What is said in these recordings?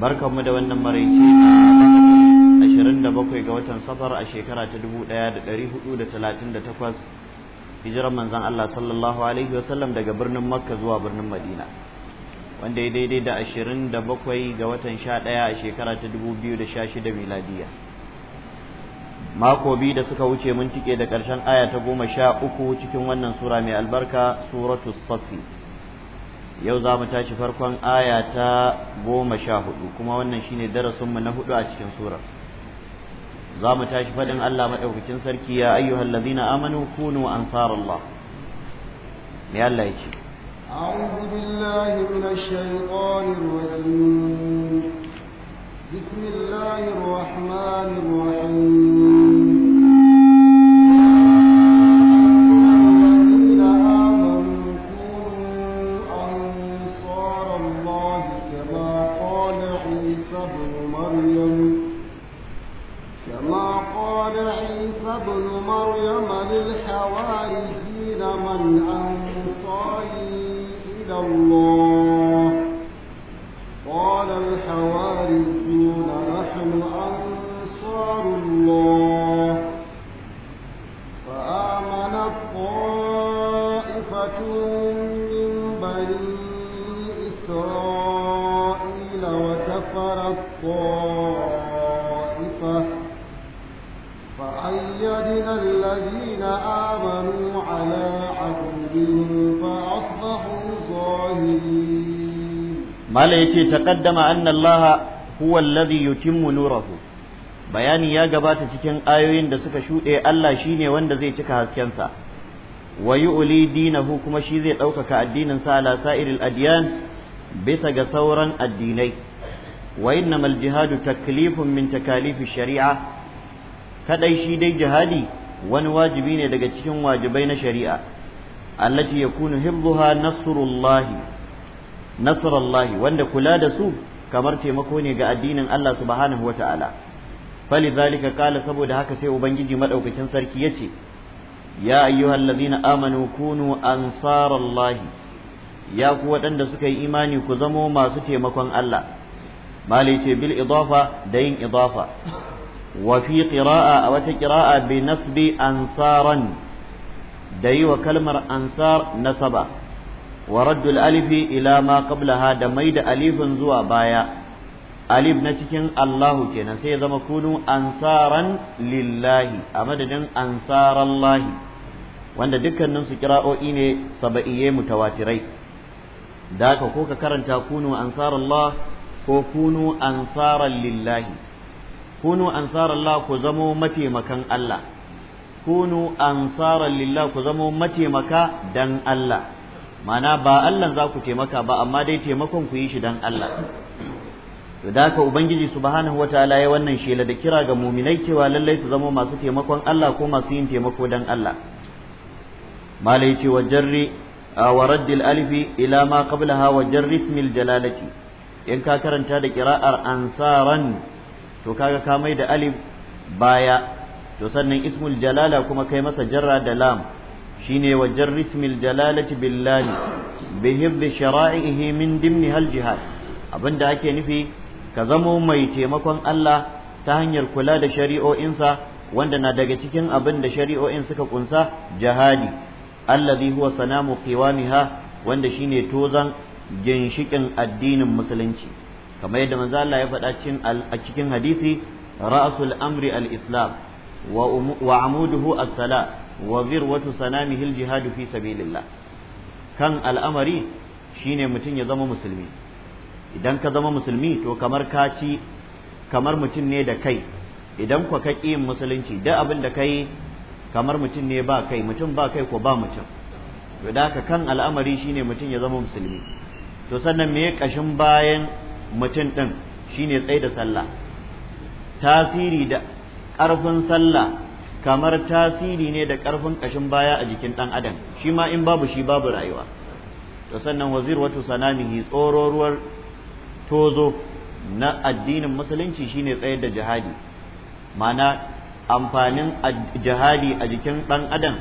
mu da wannan maraice na 27 ga watan safar a shekara ta 1438 hijirar manzan Allah sallallahu alaihi wasallam daga birnin makka zuwa birnin madina wanda ya daidai da 27 ga watan 11 a shekara ta 2016 miladiya mako biyu da suka wuce mun tike da ƙarshen aya ta goma sha uku cikin wannan sura mai albarka suratul safi yau za mu tashi farkon aya ta goma sha hudu kuma wannan shine darasinmu na hudu a cikin surar za mu tashi faɗin Allah maɗaukakin sarki ya ayyuhal ladina amanu kunu ansarallah me Allah ya ce أعوذ بالله من الشيطان الرجيم بسم الله الرحمن الرحيم الأنصار إلى الله malam yace taqaddama anna Allah huwa alladhi yutimmu nurahu bayani ya gabata cikin ayoyin da suka shuɗe Allah shine wanda zai cika haskensa wa yu'li dinahu kuma shi zai ɗaukaka addinin sa ala sa'iril adyan bisa ga sauran addinai wa innamal jihadu taklifun min takalifi shari'a kadai shi dai jihadi wani wajibi ne daga cikin wajibai na shari'a allati yakunu hibbuha nasrullahi Nasarallahi, wanda kula da su kamar taimako ne ga addinin Allah subhanahu fali zalika qala saboda haka sai ubangiji madaukakin sarki yace ya ayyuhallazina amanu kunu ansarallahi ya ku waɗanda suka yi imani ku zamo masu taimakon Allah mali ce bil idafa da yin idafa wa fi qira'a a wata qira'a bi nasbi ansaran da yi wa kalmar ansar nasaba wa raddul alifi ila ma qablaha da mai da alifin zuwa baya alif na cikin Allahu kenan sai ya zama kunu ansaran lillahi a madadin ansarallahi wanda dukkanin su kira'o'i ne saba'iyye mutawatirai da ka ko ka karanta kunu ansarallah ko kunu ansaran lillahi kunu ku zamo mataimakan Allah kunu ansaran lillah ku zamo mataimaka dan Allah mana ba Allah za ku taimaka ba amma dai taimakon ku yi shi dan Allah to da haka ubangiji subhanahu wataala ya wannan shela da kira ga muminai cewa lallai su zama masu taimakon Allah ko masu yin taimako dan Allah malai ce wa jarri wa raddil alifi ila ma qablaha wa jarri ismil jalalati in ka karanta da kira'ar ansaran to kaga ka mai da alif baya to sannan ismul jalala kuma kai masa jarra da lam shine wajen rismil jalalati billahi bi hibbi shara'ihi min dimni hal jihad abinda ake nufi ka zamo mai taimakon Allah ta hanyar kula da shari'o'insa wanda na daga cikin abin da shari'o'in suka kunsa jihadi allazi huwa sanamu qiwamiha wanda shine tozan ginshikin addinin musulunci kamar yadda manzo Allah ya faɗa cikin a cikin hadisi ra'sul amri al-islam wa amuduhu as-salah wa zirwatu sanamihi al-jihadu fi sabilillah kan al'amari shine mutum ya zama musulmi idan ka zama musulmi to kamar ka ci kamar mutum ne da kai idan ku ka yin musulunci da abin da kai kamar mutum ne ba kai mutum ba kai ko ba mutum to da haka kan al'amari shine mutum ya zama musulmi to sannan me kashin bayan mutum din shine tsaye da sallah tasiri da ƙarfin sallah kamar tasiri ne da ƙarfin ƙashin baya a jikin ɗan adam shi ma in babu shi babu rayuwa to sannan wazir wato sanamihi tsororuwar tozo na addinin musulunci shine tsayar da jihadi ma'ana amfanin jihadi a jikin ɗan adam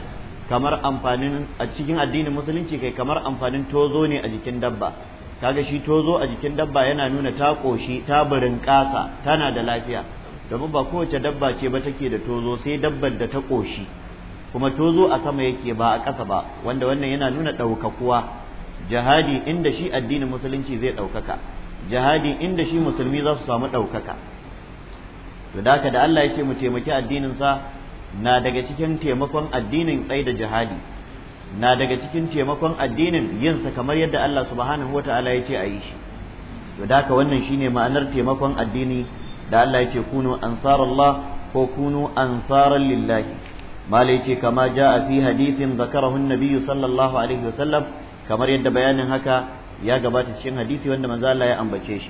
kamar amfanin a cikin addinin musulunci kai kamar amfanin tozo ne a jikin dabba kaga shi tozo a jikin dabba yana nuna ta ƙoshi ta burin ƙasa tana da lafiya domin ba kowace dabba ce ba take da tozo sai dabbar da ta ƙoshi kuma tozo a sama yake ba a ƙasa ba wanda wannan yana nuna ɗaukakuwa jihadi inda shi addinin musulunci zai ɗaukaka jihadi inda shi musulmi za su samu ɗaukaka to da da Allah yake mu taimaki addinin sa na daga cikin taimakon addinin tsaye da jihadi na daga cikin taimakon addinin yinsa kamar yadda Allah subhanahu wataala ya ce a yi shi to da wannan shine ma'anar taimakon addini da Allah yake kunu ansarallah ko kunu ansaran lillahi mala yake kama jaa fi hadithin zakarahu an sallallahu alaihi wasallam kamar yadda bayanin haka ya gabata cikin hadisi wanda manzo Allah ya ambace shi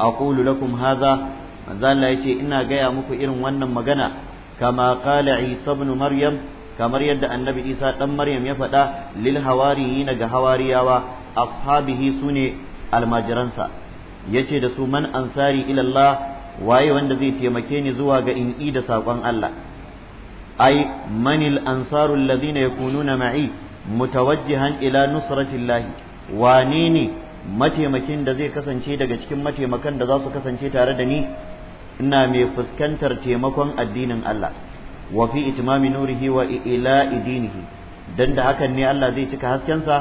aqulu lakum hadha manzo Allah yace ina gaya muku irin wannan magana kama qala isa ibn maryam kamar yadda annabi isa dan maryam ya faɗa lil hawariyina ga hawariyawa ashabihi sune almajiransa yace da su man ansari ila Allah waye wanda zai taimake ni zuwa ga in i da saƙon Allah ai manil ansaru alladhina yakununa ma'i mutawajjihan ila nusratillahi wane ne mataimakin da zai kasance daga cikin mataimakan da za su kasance tare da ni ina mai fuskantar taimakon addinin Allah wa fi itmami nurihi wa ila idinihi dan da hakan ne Allah zai cika haskensa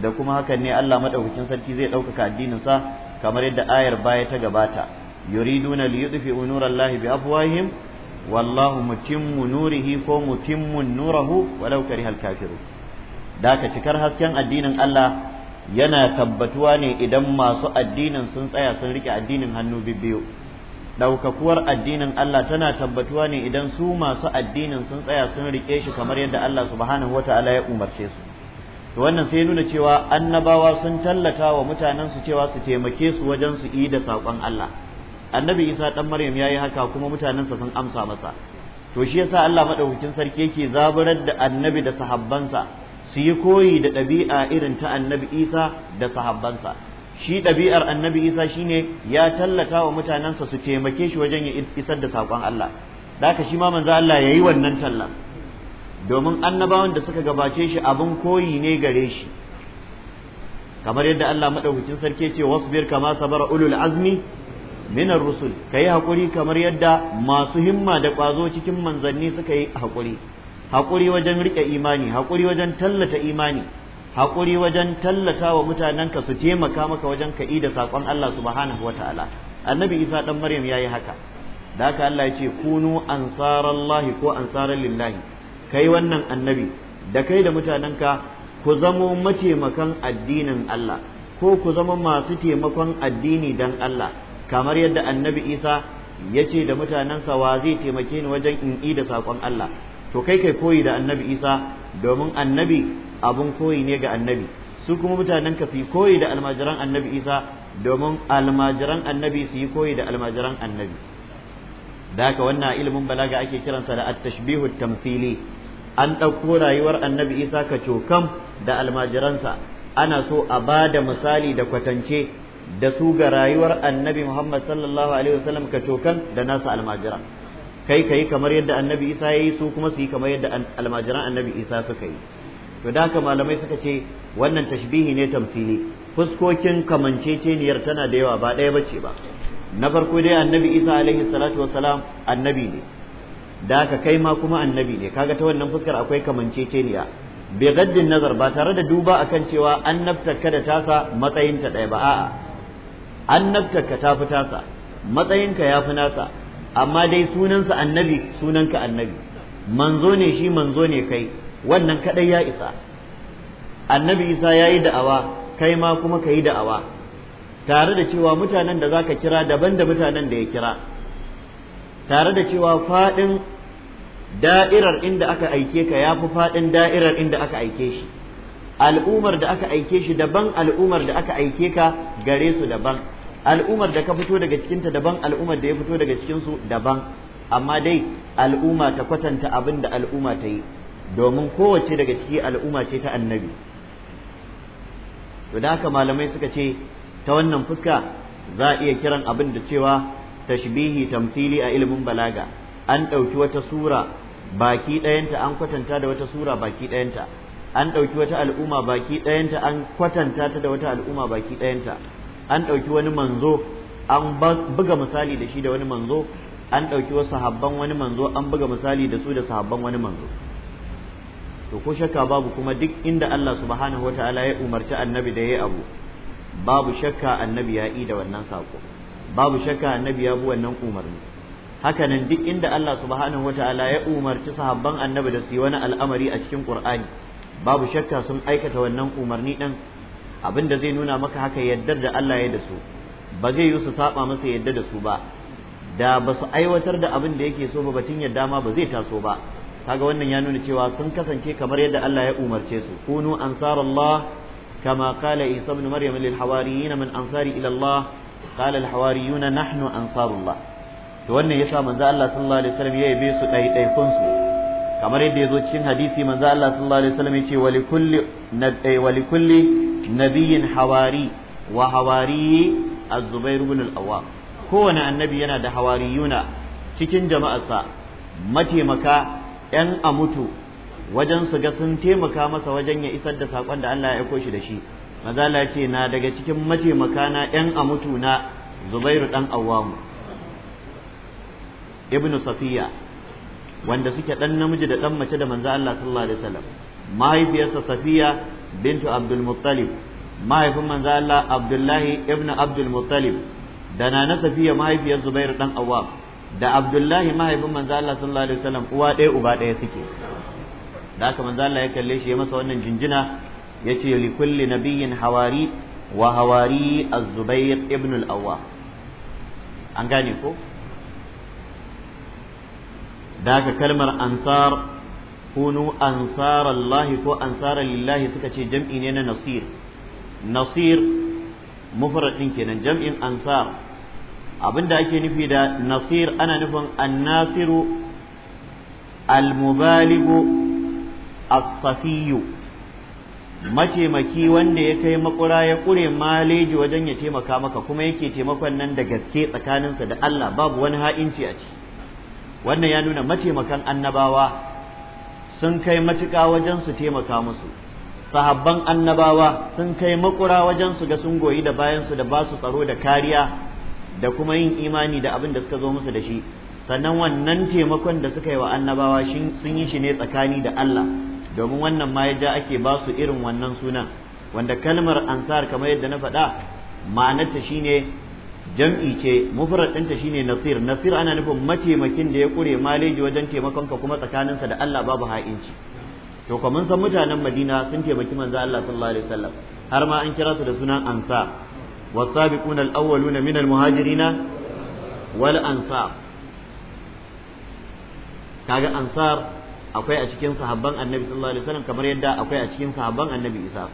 da kuma hakan ne Allah madaukakin sarki zai ɗaukaka addinin sa kamar yadda ayar baya ta gabata yuriduna li yudfi'u nurallahi bi afwahihim wallahu mutimmu nurihi ko mutimmu nurahu walau karihal kafirun da ka cikar hasken addinin Allah yana tabbatuwa ne idan masu addinin sun tsaya sun rike addinin hannu biyu Ɗaukakuwar addinin Allah tana tabbatuwa ne idan su masu addinin sun tsaya sun riƙe shi kamar yadda Allah subhanahu ta'ala ya umarce su to wannan sai nuna cewa annabawa sun tallata wa mutanen cewa su taimake su wajen su yi da saƙon Allah annabi isa dan maryam yayi haka kuma mutanensa sun amsa masa to shi yasa Allah madaukakin sarki yake zaburar da annabi da sahabbansa su yi koyi da ɗabi'a irin ta annabi isa da sahabbansa shi ɗabi'ar annabi isa shine ya tallata wa mutanensa su taimake shi wajen ya isar da saƙon Allah da haka shi ma manzo Allah yayi wannan tallan domin annabawan da suka gabace shi abin koyi ne gare shi kamar yadda Allah madaukakin sarki ce wasbir kama sabara ulul azmi Minan rusul ka yi haƙuri kamar yadda masu himma da ƙwazo cikin manzanni suka yi haƙuri haƙuri wajen riƙe imani haƙuri wajen tallata imani haƙuri wajen tallata wa mutanenka su taimaka maka wajen ka da saƙon Allah subhanahu wa ta'ala annabi isa ɗan maryam ya yi haka da haka Allah ya ce kunu ansarallahi ko ansaran lillahi kai wannan annabi da kai da mutanenka ku zamo mataimakan addinin Allah ko ku zama masu taimakon addini dan Allah kamar yadda annabi isa ya ce da mutanensa wa zai taimake ni wajen in yi da saƙon allah to kai kai koyi da annabi isa domin annabi abun koyi ne ga annabi su kuma mutanen ka fi koyi da almajiran annabi isa domin almajiran annabi su yi koyi da almajiran annabi da haka wannan ilimin balaga ake kiransa da at-tashbihu tamthili an ɗauko rayuwar annabi isa ka cokam da almajiransa ana so a ba da misali da kwatance da su ga rayuwar annabi Muhammad sallallahu alaihi wasallam ka cokan da nasu almajira kai kai kamar yadda annabi Isa ya yi su kuma su yi kamar yadda almajiran annabi Isa suka yi to da haka malamai suka ce wannan tashbihi ne tamsili fuskokin kamanceceniyar tana da yawa ba ɗaya bace ba na farko dai annabi Isa alaihi salatu wasalam annabi ne da haka kai ma kuma annabi ne kaga ta wannan fuskar akwai kamanceceniya bi gaddin nazar ba tare da duba akan cewa annabta kada tasa matsayinta daya ba a'a annabtaka ta fi tasa matsayinka ya fi nasa amma dai sunansa annabi sunanka annabi manzo ne shi manzo ne kai wannan kadai ya isa annabi isa ya yi da'awa kai ma kuma ka yi da'awa tare da cewa mutanen da za ka kira daban da mutanen da ya kira tare da cewa faɗin da'irar inda aka aike ka ya fi faɗin da'irar inda aka aike shi al'umar da aka aike shi daban al'umar da aka aike ka gare su daban al'ummar da ka fito daga cikinta daban al'ummar da ya fito daga cikinsu daban amma dai al'umma ta kwatanta abin da al'umma ta yi domin kowace daga ciki al'umma ce ta annabi to da haka malamai suka ce ta wannan fuska za a iya kiran abin da cewa tashbihi tamthili a ilimin balaga an ɗauki wata sura baki ɗayanta an kwatanta da wata sura baki ɗayanta an ɗauki wata al'umma baki ɗayanta an kwatanta ta da wata al'umma baki ɗayanta an ɗauki wani manzo an buga misali da shi da wani manzo an ɗauki wasu sahabban wani manzo an buga misali da su da sahabban wani manzo to ko shakka babu kuma duk inda Allah subhanahu wataala ya umarci annabi da yayi abu babu shakka annabi ya yi da wannan sako babu shakka annabi ya bu wannan umarni hakanan duk inda Allah subhanahu wataala ya umarci sahabban annabi da su yi wani al'amari a cikin Qur'ani babu shakka sun aikata wannan umarni din abin da zai nuna maka haka yaddar da Allah ya da su ba zai yi su saba masa yadda da su ba da ba su aiwatar da abin da yake so ba batun yadda ma ba zai taso ba kaga wannan ya nuna cewa sun kasance kamar yadda Allah ya umarce su kunu ansarallah kama qala isa ibn maryam lil hawariyin min ansari ila Allah qala al hawariyuna nahnu ansarullah to wannan yasa manzo Allah sallallahu alaihi wasallam ya yabe su kun su kamar yadda yazo cikin hadisi manzo Allah sallallahu alaihi wasallam yace wa likulli eh, wa likulli nabiyyin hawari wa hawari az-zubair ibn al-awwam kowane annabi yana da hawariyuna cikin jama'arsa mataimaka yan amutu wajen su ga sun taimaka masa wajen ya isar da sakon da Allah ya aiko shi da shi maza Allah ce na daga cikin mataimaka na yan amutu na Zubairu dan Awwam ibn Safiya wanda suke dan namiji da dan mace da manzo Allah sallallahu alaihi wasallam mahaifiyarsa Safiya bintu Abdul Muttalib mahaifin manzo Allah Abdullahi ibn Abdul Muttalib da nana Safiya mahaifiyar Zubair dan Awa, da Abdullahi mahaifin manzo Allah sallallahu alaihi wasallam uwa ɗaya uba ɗaya suke da haka manzo Allah ya kalle shi ya masa wannan jinjina yace li kulli nabiyyin hawari wa hawari az-Zubair ibn al an gane ko da aka kalmar ansar kunu ansarallahi ko ansaralillahi suka ce jam'i ne na nasir nasir mufrad kenan jam'in ansar abinda ake nufi da nasir ana nufin annasiru almubaligu as-safiyu mataimaki wanda ya kai makura ya kure maleji wajen ya taimaka maka kuma yake taimakon nan da gaske tsakaninsa da Allah babu wani ha'inci a ciki wannan ya nuna mataimakan annabawa sun kai matuƙa wajen su taimaka musu sahabban annabawa sun kai makura wajen su ga sun goyi da bayan su da ba su tsaro da kariya da kuma yin imani da abin da suka zo musu da shi sannan wannan taimakon da suka yi wa annabawa sun yi shi ne tsakani da Allah domin wannan ma ya ja ake ba su irin wannan sunan wanda kalmar ansar kamar yadda na faɗa ma'anarta shine jam'i ce mufrad ɗinta shine nasir nasir ana nufin mataimakin da ya kure maleji wajen taimakon ka kuma tsakaninsa da Allah babu ha'inci to kuma mun san mutanen Madina sun taimaki manzo Allah sallallahu alaihi wasallam har ma an kira su da sunan ansa was-sabiquna al min al-muhajirina wal ansar kaga ansar akwai a cikin sahabban annabi sallallahu alaihi wasallam kamar yadda akwai a cikin sahabban annabi isa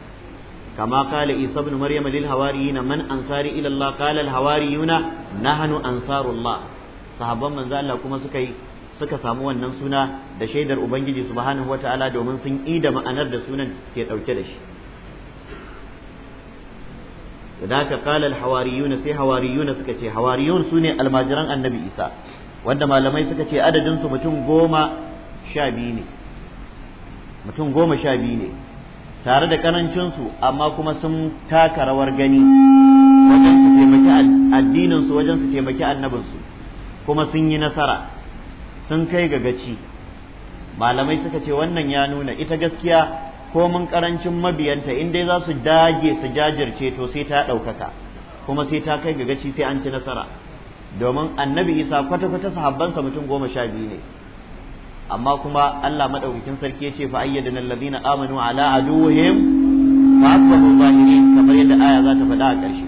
كما قال عيسى ابن مريم للحواريين من أنصاري إلى الله قال الحواريون نحن أنصار الله صحابة من ذا الله كما سكي suka samu wannan suna da shaidar Ubangiji subhanahu wa ta'ala domin sun ida ma'anar da sunan ke ɗauke da shi. Da haka kala hawariyuna sai hawariyuna suka ce hawariyun su ne almajiran annabi Isa wanda malamai suka ce adadinsu mutum goma sha biyu ne. Mutum goma sha biyu ne. tare da karancinsu amma kuma sun taka rawar gani wajen su taimaki addininsu wajen su taimaki annabinsu kuma sun yi nasara sun kai ga gaci malamai suka ce wannan ya nuna ita gaskiya ko mun karancin mabiyanta in dai za su dage su jajirce to sai ta ɗaukaka kuma sai ta kai ga gaci sai an ci nasara domin annabi isa kwata-kwata sahabbansa mutum goma sha biyu ne amma kuma Allah madaukakin sarki yace fa ayyadana allazina amanu ala aduwwihim fa asbahu zahirin kamar yadda aya za ta faɗa a ƙarshe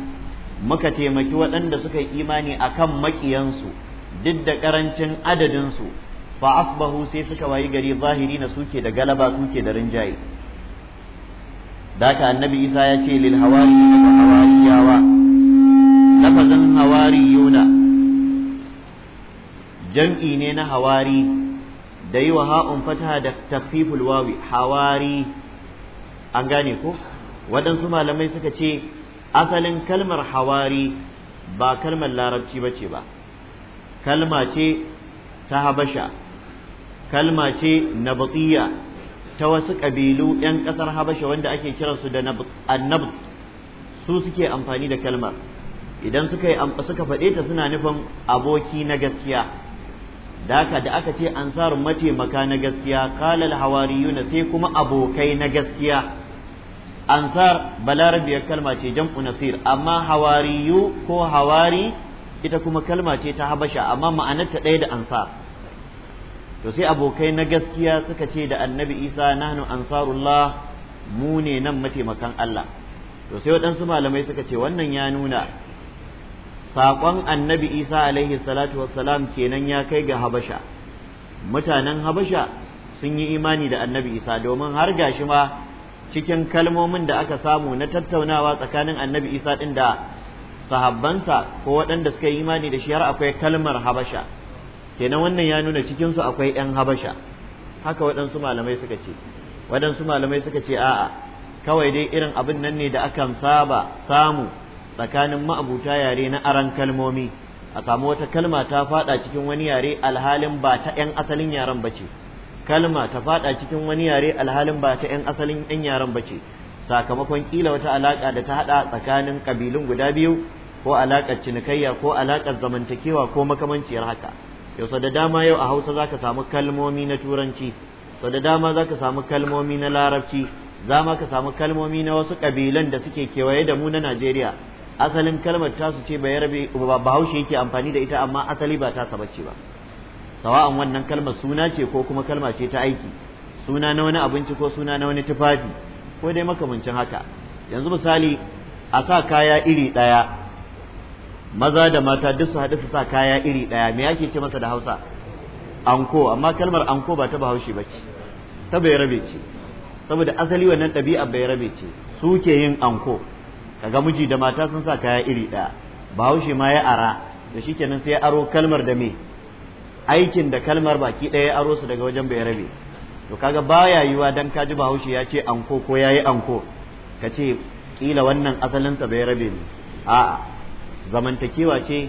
muka taimaki waɗanda suka yi imani akan makiyansu duk da ƙarancin adadinsu fa asbahu sai suka wayi gari zahiri na suke da galaba suke da rinjaye daka annabi isa ya ce lil hawari da hawariyawa lafazin hawariyuna jam'i ne na hawari da yi wa ha'un fataha da takfiful wawi hawari an gane ko waɗansu malamai suka ce asalin kalmar hawari ba kalmar larabci ba ce ba kalma ce ta habasha kalma ce nabatiya ta wasu ƙabilu 'yan ƙasar habasha wanda ake kiransu da annabt su suke amfani da kalmar idan suka faɗe ta suna nufin aboki na gaskiya da haka da aka ce ansar mataimaka na gaskiya kalal hawariyuna sai kuma abokai na gaskiya ansar ya kalma ce jam'u nasir amma hawariyu ko hawari ita kuma kalma ce ta habasha amma ma'anarta ɗaya da ansar to sai abokai na gaskiya suka ce da annabi isa nahnu ansarullah mu ne nan mataimakan allah to sai waɗansu malamai suka ce wannan ya nuna saƙon annabi isa alaihi salatu wassalam kenan ya kai ga habasha mutanen habasha sun yi imani da annabi isa domin har gashi ma cikin kalmomin da aka samu na tattaunawa tsakanin annabi isa ɗin da sahabbansa ko waɗanda suka yi imani da shi har akwai kalmar habasha kenan wannan ya nuna cikinsu akwai 'yan habasha haka waɗansu malamai suka ce waɗansu malamai suka ce a'a kawai dai irin abin nan ne da akan saba samu tsakanin ma'abuta yare na aran kalmomi a samu wata kalma ta fada cikin wani yare alhalin ba ta 'yan asalin yaren ba ce kalma ta fada cikin wani yare alhalin ba ta 'yan asalin 'yan yaren ba ce sakamakon kila wata alaka da ta hada tsakanin kabilun guda biyu ko alakar cinikayya ko alakar zamantakewa ko makamanciyar haka yau da dama yau a hausa zaka samu kalmomi na turanci sau da dama zaka samu kalmomi na larabci za ma ka samu kalmomi na wasu kabilan da suke kewaye da mu na najeriya asalin kalmar ta su ce bai rabe ba bahaushe yake amfani da ita amma asali ba ta bace ba sawa'an wannan kalmar suna ce ko kuma kalma ce ta aiki suna na wani abinci ko suna na wani tufafi ko dai makamancin haka yanzu misali a sa kaya iri ɗaya maza da mata duk su haɗu su sa kaya iri ɗaya me ake ce masa da hausa anko amma kalmar anko ba ta bahaushe ba ce ta bai rabe ce saboda asali wannan ɗabi'a bai rabe ce su ke yin anko kaga miji da mata sun sa kaya iri ɗaya bahaushe ma ya ara da shi kenan sai ya aro kalmar da me aikin da kalmar baki ɗaya ya aro su daga wajen bai rabe to kaga baya yiwa dan kaji bahaushe ya ce anko ko yayi anko ka ce kila wannan asalinsa bai rabe ne a'a zamantakewa ce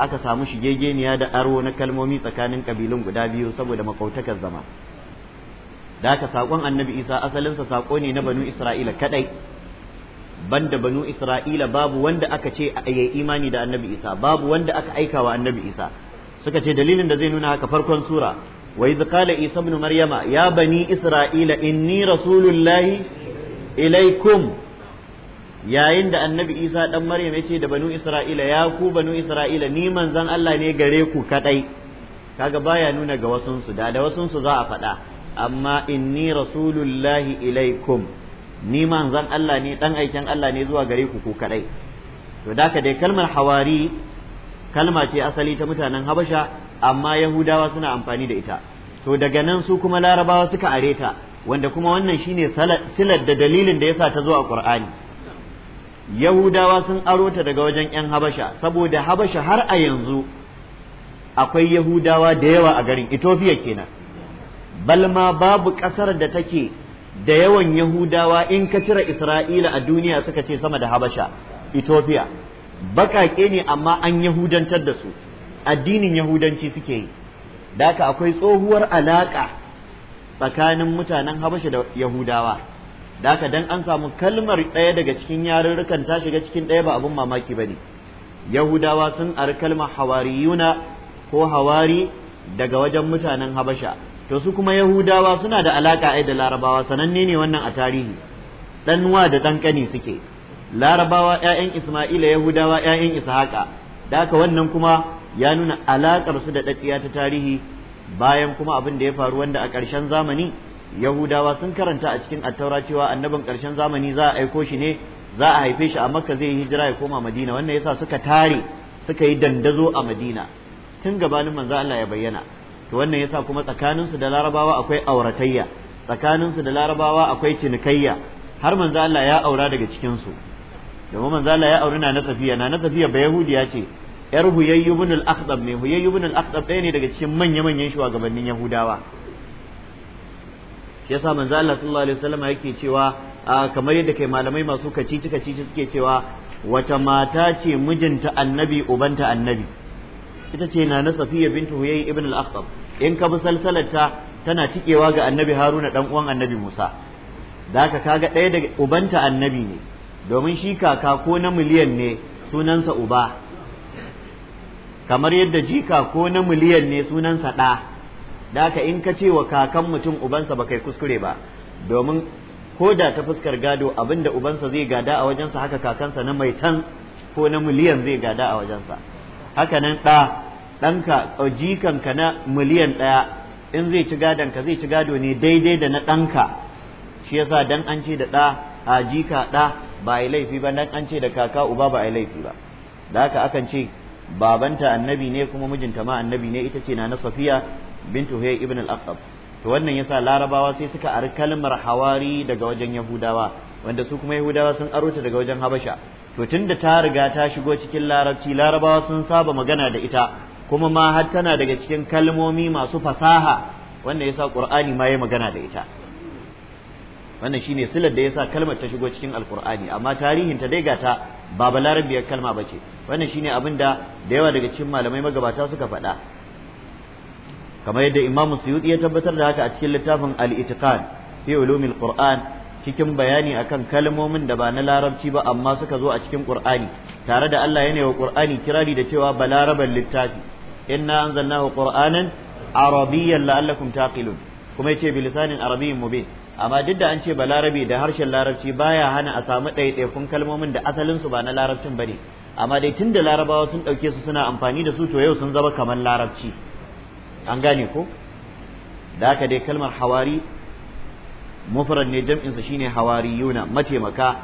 aka samu shigegeniya da aro na kalmomi tsakanin kabilun guda biyu saboda makautakar zama da ka saƙon annabi isa asalinsa saƙo ne na banu isra'ila kaɗai banda banu isra'ila babu wanda aka ce yayi imani da annabi isa babu wanda aka aika wa annabi isa suka ce dalilin da zai nuna haka farkon sura wa idh qala isa ibn maryama ya bani isra'ila inni rasulullahi ilaikum yayin da annabi isa dan maryam ya ce da banu isra'ila ya ku banu isra'ila ni manzon Allah ne gare ku kadai kaga baya nuna ga wasunsu da da za a faɗa amma inni rasulullahi ilaikum ni zan Allah ne dan aikin Allah ne zuwa gare ku ko kadai to da dai kalmar hawari kalma ce asali ta mutanen Habasha amma Yahudawa suna amfani da ita to daga nan su kuma Larabawa suka areta wanda kuma wannan shine silar da dalilin da yasa ta zo a Qur'ani Yahudawa sun aro ta daga wajen 'yan Habasha saboda Habasha har a yanzu akwai Yahudawa da yawa a garin Ethiopia kenan balma babu ƙasar da take da yawan yahudawa in ka cire isra'ila a duniya suka ce sama da habasha ethiopia baƙaƙe ne amma an yahudantar da su addinin yahudanci suke yi da akwai tsohuwar alaƙa tsakanin mutanen habasha da yahudawa da dan an samu kalmar ɗaya daga cikin yarurrukan ta shiga cikin ɗaya ba abin mamaki ba ne yahudawa sun ari kalma hawariyuna ko hawari daga wajen mutanen habasha to su kuma yahudawa suna da alaka ai da larabawa sananne ne wannan a tarihi dan nuwa da dan kani suke larabawa ƴaƴan isma'ila yahudawa 'ya'yan ishaqa da haka wannan kuma ya nuna alakar su da ɗaɗɗiya ta tarihi bayan kuma abin da ya faru wanda a ƙarshen zamani yahudawa sun karanta a cikin attaura cewa annabin ƙarshen zamani za a aiko shi ne za a haife shi a makka zai hijira ya koma madina wannan yasa suka tare suka yi dandazo a madina tun gabanin manzo Allah ya bayyana to wannan yasa kuma tsakaninsu da larabawa akwai auratayya tsakaninsu da larabawa akwai cinikayya har manzo Allah ya aura daga cikin su domin manzo Allah ya auri na Safiya na Safiya ba Yahudiya ce yar Huyayy ibn al ne Huyayy ibn al ɗaya ne daga cikin manya-manyan shugabannin Yahudawa shi yasa manzo Allah sallallahu alaihi wasallam yake cewa kamar yadda kai malamai masu kacici kacici suke cewa wata mata ce mijinta annabi ubanta annabi ita ce na na safiya bintu huyayyi ibn al aqdab in ka bi salsalarta tana cikewa ga annabi haruna dan uwan annabi musa da ka kaga ɗaya daga ubanta annabi ne domin shi kaka ko na miliyan ne sunansa uba kamar yadda jika ko na miliyan ne sunansa ɗa da ka in ka ce wa kakan mutum ubansa ba kai kuskure ba domin ko da ta fuskar gado abinda ubansa zai gada a wajensa haka kakansa na mai can ko na miliyan zai gada a wajensa haka nan ɗa ɗanka jikanka na miliyan ɗaya in zai ci gadonka zai ci gado ne daidai da na ɗanka shi yasa dan an ce da ɗa a jika ɗa ba a laifi ba dan an ce da kaka uba ba a laifi ba da haka akan ce babanta annabi ne kuma mijinta ma annabi ne ita ce na na safiya bintu huyai ibn al-aqab to wannan yasa larabawa sai suka ari kalmar hawari daga wajen yahudawa wanda su kuma yahudawa sun aro daga wajen habasha to tunda ta riga ta shigo cikin larabci larabawa sun saba magana da ita kuma ma har tana daga cikin kalmomi masu fasaha wanda yasa qur'ani ma ya magana da ita wannan shine silar da yasa kalmar ta shigo cikin alqur'ani amma tarihin ta dai gata ba balarabiyar kalma bace wannan shine abin da da yawa daga cikin malamai magabata suka faɗa kamar yadda Imam Suyuti ya tabbatar da haka a cikin littafin al-itiqad fi ulumil qur'an cikin bayani akan kalmomin da ba na larabci ba amma suka zo a cikin qur'ani tare da Allah yana wa qur'ani kirari da cewa balaraban littafi inna anzalnahu qur'anan arabiyyan la'allakum taqilun kuma yace bi lisanin arabiyyin mubin amma duk da an ce ba larabi da harshen larabci baya hana a samu ɗaiɗaikun kalmomin da asalin su ba na larabcin bane amma dai tunda larabawa sun ɗauke su suna amfani da su to yau sun zama kamar larabci an gane ko da haka dai kalmar hawari mufrad ne jam'insa shine hawariyuna mataimaka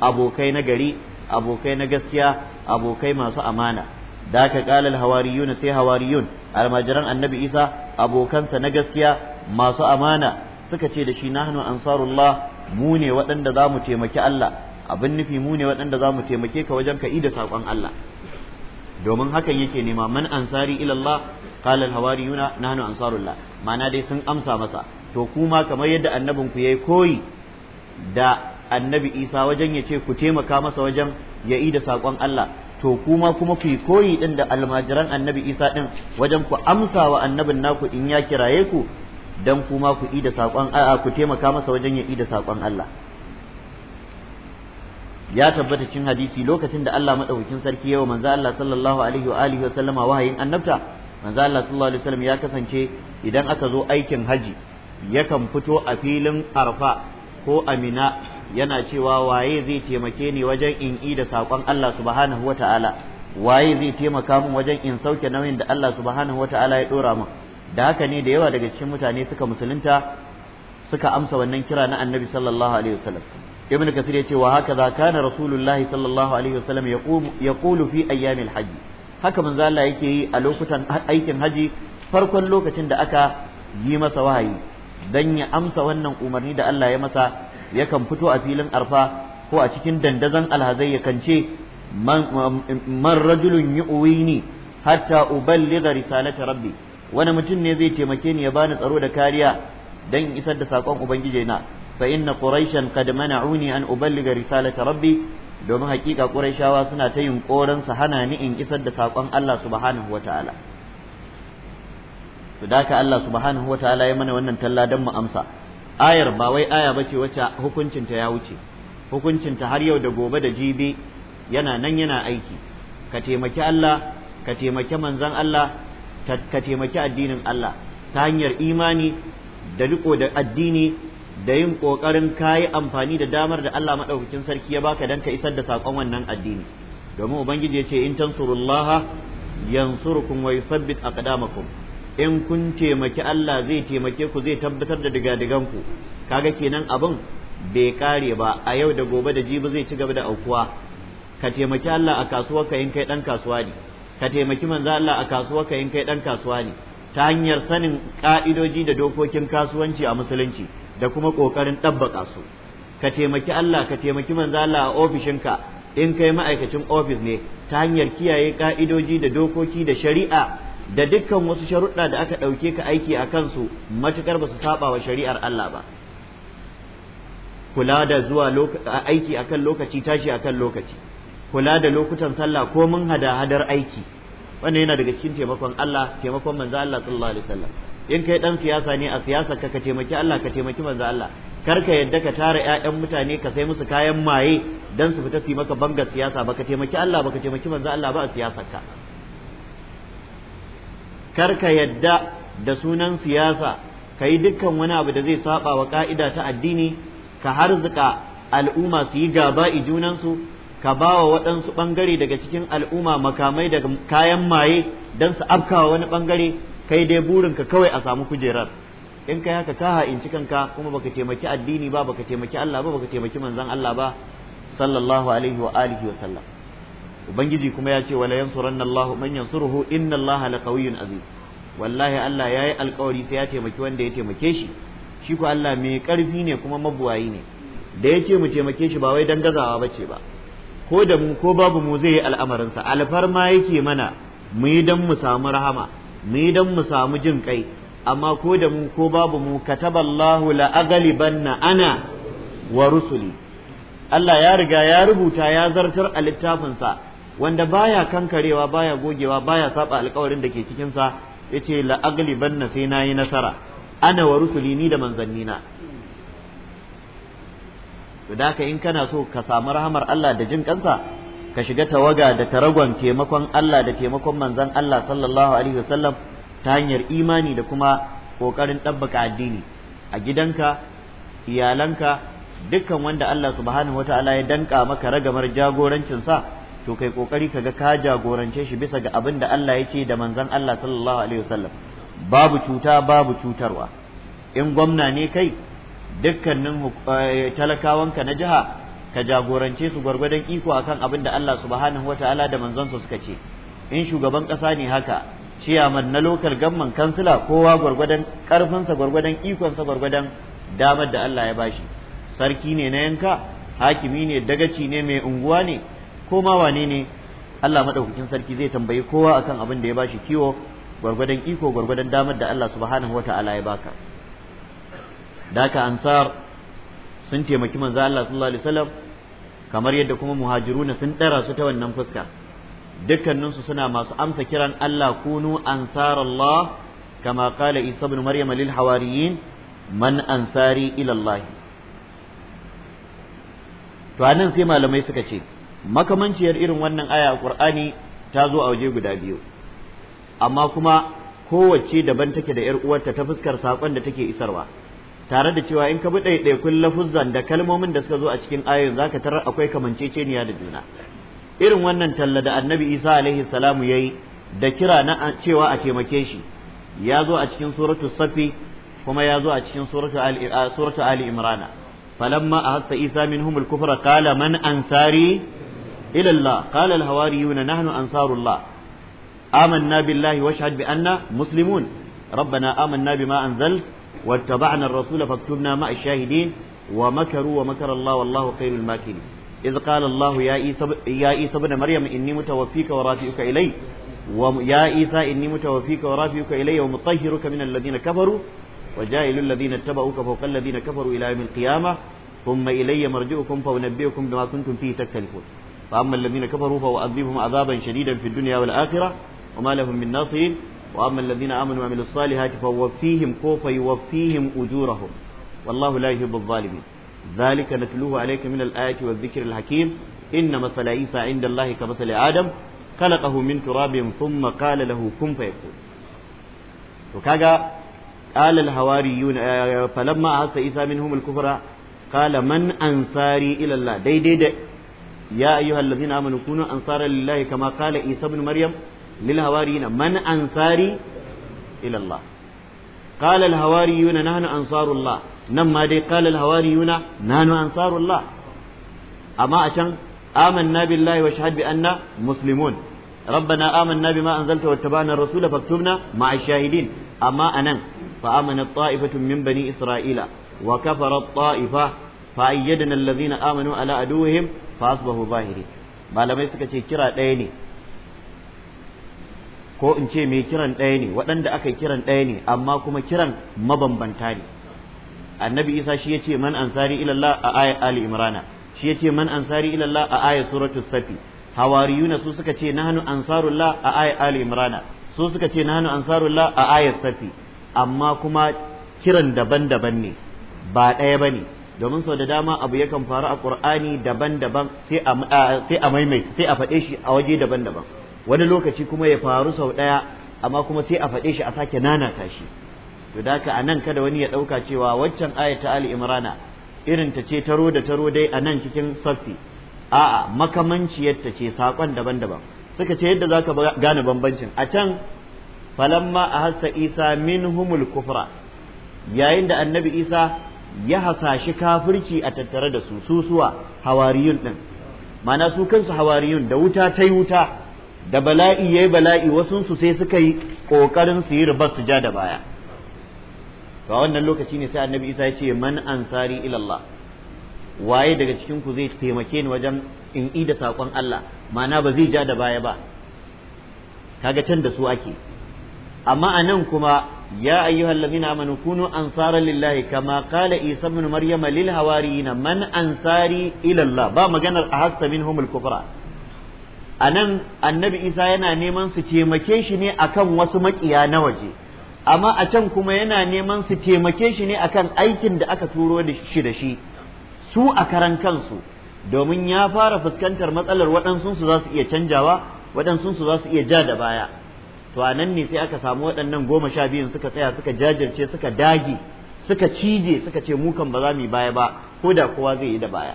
abokai na gari abokai na gaskiya abokai masu amana da aka kala alhawariyun sai hawariyun almajiran annabi isa abokansa na gaskiya masu amana suka ce da shi nahnu ansarullah mu ne waɗanda za mu taimaki Allah abin nufi mu ne waɗanda za taimake ka wajen ka ida saƙon Allah domin hakan yake nema man ansari ilallah qala alhawariyuna nahnu ansarullah ma'ana dai sun amsa masa to kuma kamar yadda annabin ku yayi koyi da annabi Isa wajen ya ce ku taimaka masa wajen ya ida saƙon Allah to kuma kuma ku koyi din da almajiran annabi isa din wajen ku amsa wa annabin naku in ya kiraye ku dan kuma ku ida saƙon a ku taimaka masa wajen ya ida saƙon Allah ya tabbata cin hadisi lokacin da Allah madaukakin sarki yawa manzo Allah sallallahu alaihi wa alihi wa sallama wahayin annabta manzo Allah sallallahu alaihi wa sallam ya kasance idan aka zo aikin haji yakan fito a filin Arfa ko Amina yana cewa waye zai taimake ni wajen in yi da saƙon Allah subhanahu wata'ala waye zai taimaka min wajen in sauke nauyin da Allah subhanahu ya dora min da haka ne da yawa daga cikin mutane suka musulunta suka amsa wannan kira na annabi sallallahu alaihi wasallam ibn kasir wa haka za kana rasulullahi sallallahu alaihi wasallam yaqulu fi ayyamil haka manzo Allah yake yi a lokutan aikin haji farkon lokacin da aka yi masa wahayi dan ya amsa wannan umarni da Allah ya masa yakan fito a filin arfa ko a cikin dandazon alhazai yakan ce man rajulun ni hatta uballigha risalata rabbi wani mutum ne zai taimake ni ya bani tsaro da kariya dan isar da saƙon ubangiji na fa inna quraishan qad mana'uni an uballigha risalata rabbi domin hakika quraishawa suna ta yin su hana ni in isar da saƙon Allah subhanahu wataala to da Allah subhanahu wataala ya mana wannan talla dan mu amsa ayar ba wai aya ba ce wacce hukuncinta ya wuce hukuncinta har yau da gobe da jibi yana nan yana aiki ka taimaki Allah ka taimaki manzon Allah ka taimaki addinin Allah ta hanyar imani da riko da addini da yin kokarin kayi amfani da damar da Allah madaukakin sarki ya baka dan ka isar da sakon wannan addini domin ubangiji ya ce in tansurullaha yansurukum wa yuthabbit aqdamakum in kun taimaki Allah zai taimake ku zai tabbatar da digadigan ku kaga kenan abin bai kare ba a yau da gobe da jibi zai ci gaba da aukuwa ka taimaki Allah a ka in kai dan kasuwa ne ka taimaki manzo Allah a ka in kai dan kasuwa ne ta hanyar sanin ka'idoji da dokokin kasuwanci a musulunci da kuma kokarin ɗabbaka su ka taimaki Allah ka taimaki manzo Allah a ofishinka in kai ma'aikacin ofis ne ta hanyar kiyaye ka'idoji da dokoki da shari'a da dukkan wasu sharuɗa da aka ɗauke ka aiki a kansu matuƙar ba su saba wa shari'ar Allah ba kula da zuwa aiki akan lokaci tashi akan lokaci kula da lokutan sallah ko mun hada hadar aiki wannan yana daga cikin taimakon Allah taimakon manzo Allah sallallahu alaihi wasallam in kai ɗan siyasa ne a siyasa ka ka taimaki Allah ka taimaki manzo Allah kar ka yadda ka tara ƴaƴan mutane ka sai musu kayan maye dan su fita su maka bangar siyasa ba ka taimaki Allah ba ka taimaki manzo Allah ba a siyasar ka kar ka yadda da sunan siyasa ka yi dukkan wani abu da zai saba wa ka'ida ta addini ka harzuka al'umma su yi i junansu ka ba wa waɗansu ɓangare daga cikin al'umma makamai daga kayan maye don su afkawa wani ɓangare kai dai ka kawai a samu kujerar in kai haka ka ha'inci kanka kuma baka taimaki addini ba baka taimaki Allah ba baka taimaki manzon Allah ba sallallahu alaihi wa alihi wa sallam ubangiji kuma ya ce wala yansuranna Allahu man yansuruhu inna Allaha laqawiyyun aziz wallahi Allah yayi alƙawari sai ya taimaki wanda ya taimake shi shi ko Allah mai ƙarfi ne kuma mabuwayi ne da yake mu taimake shi ba wai dan gazawa bace ba ko da mu ko babu mu zai yi al'amarin sa alfarma yake mana mu yi dan mu samu rahama mu yi dan mu samu jin kai amma ko da mu ko babu mu kataballahu la aghlibanna ana wa rusuli Allah ya riga ya rubuta ya zartar a littafinsa wanda baya kankarewa baya gogewa baya saba alkawarin da ke cikin sa yace la aglibanna sai nayi nasara ana wa rusuli ni da manzannina da haka in kana so ka samu rahamar Allah da jin kansa ka shiga tawaga da taragon taimakon Allah da taimakon manzon Allah sallallahu alaihi wasallam ta hanyar imani da kuma kokarin ɗabbaka addini a gidanka iyalanka dukkan wanda Allah subhanahu wataala ya danka maka ragamar jagorancin sa to kai kokari kaga ka jagorance shi bisa ga abin da Allah ya ce da manzon Allah sallallahu alaihi wasallam babu cuta babu cutarwa in gwamna ne kai dukkanin eh, talakawanka na jiha ka jagorance su gwargwadon iko akan abin da Allah subhanahu wataala da manzon su suka ce in shugaban kasa ne haka ciyaman na lokal gamman kansila kowa gwargwadon karfinsa gwargwadon ikonsa gwargwadon damar da Allah ya bashi sarki ne na yanka hakimi ne dagaci ne mai unguwa ne ko ma wane ne Allah madaukakin sarki zai tambayi kowa akan abin da ya bashi kiwo gwargwadon iko gwargwadon damar da Allah subhanahu wata'ala ya baka daka ansar sun taimaki manzo Allah sallallahu alaihi wasallam kamar yadda kuma muhajiruna sun tsara su ta wannan fuska dukkaninsu suna masu amsa kiran Allah kunu ansarallah kama qala Isa ibn Maryam lil hawariyin man ansari ila Allah to anan sai malamai suka ce makamanciyar irin wannan aya a ƙur'ani ta zo a waje guda biyu amma kuma kowace daban take da yar uwarta ta fuskar sakon da take isarwa tare da cewa in ka bi ɗaiɗaikun lafuzan da kalmomin da suka zo a cikin ayoyin ka tarar akwai kamanceceniya da juna irin wannan talla da annabi isa alaihi salamu yi da kira na cewa a taimake shi ya zo a cikin suratu safi kuma ya zo a cikin suratu ali imrana falamma ahassa isa min humul kufra qala man ansari إلى الله قال الهواريون نحن أنصار الله آمنا بالله واشهد بأننا مسلمون ربنا آمنا بما أنزلت واتبعنا الرسول فاكتبنا مع الشاهدين ومكروا ومكر الله والله خير الماكرين إذ قال الله يا عيسى يا عيسى ابن مريم إني متوفيك ورافعك إلي ويا عيسى إني متوفيك ورافعك إلي ومطهرك من الذين كفروا وجائل الذين اتبعوك فوق الذين كفروا إلى يوم القيامة ثم إلي مرجعكم فأنبئكم بما كنتم فيه تختلفون فأما الذين كفروا فأعذبهم عذابا شديدا في الدنيا والآخرة وما لهم من ناصرين وأما الذين آمنوا وعملوا الصالحات فوفيهم كوف يوفيهم أجورهم والله لا يحب الظالمين ذلك نتلوه عليك من الآيات والذكر الحكيم إن مثل عيسى عند الله كمثل آدم خلقه من تراب ثم قال له كن فيكون وكذا قال الحواريون فلما أحس عيسى منهم الكفر قال من أنصاري إلى الله دي دي دي يا أيها الذين آمنوا كونوا أنصارا لله كما قال عيسى بن مريم للهواريين من أنصاري إلى الله قال الهواريون نحن أنصار الله نما دي قال الهواريون نحن أنصار الله أما عشان آمنا بالله واشهد بأننا مسلمون ربنا آمنا بما أنزلت واتبعنا الرسول فاكتبنا مع الشاهدين أما أنا فآمنت طائفة من بني إسرائيل وكفرت طائفة فأيدنا الذين آمنوا على عدوهم fasbahu zahiri malamai suka ce kira ɗaya ne ko in ce mai kiran ɗaya ne waɗanda aka kiran ɗaya ne amma kuma kiran mabambanta ne annabi isa shi ya ce man ansari ilallah a ayat ali imrana shi ya ce man ansari ilallah a ayat suratu safi hawariyuna su suka ce nahnu ansarullah a ayat ali imrana su suka ce nahnu ansarullah a ayat safi amma kuma kiran daban-daban ne ba ɗaya ba ne domin sau da dama abu yakan faru a qur'ani daban-daban sai a maimaita sai a faɗe shi a waje daban-daban wani lokaci kuma ya faru sau ɗaya amma kuma sai a faɗe shi a sake nana ta shi to da haka anan kada wani ya ɗauka cewa waccan ayat ta Ali Imrana irin ta ce taro da taro dai a nan cikin saffi a'a makamanci yadda ce sakon daban-daban suka ce yadda zaka gane bambancin a can falamma a hassa Isa min humul kufra yayin da annabi Isa ya hasashi kafirci a tattare da su susuwa hawariyun din mana su kansu hawariyun da wuta ta yi wuta da bala'i ya yi bala'i wasunsu sai suka yi ƙoƙarin su yi ribar su ja da baya to a wannan lokaci ne sai annabi isa ya ce man ansari ilallah waye daga cikin ku zai taimake ni wajen in ida saƙon Allah mana ba zai ja da baya ba kaga can da su ake amma a nan kuma يا أيها الذين آمنوا كونوا أنصارا لله كما قال عيسى ابن مريم man ansari أنصاري ba الله با مجانا أحس منهم الكفر anan annabi isa yana neman su taimake shi ne akan wasu makiya na waje amma a can kuma yana neman su taimake shi ne akan aikin da aka turo shi da shi su a karan kansu domin ya fara fuskantar matsalar waɗansunsu za su iya canjawa waɗansunsu za su iya ja da baya to a nan ne sai aka samu waɗannan goma sha biyun suka tsaya suka jajirce suka dage suka cije suka ce mukan ba za mu yi baya ba ko da kowa zai yi da baya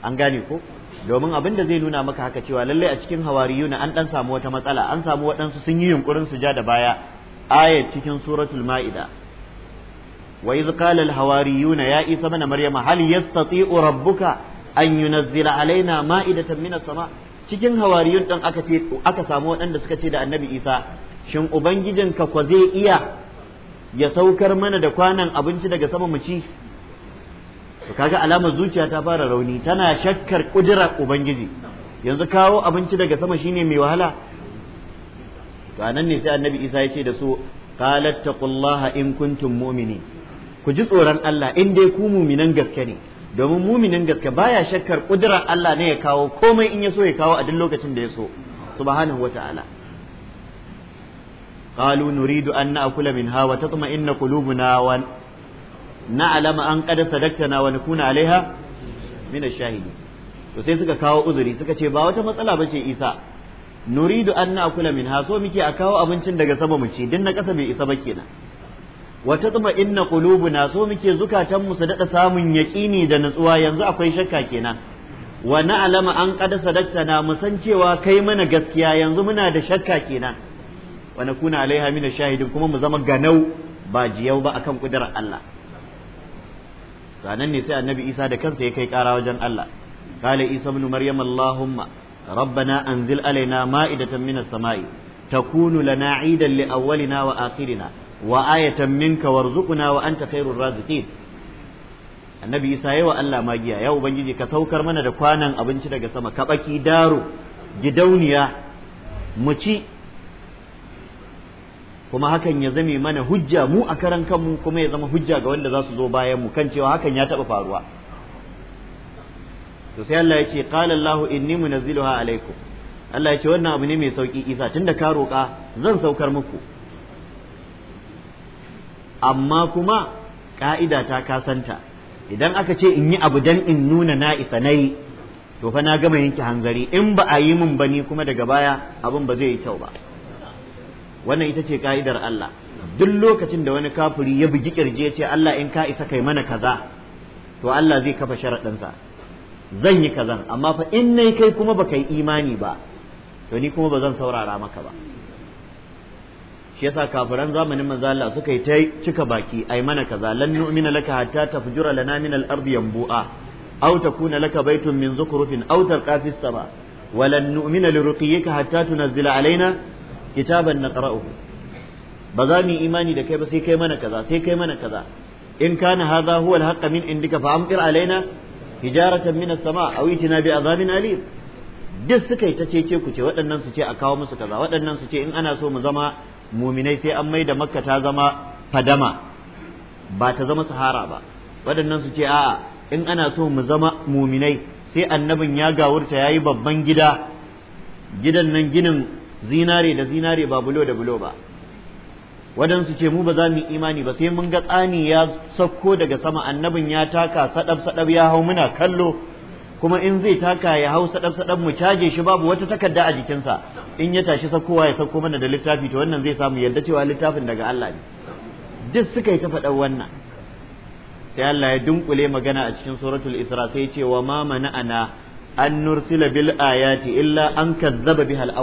an gane ko domin abin da zai nuna maka haka cewa lallai a cikin hawariyuna an dan samu wata matsala an samu waɗansu sun yi yunkurin su ja da baya ayat cikin suratul ma'ida wa iz qala al hawariyuna ya isa mana maryama hal yastati'u rabbuka an yunazzila alaina ma'idatan minas sama' cikin hawariyun ɗin aka ce samu waɗanda suka ce da annabi isa shin ubangijinka ko zai iya ya saukar mana da kwanan abinci daga sama mu ci to kaga alamar zuciya ta fara rauni tana shakkar kudirar ubangiji yanzu kawo abinci daga sama shine mai wahala to anan ne sai annabi isa ya ce da su qalat taqullaha in kuntum mu'minin ku ji tsoron Allah in dai ku mu'minan gaske ne domin muminin gaske baya shakkar kudurar Allah ne ya kawo komai in ya so ya kawo a duk lokacin da ya so subhanahu wata'ala قالوا نريد na نأكل na وتطمئن an ونعلم أن قد صدقتنا ونكون عليها من الشاهدين to sai suka kawo uzuri suka ce ba wata matsala ba ce isa nuridu an na'kula minha so muke a kawo abincin daga sama mu ci din na kasa bai isa ba kenan Wata wa kulubu na so muke zukatan mu su samun yaƙini da natsuwa yanzu akwai shakka kenan wa alama an qad sadaqtana mu san cewa kai mana gaskiya yanzu muna da shakka kenan wa nakuna alaiha min shahidin kuma mu zama ganau ba jiyau ba akan kudirar Allah sanan ne sai annabi Isa da kansa ya kai kara wajen Allah kale Isa ibn Maryam Allahumma ربنا أنزل علينا مائدة من السماء تكون لنا عيدا لأولنا وآخرنا wa ayatan minka warzuqna wa anta khairur raziqin annabi isa yawa Allah magiya ya ubangiji ka saukar mana da kwanan abinci daga sama kabaki daro gidauniya mu ci kuma hakan ya zame mana hujja mu a karan kanmu kuma ya zama hujja ga wanda za su zo bayan mu kan cewa hakan ya taɓa faruwa to sai Allah ya ce qala Allahu inni munazziluha alaikum Allah ya ce wannan abu ne mai sauki Isa tunda ka roƙa zan saukar muku amma kuma ka'ida ta kasanta idan aka ce in yi abu dan in nuna na isa nayi to fa na gama yanke hanzari in ba a yi min bani kuma daga baya abin ba zai yi kyau ba wannan ita ce ka'idar Allah duk lokacin da wani kafuri ya bugi kirje ya ce Allah in ka isa kai mana kaza to Allah zai kafa sharaɗinsa zan yi kazan amma fa in nai kai kuma baka yi imani ba to ni kuma ba zan saurara maka ba shi yasa kafiran zamanin manzo Allah suka yi ta cika baki ai mana kaza lan nu'mina laka hatta tafjura lana min al-ardi yanbu'a aw takuna laka baytun min zukrufin aw tarqa fi sama walan nu'mina liruqiyika hatta tunzila alaina kitaban naqra'uhu ba za mu imani da kai ba sai kai mana kaza sai kai mana kaza in kana hadha huwa al-haqq min indika fa amtir alaina hijaratan min as-sama' aw itina bi azabin alim duk suka yi ta ce ku ce waɗannan su ce a kawo musu kaza waɗannan su ce in ana so mu zama muminai sai an mai da makka ta zama fadama ba ta zama sahara ba waɗannan su ce a'a in ana so mu zama muminai sai annabin ya gawurta ya yi babban gida gidan nan ginin zinare da zinare ba bulo da bulo ba waɗansu ce mu ba za mu imani ba sai mun ga tsani ya sauko daga sama annabin ya taka sadab sadab ya hau muna kallo kuma in zai taka ya hau saɗan sadan mu caje shi babu wata takarda a jikinsa in ya tashi sakowa ya sako mana da littafi to wannan zai samu yarda cewa littafin daga Allah ne duk suka yi ta faɗar wannan sai Allah ya dunkule magana a cikin suratul Isra sai ya ce wa ma mana'ana an nursila bil ayati illa an kazzaba biha al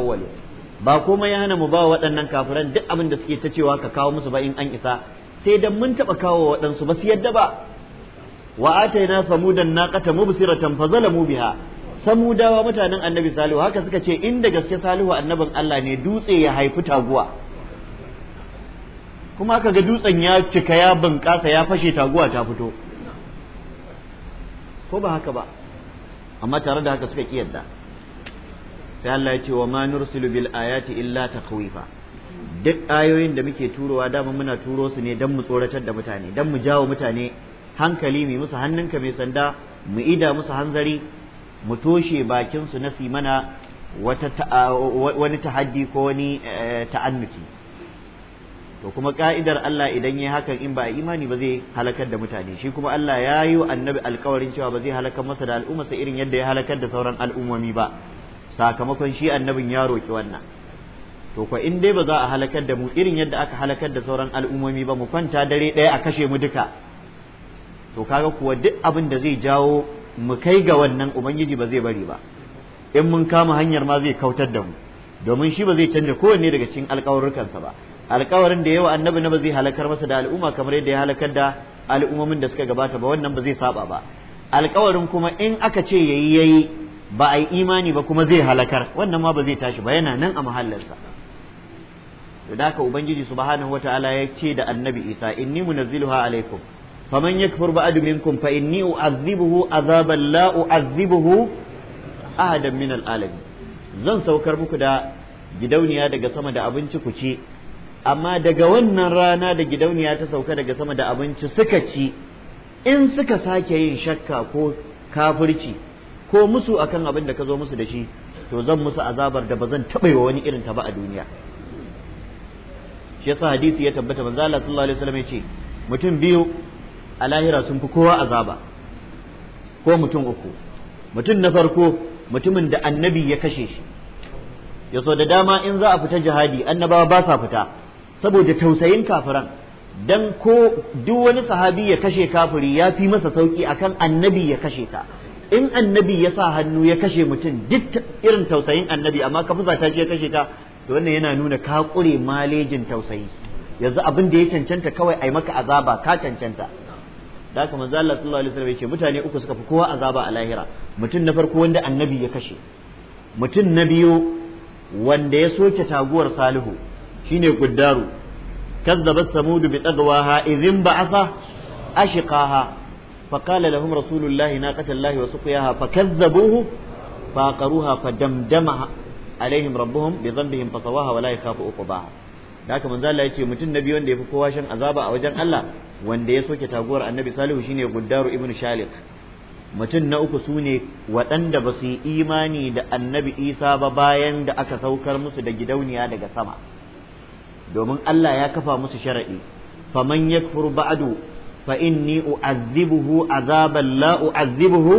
ba komai ya hana mu ba waɗannan kafiran duk abin da suke ta cewa ka kawo musu ba in an isa sai dan mun taɓa kawo waɗansu ba su yadda ba wa ataina samudan naqata mubsiratan fazalamu biha samudawa mutanen annabi salihu haka suka ce inda gaske salihu annabin Allah ne dutse ya haifi taguwa kuma aka ga dutsen ya cika ya bunƙasa ya fashe taguwa ta fito ko ba haka ba amma tare da haka suka kiyarda sai Allah ya ce wa ma nursilu bil ayati illa takwifa duk ayoyin da muke turowa dama muna turo su ne dan mu tsoratar da mutane dan mu jawo mutane hankali mai musu hannunka mai sanda mu ida musu hanzari mu toshe bakinsu na simana wani tahaddi ko wani eh, ta'annuti to kuma ka'idar Allah idan yayi hakan in ba a imani ba zai halakar da mutane shi kuma Allah ya yi wa annabi alkawarin cewa ba zai halakar masa da al'ummarsa irin yadda ya halakar da sauran al'ummomi ba sakamakon shi annabin ya roki wannan to ko in dai ba za a halakar da mu irin yadda aka halakar da sauran al'ummomi ba mu kwanta dare ɗaya a kashe mu duka to kaga kuwa duk abin da zai jawo mu kai ga wannan ubangiji ba zai bari ba in mun kama hanyar ma zai kautar da mu domin shi ba zai canja kowanne daga cikin sa ba alƙawarin da yawa annabi na ba zai halakar masa da al'umma kamar yadda ya halakar da al'ummomin da suka gabata ba wannan ba zai saba ba alƙawarin kuma in aka ce yayi yayi ba a yi imani ba kuma zai halakar wannan ma ba zai tashi ba yana nan a mahallarsa to da haka ubangiji subhanahu wataala ya ce da annabi isa inni munazziluha alaikum faman yakfur ba'du minkum fa inni u'azzibuhu azaban la u'azzibuhu ahadan min zan saukar muku da gidauniya daga sama da abinci ku ci amma daga wannan rana da gidauniya ta sauka daga sama da abinci suka ci in suka sake yin shakka ko kafirci ko musu akan abin da ka zo musu da shi to zan musu azabar da ba zan taɓa wa wani irin ta ba a duniya shi yasa hadisi ya tabbata manzo Allah sallallahu alaihi wasallam ya ce mutum biyu a lahira sun fi kowa azaba ko mutum uku mutum na farko mutumin da annabi ya kashe shi ya so da dama in za a fita jihadi annabawa ba sa fita saboda tausayin kafiran dan ko duk wani sahabi ya kashe kafiri ya fi masa sauki akan annabi ya kashe ta in annabi ya sa hannu ya kashe mutum duk irin tausayin annabi amma ka fusata shi ya kashe ka to wannan yana nuna ka kure malejin tausayi yanzu abin da ya cancanta kawai ai maka azaba ka cancanta da haka manzo Allah sallallahu alaihi wasallam yake mutane uku suka fi kowa a azaba a lahira mutum na farko wanda annabi ya kashe mutum na biyu wanda ya soke taguwar salihu shine gudaru kazzaba samudu bi tagwaha idhin ba'atha ashqaha fa qala lahum rasulullahi naqata allahi wa suqiyaha fa kazzabuhu fa qaruha fa damdama alaihim rabbuhum bi dhanbihim fa sawaha wa la yakhafu uqbaha da haka manzo Allah yake mutum nabi wanda yafi kowa shan azaba a wajen Allah wanda ya soke taguwar annabi salihu shine guddaru ibn shalik mutum na uku sune waɗanda ba su yi imani da annabi isa ba bayan da aka saukar musu da gidauniya daga sama domin Allah ya kafa musu shara'i faman yakfur ba'du fa inni u'azzibuhu azaban la u'azzibuhu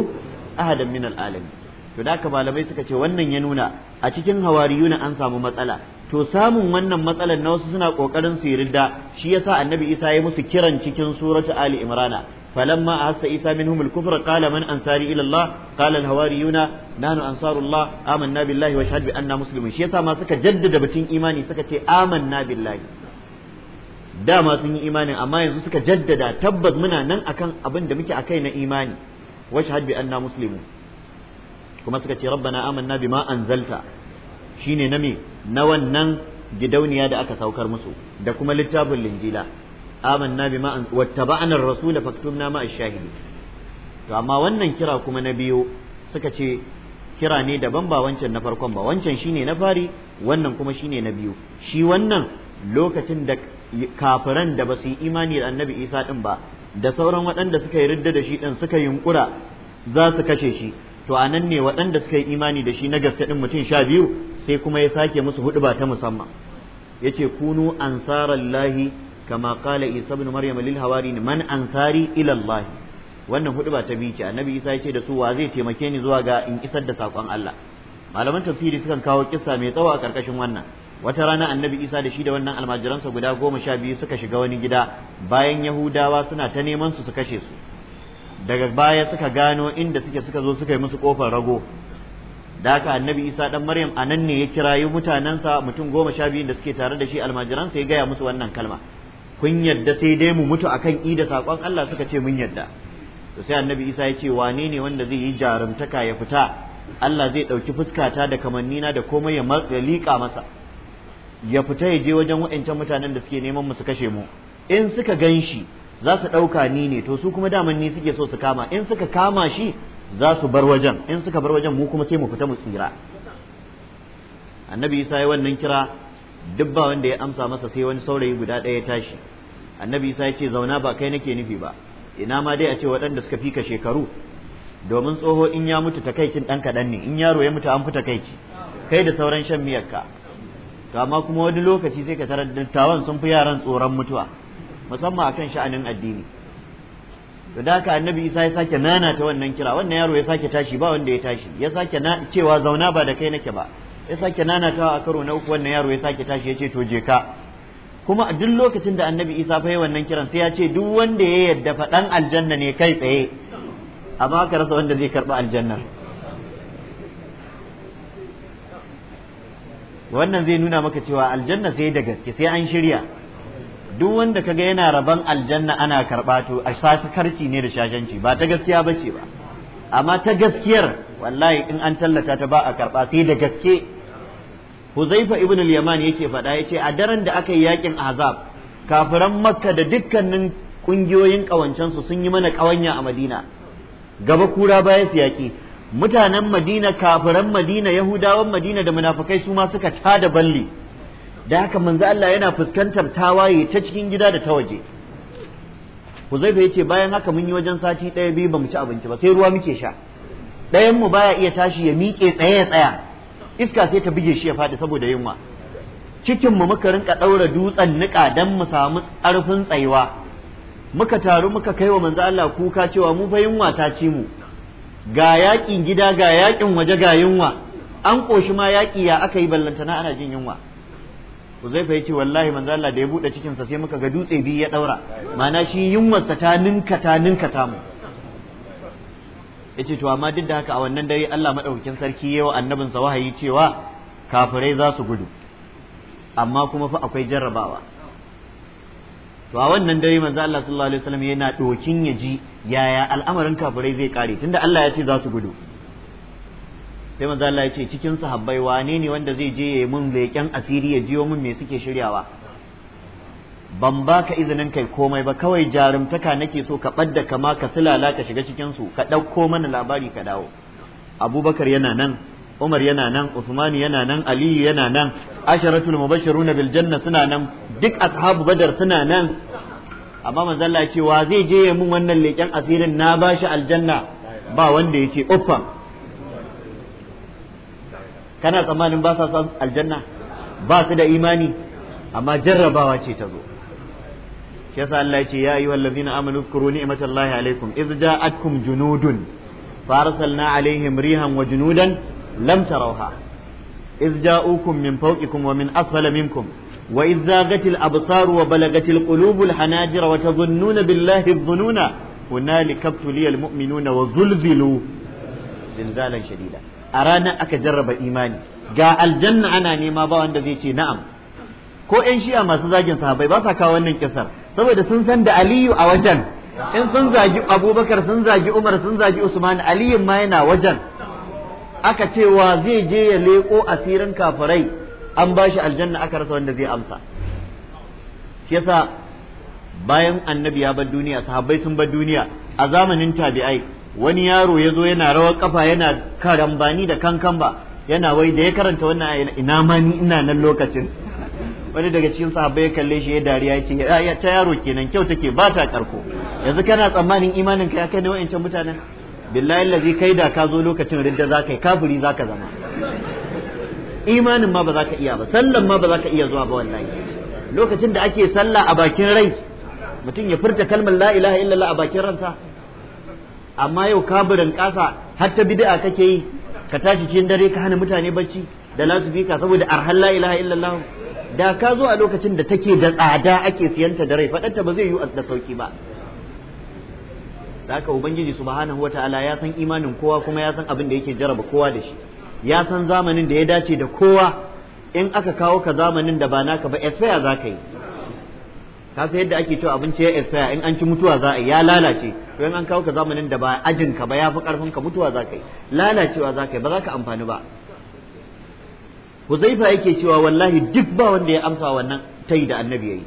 ahadan min al'alamin to da haka malamai suka ce wannan ya nuna a cikin na an samu matsala to samun wannan matsalar na wasu suna kokarin su ridda shi yasa annabi isa ya musu kiran cikin surata ali imrana فلما أحس عيسى منهم الكفر قال من أنصاري إلى الله قال الهواريون نحن أنصار الله آمنا بالله واشهد بأننا مسلمون شي yasa ma suka jaddada batun imani suka ce amanna billahi dama sun yi imanin amma yanzu suka jaddada tabbas muna nan akan abin da muke akai na imani washhad bi anna muslimun kuma suka ce rabbana amanna bima anzalta shine na me na wannan gidauniya da aka saukar musu da kuma littafin linjila amanna bima an wattaba'na ar-rasula faktubna ma ash-shahidi to amma wannan kira kuma na biyo suka ce kira ne daban ba wancan na farkon ba wancan shine na fari wannan kuma shine na biyu shi wannan lokacin da kafiran da ba su yi imani da annabi isa din ba da sauran waɗanda suka yi ridda da shi din suka yunkura za su kashe shi to anan ne waɗanda suka yi imani da shi na gaske din mutum sha biyu sai kuma ya sake musu huɗuba ta musamman yace kunu ansarallahi kama kala isa bin maryam lil ne man ansari ilallahi wannan ba ta biyu annabi isa ya ce da su wa zai taimake ni zuwa ga in isar da sakon Allah malaman tafsiri sukan kawo kisa mai tsawo a karkashin wannan wata rana annabi isa da shi da wannan almajiransa guda goma sha biyu suka shiga wani gida bayan yahudawa suna ta neman su su kashe su daga baya suka gano inda suke suka zo suka yi musu kofar rago da haka annabi isa dan maryam anan ne ya kirayi mutanensa mutum goma sha biyu da suke tare da shi almajiran sai ya gaya musu wannan kalma kun yadda sai dai mu mutu akan i da sakon Allah suka ce mun yadda to sai annabi isa ya ce wane ne wanda zai yi jarumtaka ya fita Allah zai ɗauki fuskata da kamannina da komai ya liƙa masa ya fita ya je wajen waɗancan mutanen da suke neman mu su kashe mu in suka gan shi za su ɗauka ni ne to su kuma daman ni suke so su kama in suka kama shi za su bar wajen in suka bar wajen mu kuma sai mu fita mu tsira annabi isa ya wannan kira duk ba wanda ya amsa masa sai wani saurayi guda ɗaya ya tashi annabi isa ya ce zauna ba kai nake nufi ba ina ma dai a ce waɗanda suka fika shekaru domin tsoho in ya mutu takaicin ɗan kaɗan ne in yaro ya mutu an fi takaici kai da sauran shan miyarka to amma kuma wani lokaci sai ka tarar dattawan sun fi yaran tsoron mutuwa musamman akan sha'anin addini to da haka annabi isa ya sake nana ta wannan kira wannan yaro ya sake tashi ba wanda ya tashi ya sake na cewa zauna ba da kai nake ba ya sake nana ta a karo na uku wannan yaro ya sake tashi ya ce to je ka kuma a duk lokacin da annabi isa fa wannan kiran sai ya ce duk wanda ya yadda faɗan aljanna ne kai tsaye amma ka rasa wanda zai karɓi aljannar wannan zai nuna maka cewa aljanna sai da gaske sai an shirya duk wanda kaga yana rabon aljanna ana karɓa to a karci ne da shashanci ba ta gaskiya bace ba amma ta gaskiyar wallahi in an tallata ta ba a karɓa sai da gaske Huzaifa ibn al-Yaman yake faɗa yace a daren da aka yi yakin Ahzab kafiran Makka da dukkanin kungiyoyin kawancen su sun yi mana kawanya a Madina gaba kura baya su yaki mutanen Madina kafiran Madina Yahudawan Madina da munafikai su ma suka tada balli da haka manzo Allah yana fuskantar tawaye ta cikin gida da ta waje Huzaifa yace bayan haka mun yi wajen sati ɗaya biyu ba mu ci abinci ba sai ruwa muke sha ɗayan mu baya iya tashi ya miƙe tsaye ya tsaya iska sai ta buge shi ya faɗi saboda yunwa cikin mu muka rinka ɗaura dutsen niƙa dan mu samu ƙarfin tsayuwa muka taru muka kai wa manzo Allah kuka cewa mu fa yunwa ta ci mu ga yaƙin gida ga yaƙin waje ga yunwa an ƙoshi ma yaƙi ya aka yi ballantana ana jin yunwa ya yace wallahi manzo Allah da ya bude cikin sa sai muka ga dutse biyu ya daura ma'ana shi yunwar ta ninka ta ninka ta mu yace to amma duk da haka a wannan dare Allah madaukakin sarki wa annabin sa wahayi cewa kafirai za su gudu amma kuma fa akwai jarrabawa to a wannan dare manzo Allah sallallahu alaihi wasallam yana dokin ya ji yaya al'amarin kafirai zai kare tunda Allah ya ce za su gudu sai manzo Allah ya ce cikin sahabbai wane ne wanda zai je yi mun leken asiri ya jiyo mun me suke shiryawa ban ba ka izinin kai komai ba kawai jarumtaka nake so ka badda kama ka silala ka shiga cikin su ka ɗauko mana labari ka dawo abubakar yana nan umar yana nan usmani yana nan aliyu yana nan asharatul mubashiruna bil janna suna nan duk ashabu badar suna nan amma manzo Allah ya ce wa zai je yayi mun wannan leken asirin na bashi aljanna ba wanda yake uffan kana tsammanin ba sa aljanna ba su da imani amma jarrabawa ce ta zo shi yasa Allah ya ce ya ayyuhal ladzina amanu zkuru ni'matallahi alaikum iz ja'atkum junudun farsalna alaihim rihan wa junudan lam tarawha iz ja'ukum min fawqikum wa min asfala minkum wa iz zaghatil absaru wa balagatil qulubul hanajira wa tadhunnuna billahi dhununa hunalika ibtuliyal mu'minuna wa zulzilu zilzalan shadida a ranar aka jarraba imani ga aljanna ana nema ba wanda zai ce na'am ko yan shi'a masu zagin sahabbai ba sa kawo wannan kisar saboda sun san da aliyu a wajen in sun zagi abubakar sun zagi umar sun zagi usman Aliyu ma yana wajen aka cewa zai je ya leko asirin kafirai an ba shi aljanna aka rasa wanda zai amsa shi bayan annabi ya bar duniya sahabbai sun bar duniya a zamanin tabi'ai wani yaro ya zo yana rawar kafa yana karambani da kankan ba yana wai da ya karanta wannan ina ma ni ina nan lokacin wani daga cikin sahabbai ya kalle shi ya dariya ce ya ta yaro kenan kyau take ba ta karko yanzu kana tsammanin imanin ka ya kai da wayancin mutanen billahi allazi kai da ka zo lokacin ridda zaka yi kafiri zaka zama imanin ma ba za ka iya ba sallan ma ba za ka iya zuwa ba wallahi lokacin da ake sallah a bakin rai mutum ya furta kalmar la ilaha illallah a bakin ransa amma yau kaburin kasa har ta bid'a kake yi ka tashi cikin dare ka hana mutane bacci da lasu ka saboda arhal la ilaha illallah da ka zo a lokacin da take da tsada ake siyanta da rai faɗanta ba zai yi da sauki ba da haka ubangiji subhanahu wataala ya san imanin kowa kuma ya san abin da yake jaraba kowa da shi ya san zamanin da ya dace da kowa in aka kawo ka zamanin da ba naka ba expire za ka yi ka san yadda ake cewa abinci ya isa in an ci mutuwa za a ya lalace to in an kawo ka zamanin da ba ajin ka ba ya fi karfin ka mutuwa za ka yi lalacewa za ka yi ba za ka amfani ba Huzaifa yake cewa wallahi duk ba wanda ya amsa wannan tai da annabi ya yi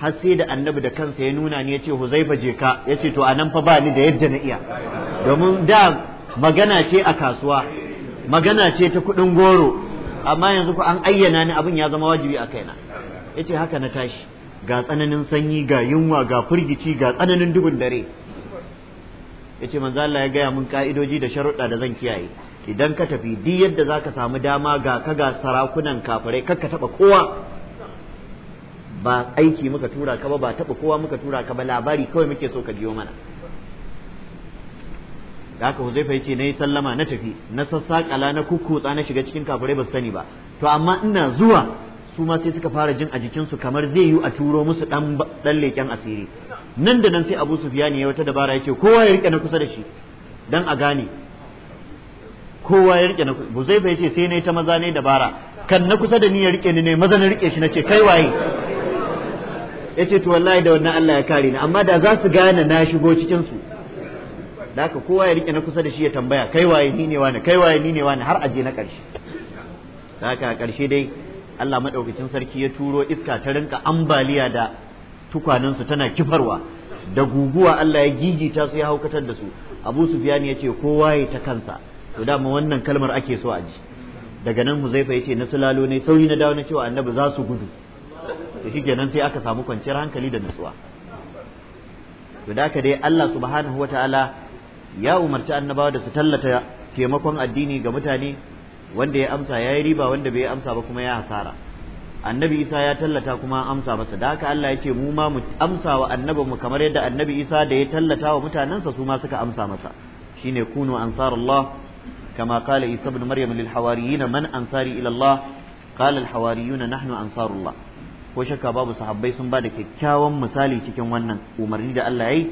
har sai da annabi da kansa ya nuna ni ce Huzaifa je ka ce to a nan fa ba ni da yadda na iya domin da magana ce a kasuwa magana ce ta kudin goro amma yanzu ku an ayyana ni abin ya zama wajibi a kaina yace haka na tashi ga tsananin sanyi ga yunwa ga firgici ga tsananin dubun dare yace manzo Allah ya gaya mun ka'idoji da sharuɗa da zan kiyaye idan ka tafi duk yadda zaka samu dama ga ka ga sarakunan kafirai ka taba kowa ba aiki muka tura ka ba ba taba kowa muka tura ka ba labari kawai muke so ka biyo mana da haka Huzaifa yace yi sallama na tafi na sassaƙala na kukkutsa na shiga cikin kafirai ba sani ba to amma ina zuwa su ma sai suka fara jin a jikinsu kamar zai yi a turo musu dan dan leken asiri nan da nan sai Abu Sufyan ya wata dabara yake kowa ya rike na kusa da shi dan a gane kowa ya rike na kusa Buzaifa yace sai nayi ta maza ne dabara kan na kusa da ni ya rike ni ne maza na rike shi nace kai waye yace to wallahi da wannan Allah ya kare ni amma da za su gane na shigo cikin su da haka kowa ya rike na kusa da shi ya tambaya kai waye ni ne wani kai waye ni ne wani har aje na karshe da haka a karshe dai Allah maɗaukacin sarki ya turo iska ta rinka ambaliya da tukwanensu tana kifarwa da guguwa Allah ya gigita su ya haukatar da su Abu Sufyan ya ce kowa ya ta kansa to dama wannan kalmar ake so a ji daga nan Huzaifa ya ce na sulalo ne sauyi na dawo na cewa annabi za su gudu to shikenan sai aka samu kwanciyar hankali da nutsuwa to da dai Allah subhanahu ta'ala ya umarci annabawa da su tallata taimakon addini ga mutane wanda ya amsa ya yi riba wanda bai amsa ba kuma ya hasara annabi isa ya tallata kuma amsa masa da haka Allah ya ce mu ma mu amsa wa mu kamar yadda annabi isa da ya tallata wa mutanensa su ma suka amsa masa shine kunu allah kama qala isa ibn maryam lil hawariyina man ansari ila Allah qala al hawariyuna nahnu ansarullah ko shakka babu sahabbai sun bada kyakkyawan misali cikin wannan umarni da Allah ya yi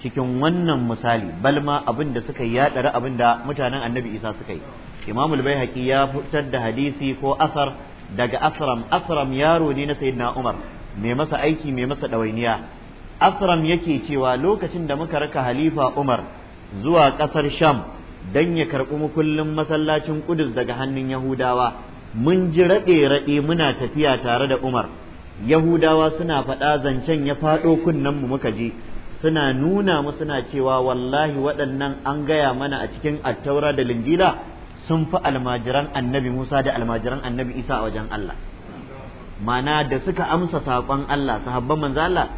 cikin wannan misali balma abin da suka yi ya abin da mutanen annabi isa suka yi imam al-baihaqi ya fitar da hadisi ko asar daga asram asram yaro ne na sayyidina umar mai masa aiki mai masa dawainiya asram yake cewa lokacin da muka raka halifa umar zuwa kasar sham dan ya karɓi makullin masallacin kudus daga hannun yahudawa mun ji raɗe-raɗe muna tafiya tare da umar yahudawa suna faɗa zancen ya faɗo kunnen mu muka ji suna nuna mu suna cewa wallahi waɗannan an gaya mana a cikin attaura da linjila sun fi almajiran annabi Musa da almajiran annabi Isa a wajen Allah mana da suka amsa saƙon Allah sahabban manzo Allah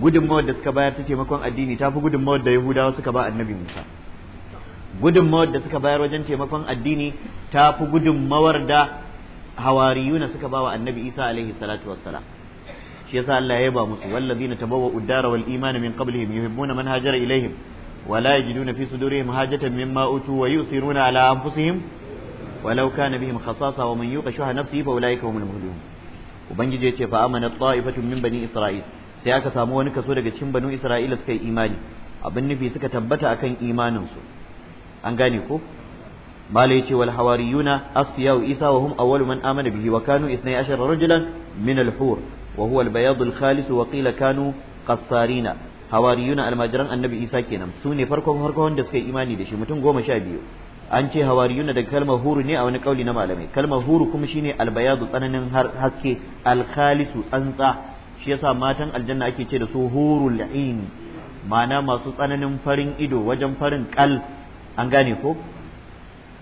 gudunmawar da suka bayar ta taimakon addini ta fi gudunmawar da Yahudawa suka ba annabi Musa gudunmawar da suka bayar wajen taimakon addini ta fi gudunmawar da hawariyuna suka ba wa annabi Isa alaihi salatu wassalam shi yasa Allah ya ba musu wallazina tabawwa'u ta dara wal imana min qablihim yuhibbuna man hajara ilaihim ولا يجدون في صدورهم حاجة مما أوتوا ويؤثرون على أنفسهم ولو كان بهم خصاصة ومن يوق شح نفسه فأولئك هم المهدون وبنجي يتي فآمن الطائفة من بني إسرائيل sai aka samu wani kaso daga cikin banu Isra'ila suka yi imani abin nufi suka tabbata akan imaninsu an gane ko malai yace wal hawariyuna asfiya isa wa hum awwalu amana bihi wa kanu 12 rajulan min hur wa huwa al-bayad kanu hawariyuna almajiran annabi isa kenan su ne farkon farko wanda suka yi imani da shi mutum goma sha biyu an ce hawariyuna daga kalmar huru ne a wani kauli na malamai kalmar huru kuma shine albayadu tsananin haske alkhalisu tsantsa shi yasa matan aljanna ake ce da su hurul la'in ma'ana masu tsananin farin ido wajen farin kal an gane ko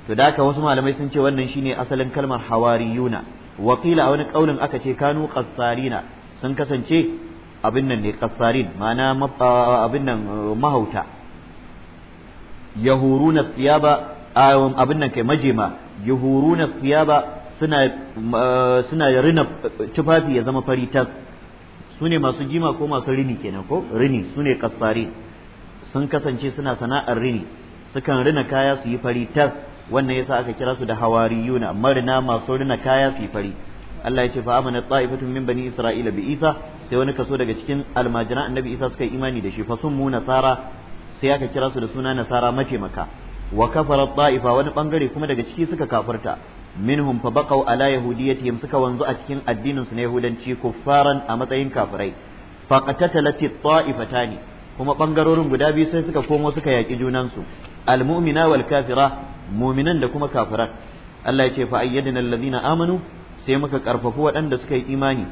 to da haka wasu malamai sun ce wannan shine asalin kalmar hawariyuna wakila a wani kaulin aka ce kanu qassarina sun kasance abin nan ne kasarin ma'ana abin nan uh, mahauta yahuruna siyaba abin nan kai majema yahuruna thiyaba suna uh, suna rina tufafi ya zama fari tas su ne masu jima ko masu rini kenan ko rini su ne sun kasance suna sana'ar rini sukan rina kaya su yi fari tas wannan yasa aka kira su da hawariyuna marina masu rina kaya su yi fari Allah ya ce fa amana ta'ifatun min bani isra'ila bi isa sai wani kaso daga cikin almajiran annabi isa suka yi imani da shi fa sun mu nasara sai aka kira su da suna nasara mataimaka wa kafara ta'ifa wani bangare kuma daga ciki suka kafirta minhum fa baqaw ala yahudiyatihim suka wanzu a cikin addinin su na yahudanci kuffaran a matsayin kafirai fa qatatalat ta'ifatani kuma bangarorin guda biyu sai suka komo suka yaki junansu almu'mina wal kafira mu'minan da kuma kafiran Allah ya ce fa ayyadna alladhina amanu sai muka karfafu waɗanda suka yi imani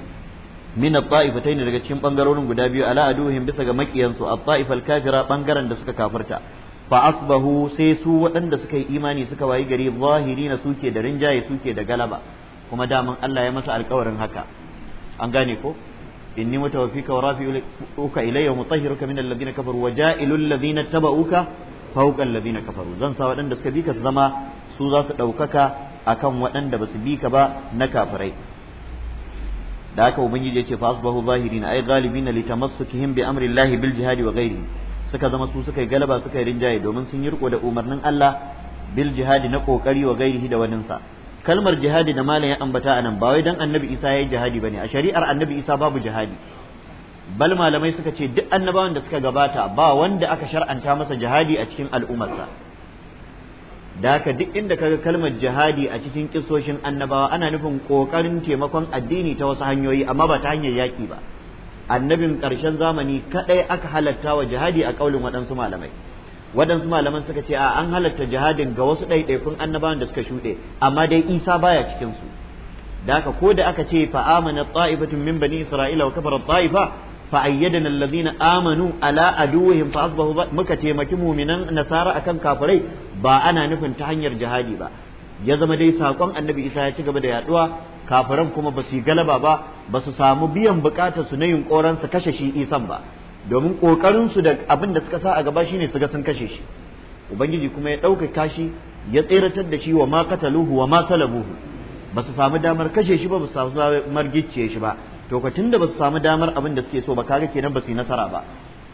min at-ta'ifatayn daga cikin bangarorin guda biyu ala aduhum bisa ga makiyansu at-ta'ifa kafira bangaren da suka kafirta fa asbahu sai su waɗanda suka yi imani suka wayi gari zahirina suke da rinjaye suke da galaba kuma daman Allah ya masa alƙawarin haka an gane ko inni mutawaffika wa rafi'uka ilayya mutahhiruka min alladhina kafaru wa ja'ilul ladhina tabauka fawqa alladhina kafaru zan sa waɗanda suka bi ka su zama su za su ɗaukaka akan waɗanda ba su bi ka ba na kafirai da haka ubangiji ya ce fa asbahu zahirin ay ghalibina li tamassukihim bi amri Allah bil jihad wa ghairihi suka zama su suka yi galaba suka yi rinjaye domin sun yi riko da umarnin Allah bil jihad na kokari wa ghairihi da waninsa kalmar jihadi da malam ya ambata anan ba wai dan annabi Isa yayi jihadi bane a shari'ar annabi Isa babu jihadi bal malamai suka ce duk annabawan da suka gabata ba wanda aka shar'anta masa jihadi a cikin al'ummarsa Daka duk inda kaga kalmar jihadi a cikin kisoshin annabawa ana nufin kokarin taimakon addini ta wasu hanyoyi amma ba ta hanyar yaki ba annabin ƙarshen zamani kadai aka halatta wa jihadi a kaulin waɗansu malamai waɗansu malaman suka ce a an halatta jihadin ga wasu ɗaiɗaikun annabawan da suka shuɗe amma dai isa baya cikin su daka ko da aka ce fa amana ta'ifatun min bani isra'ila wa kafara ta'ifa fa ayyadana allazina amanu ala aduwwihim fa asbahu muka taimaki mu'minan nasara akan kafirai ba ana nufin ta hanyar jihadi ba ya zama dai sakon annabi isa ya ci gaba da yaduwa kafiran kuma ba su galaba ba ba su samu biyan bukatar su na yunkoran su kashe shi isan ba domin kokarin su da abin da suka sa a gaba shine su ga sun kashe shi ubangiji kuma ya ɗaukaka shi ya tseratar da shi wa ma kataluhu wa ma salabuhu ba su samu damar kashe shi ba ba su samu damar shi ba to ka tunda ba su samu damar abin da suke so ba kaga kenan ba su yi nasara ba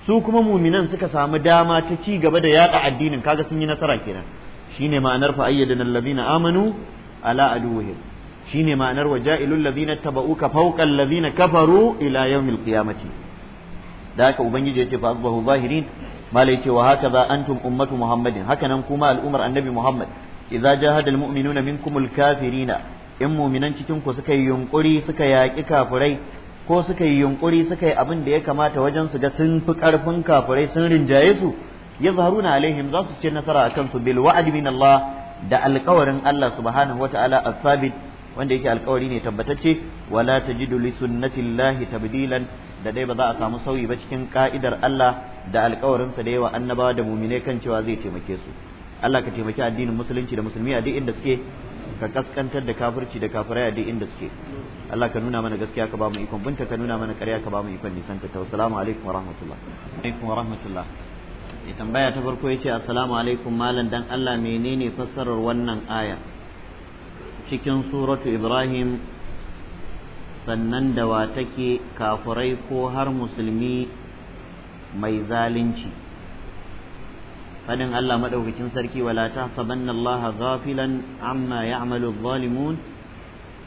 su kuma muminan suka samu dama ta ci gaba da yada addinin kaga sun yi nasara kenan shine ma'anar fa ayyadana allazina amanu ala aduwwihim shine ma'anar waja'ilul ladzina tabauka fawqal na kafaru ila yawmil qiyamati da haka ubangiji yace fa asbahu zahirin malai yace wa hakaza antum ummatu muhammadin hakanan kuma al'umar annabi muhammad idza jahada almu'minuna minkumul kafirina in muminan cikin ku suka yi yunkuri suka yaƙi kafurai ko suka yi yunkuri suka yi abin da ya kamata wajen su ga sun fi karfin kafurai sun rinjaye su zaharuna alaihim za su ce nasara akan su bil wa'd min Allah da alƙawarin Allah subhanahu wata'ala as-sabit wanda yake alƙawari ne tabbatacce wala tajidu li sunnatillahi tabdilan da dai ba za a samu sauyi ba cikin ka'idar Allah da alƙawarin sa da yawa annabawa da mu'mine kan cewa zai taimake su Allah ka taimaki addinin musulunci da musulmi a duk inda suke ka kaskantar da kafirci da kafirai a duk inda suke Allah ka nuna mana gaskiya ka ba mu ikon binta ka nuna mana ƙarya ka ba mu ikon nisan ta assalamu alaikum wa rahmatullah alaikum wa rahmatullah ya tambaya ta farko yace assalamu alaikum malam dan Allah menene fassarar wannan aya cikin suratu Ibrahim sannan da wa take kafirai ko har musulmi mai zalunci fadin Allah madaukakin sarki wala tahsabanna Allah ghafilan amma ya'malu adh-dhalimun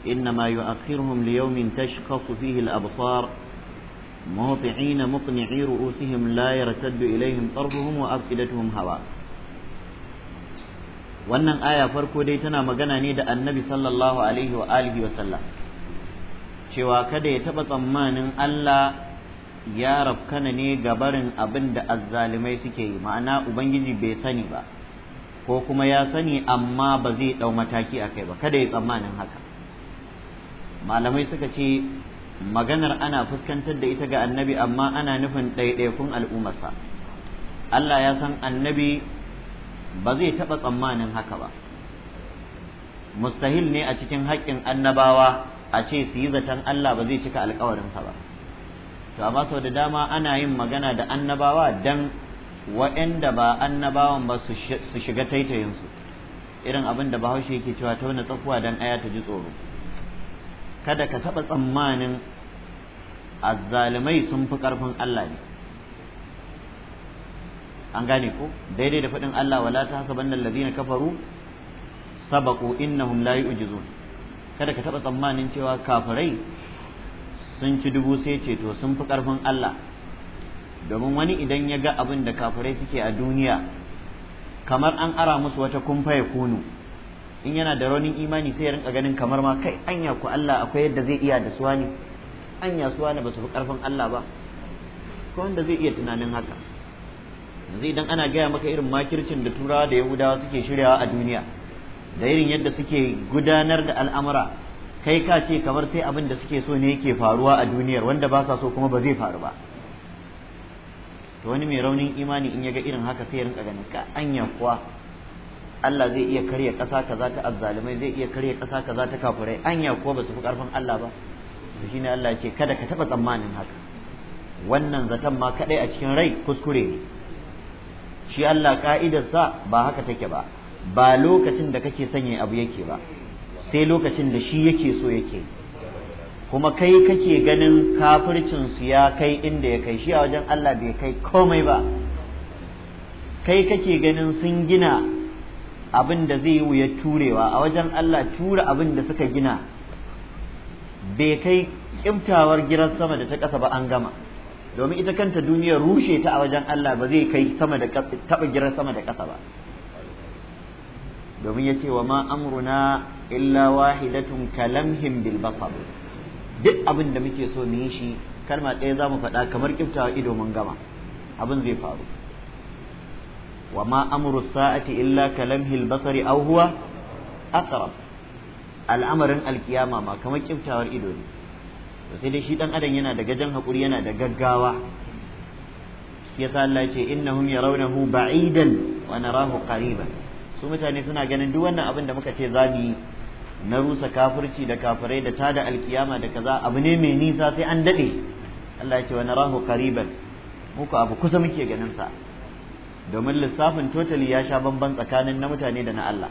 innama yu'akhiruhum liyawmin tashkhasu fihi al-absar مهطعين مقنعي رؤوسهم لا يرتد إليهم طرفهم وأفئدتهم هواء wannan aya farko dai tana magana ne da annabi sallallahu alaihi wa wa sallam cewa kada ya taɓa tsammanin Allah ya rafkana ne gabarin abin da azzalimai suke yi ma'ana ubangiji bai sani ba ko kuma ya sani amma ba zai ɗau mataki a kai ba kada ya tsammanin haka malamai suka ce maganar ana fuskantar da ita ga annabi amma ana nufin ɗaiɗaikun al'ummarsa Allah ya san annabi ba zai taɓa tsammanin haka ba mustahil ne a cikin haƙƙin annabawa a ce su yi zaton Allah ba zai cika alkawarinsa ba to amma sau da dama ana yin magana da annabawa dan waɗanda ba annabawan ba su shiga taitayinsu irin abin da bahaushe yake cewa tauna tsakuwa dan aya ta ji tsoro kada ka taɓa tsammanin azzalimai sun fi ƙarfin Allah ne an gane ko daidai da faɗin Allah wala ta hasabanna alladhina kafaru sabaqu innahum la yu'jizun kada ka taɓa tsammanin cewa kafirai sun ci dubu sai ce to sun fi ƙarfin Allah domin wani idan ya ga abin da kafirai suke a duniya kamar an ara musu wata kumfa kunu in yana da raunin imani sai ya rinka ganin kamar ma kai anya ku Allah akwai yadda zai iya da suwa ne anya suwa ne ba su fi ƙarfin Allah ba ko wanda zai iya tunanin haka yanzu idan ana gaya maka irin makircin da turawa da yahudawa suke shiryawa a duniya da irin yadda suke gudanar da al'amura kai ka ce kamar sai abin da suke so ne yake faruwa a duniyar wanda ba sa so kuma ba zai faru ba to wani mai raunin imani in ya ga irin haka sai ya rinka ganin ka anya kuwa Allah zai iya karya ƙasa kaza ta azzalumai zai iya karya ƙasa kaza ta kafurai anya kuwa ba su fi ƙarfin Allah ba to shine Allah ce kada ka taba tsammanin haka wannan zaton ma kadai a cikin rai kuskure ne shi Allah ka'idarsa ba haka take ba ba lokacin da kake sanya abu yake ba sai lokacin da shi yake so yake kuma kai kake ganin kafircin su ya kai inda ya kai shi a wajen Allah bai kai komai ba kai kake ganin sun gina abin da zai yi wuya turewa a wajen Allah tura abin da suka gina bai kai kimtawar giran sama da ta ƙasa ba an gama domin ita kanta duniyar rushe ta a wajen Allah ba zai kai sama da taɓa giran sama da kasa ba domin ya ce wa ma amruna illa wahidatun kalamhim bil basar duk abin da muke so mu yi shi kalma ɗaya za mu faɗa kamar kiftawa ido mun gama abin zai faru wa ma amru sa'ati illa kalamhil basari aw huwa aqrab al'amarin alkiyama ma kamar kiftawar ido ne to sai dai shi dan adam yana da gajan hakuri yana da gaggawa shi yasa Allah ya ce innahum yarawnahu ba'idan wa narahu qariban su mutane suna ganin duk wannan abin da muka ce za mu yi na rusa kafirci da kafirai da tada alkiyama da kaza abu ne mai nisa sai an dade Allah ya ce wa narahu qariban muku abu kusa muke ganin sa domin lissafin totally ya sha bamban tsakanin na mutane da na Allah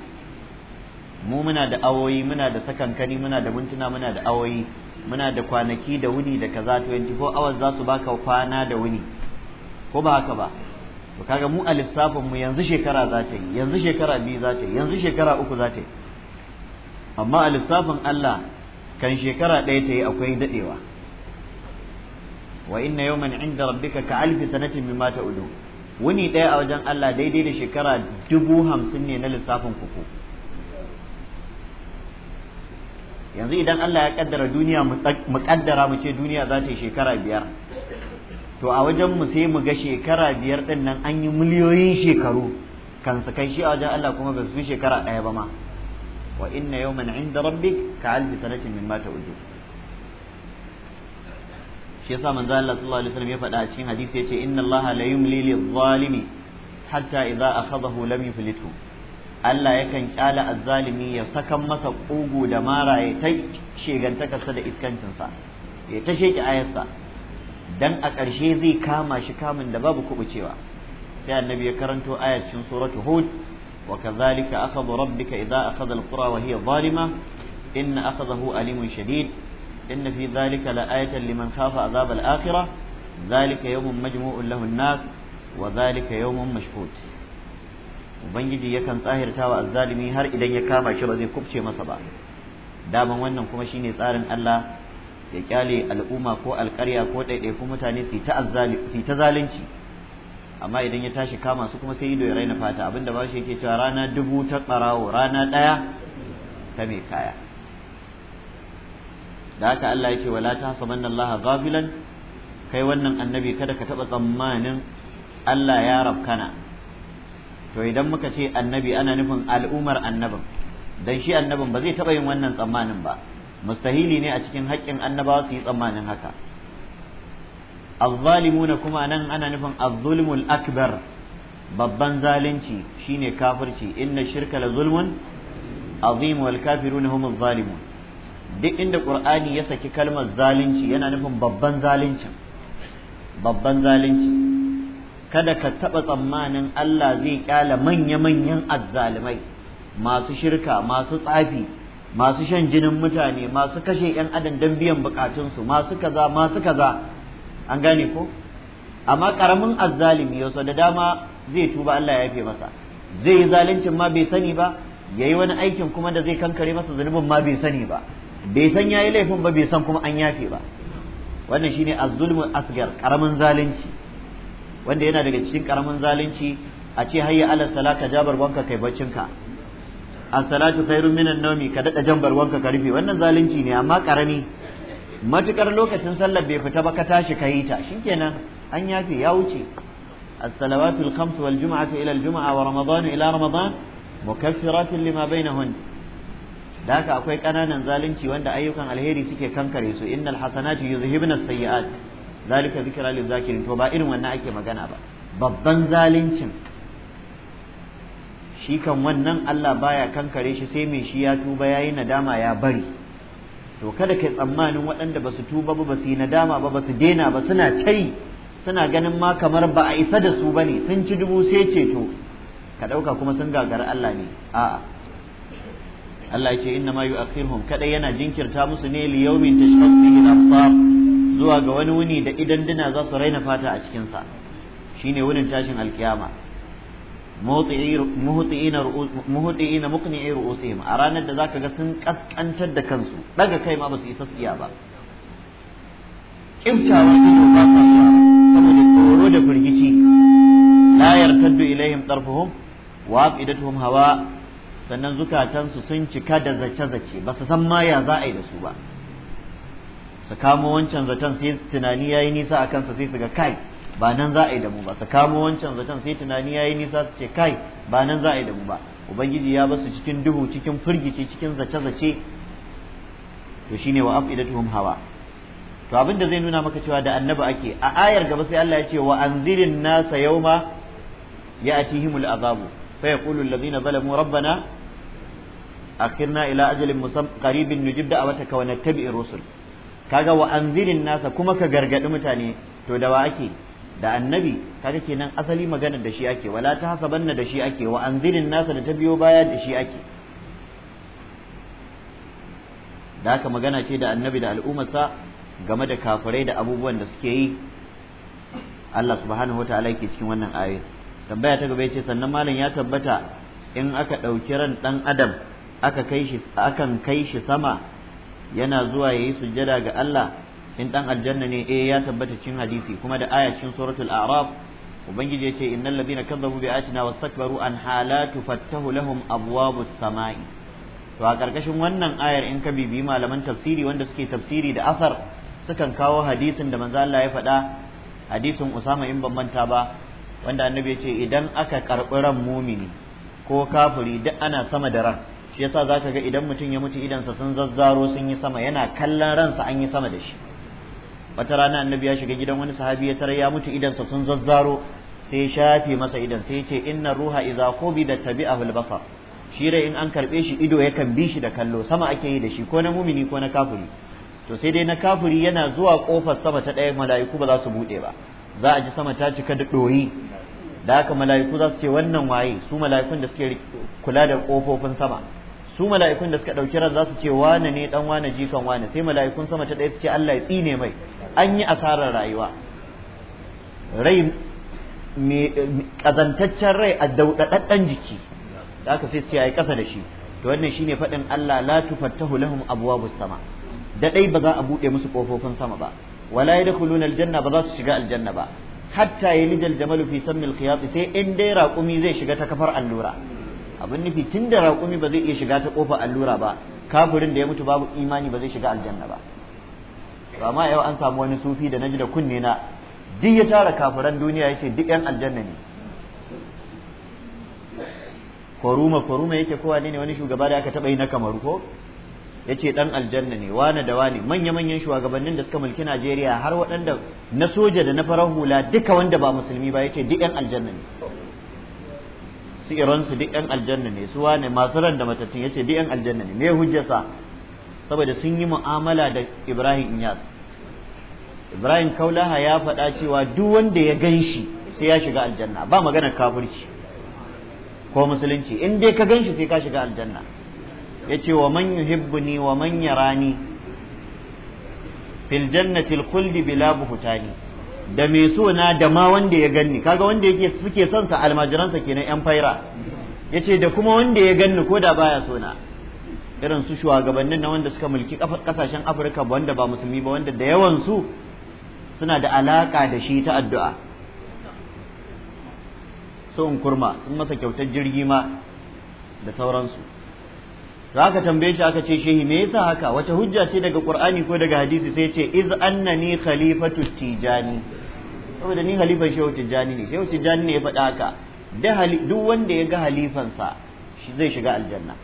mu muna da awoyi muna da sakankani muna da mintuna muna da awoyi muna da kwanaki da wuni da kaza 24 hours za su baka kwana da wuni ko ba haka ba to kaga mu a lissafin mu yanzu shekara za ta yi yanzu shekara biyu za ta yi yanzu shekara uku za ta yi amma a lissafin Allah kan shekara ɗaya ta yi akwai daɗewa wa inna yawman inda rabbika ka alfi sanatin mimma udu wuni ɗaya a wajen Allah daidai da shekara dubu hamsin ne na lissafin kuku yanzu idan Allah ya kaddara duniya mu kaddara mu ce duniya za ta yi shekara biyar to a wajen mu sai mu ga shekara biyar ɗin nan an yi miliyoyin shekaru kan su kai shi a wajen Allah kuma ba su shekara ɗaya ba ma wa inna yawman 'inda rabbi ka alfi sanatin mimma ta'uddu shi yasa manzo Allah sallallahu alaihi wasallam ya faɗa a cikin hadisi yace inna Allah la yumli lidh-zalimi hatta idza akhadahu lam yuflithu Allah yakan kyala azzalimi ya saka masa ƙugu da mara ya ta shegantakarsa da iskancinsa ya ta sheki ayarsa dan a ƙarshe zai kama shi kamun da babu kubucewa sai annabi ya karanto ayar cikin suratu hud وكذلك أخذ ربك إذا أخذ القرى وهي ظالمة إن أخذه أليم شديد إن في ذلك لآية لمن خاف عذاب الآخرة ذلك يوم مجموع له الناس وذلك يوم مشهود ubangiji yakan tsahirta wa azzalimi har idan ya kama shi ba zai kubce masa ba daman wannan kuma shine tsarin Allah ya kyale al'umma ko alƙarya ko ɗaiɗaikun mutane su ta zalunci amma idan ya tashi kama su kuma sai ido ya raina fata abinda ba shi yake cewa rana dubu ta ɓarawo rana ɗaya ta mai kaya da haka Allah yake wala ta hasabanna Allah ghafilan kai wannan annabi kada ka taɓa tsammanin Allah ya rabkana to idan muka ce annabi ana nufin al'umar annabin dan shi annabin ba zai taɓa yin wannan tsammanin ba mustahili ne a cikin haƙƙin annabawa su yi tsammanin haka azzalimuna kuma nan ana nufin azzulmul akbar babban zalunci shine kafirci inna shirka la zulmun azim wal kafiruna hum zalimun duk inda qur'ani ya saki kalmar zalunci yana nufin babban zalunci babban zalunci kada ka taba tsammanin Allah zai kyala manya-manyan azzalimai masu shirka masu tsafi masu shan jinin mutane masu kashe 'yan adam don biyan bukatunsu masu kaza masu kaza an gane ko amma karamin azzalimi yau da dama zai tuba Allah ya yafe masa zai yi zaluncin ma bai sani ba yayi wani aikin kuma da zai kankare masa zunubin ma bai sani ba bai san yayi laifin ba bai san kuma an yafe ba wannan shine ne zulmul asgar karamin zalunci wanda yana daga cikin karamin zalunci a ce hayya ala salata jabar wanka kai baccinka as-salatu khairun minan nawmi ka dada jambar wanka ka rufe wannan zalunci ne amma karami matukar lokacin sallar bai fita ba ka tashi ka yi ta kenan an yafe ya wuce الصلوات الخمس والجمعة إلى الجمعة ورمضان إلى رمضان مكفرات لما بينهن ذاك أكوي كانان zalunci wanda ayyukan alheri suke kankare su innal hasanatu yuzhibna sayyi'at zalika zikra lil zakirin to ba irin wannan ake magana ba babban zaluncin shi kan wannan Allah baya kankare shi sai mai shi ya tuba yayi nadama ya bari to kada kai tsammanin waɗanda ba su tuba ba ba su yi nadama ba ba su daina ba suna cai suna ganin ma kamar ba a isa da su ba ne sun ci dubu sai ceto ka ɗauka kuma sun gagara Allah ne a'a Allah ce inna ma yu'akhirhum kada yana jinkirta musu ne li yawmin tashkhas fihi al-absar zuwa ga wani wuni da idan dina za su raina fata a cikin sa shine wunin tashin alkiyama muhti'ina muqni'i ru'usihim a ranar da zaka ga sun kaskantar da kansu daga kai ma ba su isa tsiya ba kimtawa ido ba sa saboda tsoro da firgici la yartaddu ilaihim tarfuhum wa afidatuhum hawa sannan zukatansu sun cika da zace-zace ba su san ma ya za a yi da su ba su kamo wancan zaton sai tunani yayi nisa a kansa sai su ga kai ba nan za a yi da ba su kamo wancan zaton sai tunani ya yi nisa su ce kai ba nan za a yi da mu ba ubangiji ya basu cikin duhu cikin firgici cikin zace-zace to shine wa afidatuhum hawa to abin da zai nuna maka cewa da annaba ake a ayar gaba sai Allah ya ce wa anzirin nasa yauma ya'tihimul azabu fa yaqulu allazina zalamu rabbana akhirna ila ajalin musam qaribin nujib da'awataka wa nattabi'ir rusul kaga wa anzirin nasa kuma ka gargaɗi mutane to da wa ake da annabi kaga kenan asali magana da shi ake wala ta hasabanna da shi ake wa anzirin nasa da ta biyo baya da shi ake da haka magana ce da annabi da al'ummarsa game da kafirai da abubuwan da suke yi Allah subhanahu wa yake cikin wannan aya tambaya ta gaba yace sannan malam ya tabbata in aka ɗauki ran ɗan adam aka kai shi akan kai shi sama yana zuwa yayi sujjada ga Allah in dan aljanna ne eh ya tabbata cin hadisi kuma da aya cikin suratul a'raf ubangiji yace innal ladina kadzabu bi ayatina wastakbaru an halatu fattahu lahum abwabus samai to a karkashin wannan ayar in ka bibi malaman tafsiri wanda suke tafsiri da asar sukan kawo hadisin da manzo Allah ya faɗa hadisin Usama in ban manta ba wanda annabi yace idan aka karɓi ran mumini ko kafiri duk ana sama da ran shi yasa zaka ga idan mutum ya mutu idansa sun zazzaro sun yi sama yana kallon ransa an yi sama da shi wata rana annabi ya shiga gidan wani sahabi ya tarar ya mutu idansa sun zazzaro sai shafi masa idan sai yace ce inna ruha idza da tabi'ahu al-basar shi rai in an karbe shi ido yakan bi shi da kallo sama ake yi da shi ko na mumini ko na kafiri to sai dai na kafiri yana zuwa kofar sama ta ɗaya mala'iku ba za su bude ba za a ji sama ta cika da ɗoyi da haka mala'iku za su ce wannan waye su mala'ikun da suke kula da kofofin sama su mala'ikun da suka ɗauki ran za su ce wane ne dan wane jikan wane sai mala'ikun sama ta daya su ce Allah ya tsine mai an yi asarar rayuwa rai ƙazantaccen rai a dauɗaɗɗen jiki da aka sai su ce a yi ƙasa da shi to wannan shine faɗin Allah la tufattahu lahum abwabus sama da ɗai ba za a buɗe musu ƙofofin sama ba wala yadkhuluna aljanna ba za su shiga aljanna ba hatta yalijal jamalu fi sammil khiyat sai in dai raƙumi zai shiga ta kafar allura abin nufi tun da raƙumi ba zai iya shiga ta ƙofa allura ba kafirin da ya mutu babu imani ba zai shiga aljanna ba to amma yau an samu wani sufi da naji da kunne na duk ya tara kafiran duniya yake duk yan aljanna ne koruma koruma yake kowa ne wani shugaba da aka taɓa yi na kamaru ko ya ce ɗan aljanna ne wane da wane manya-manyan shugabannin da suka mulki najeriya har waɗanda na soja da na farar hula duka wanda ba musulmi ba ya ce duk 'yan aljanna ne tsiransu duk yan aljanna ne su wane masu ran da matattun yace duk yan aljanna ne me hujjasa saboda sun yi mu'amala da Ibrahim Inyas Ibrahim Kaulaha ya faɗa cewa duk wanda ya gan shi sai ya shiga aljanna ba maganar kafirci ko musulunci in dai ka gan shi sai ka shiga aljanna yace wa man yuhibbuni wa man yarani fil jannati al khuldi bila buhtani da mai suna da ma wanda ya ganni kaga wanda yake suke son sa almajiransa kenan yan faira yace da kuma wanda ya ganni ko da baya sona irin su shugabannin na wanda suka mulki kasashen Afirka wanda ba musulmi ba wanda da yawan su suna da alaka da shi ta addu'a so in kurma sun masa kyautar jirgi ma da sauransu za ka tambaye shi aka ce shehi me yasa haka wata hujja ce daga qur'ani ko daga hadisi sai ce iz annani khalifatu tijani saboda ni halifan shehu tijani ne shehu tijani ne ya faɗa haka duk wanda ya ga halifansa shi zai shiga aljanna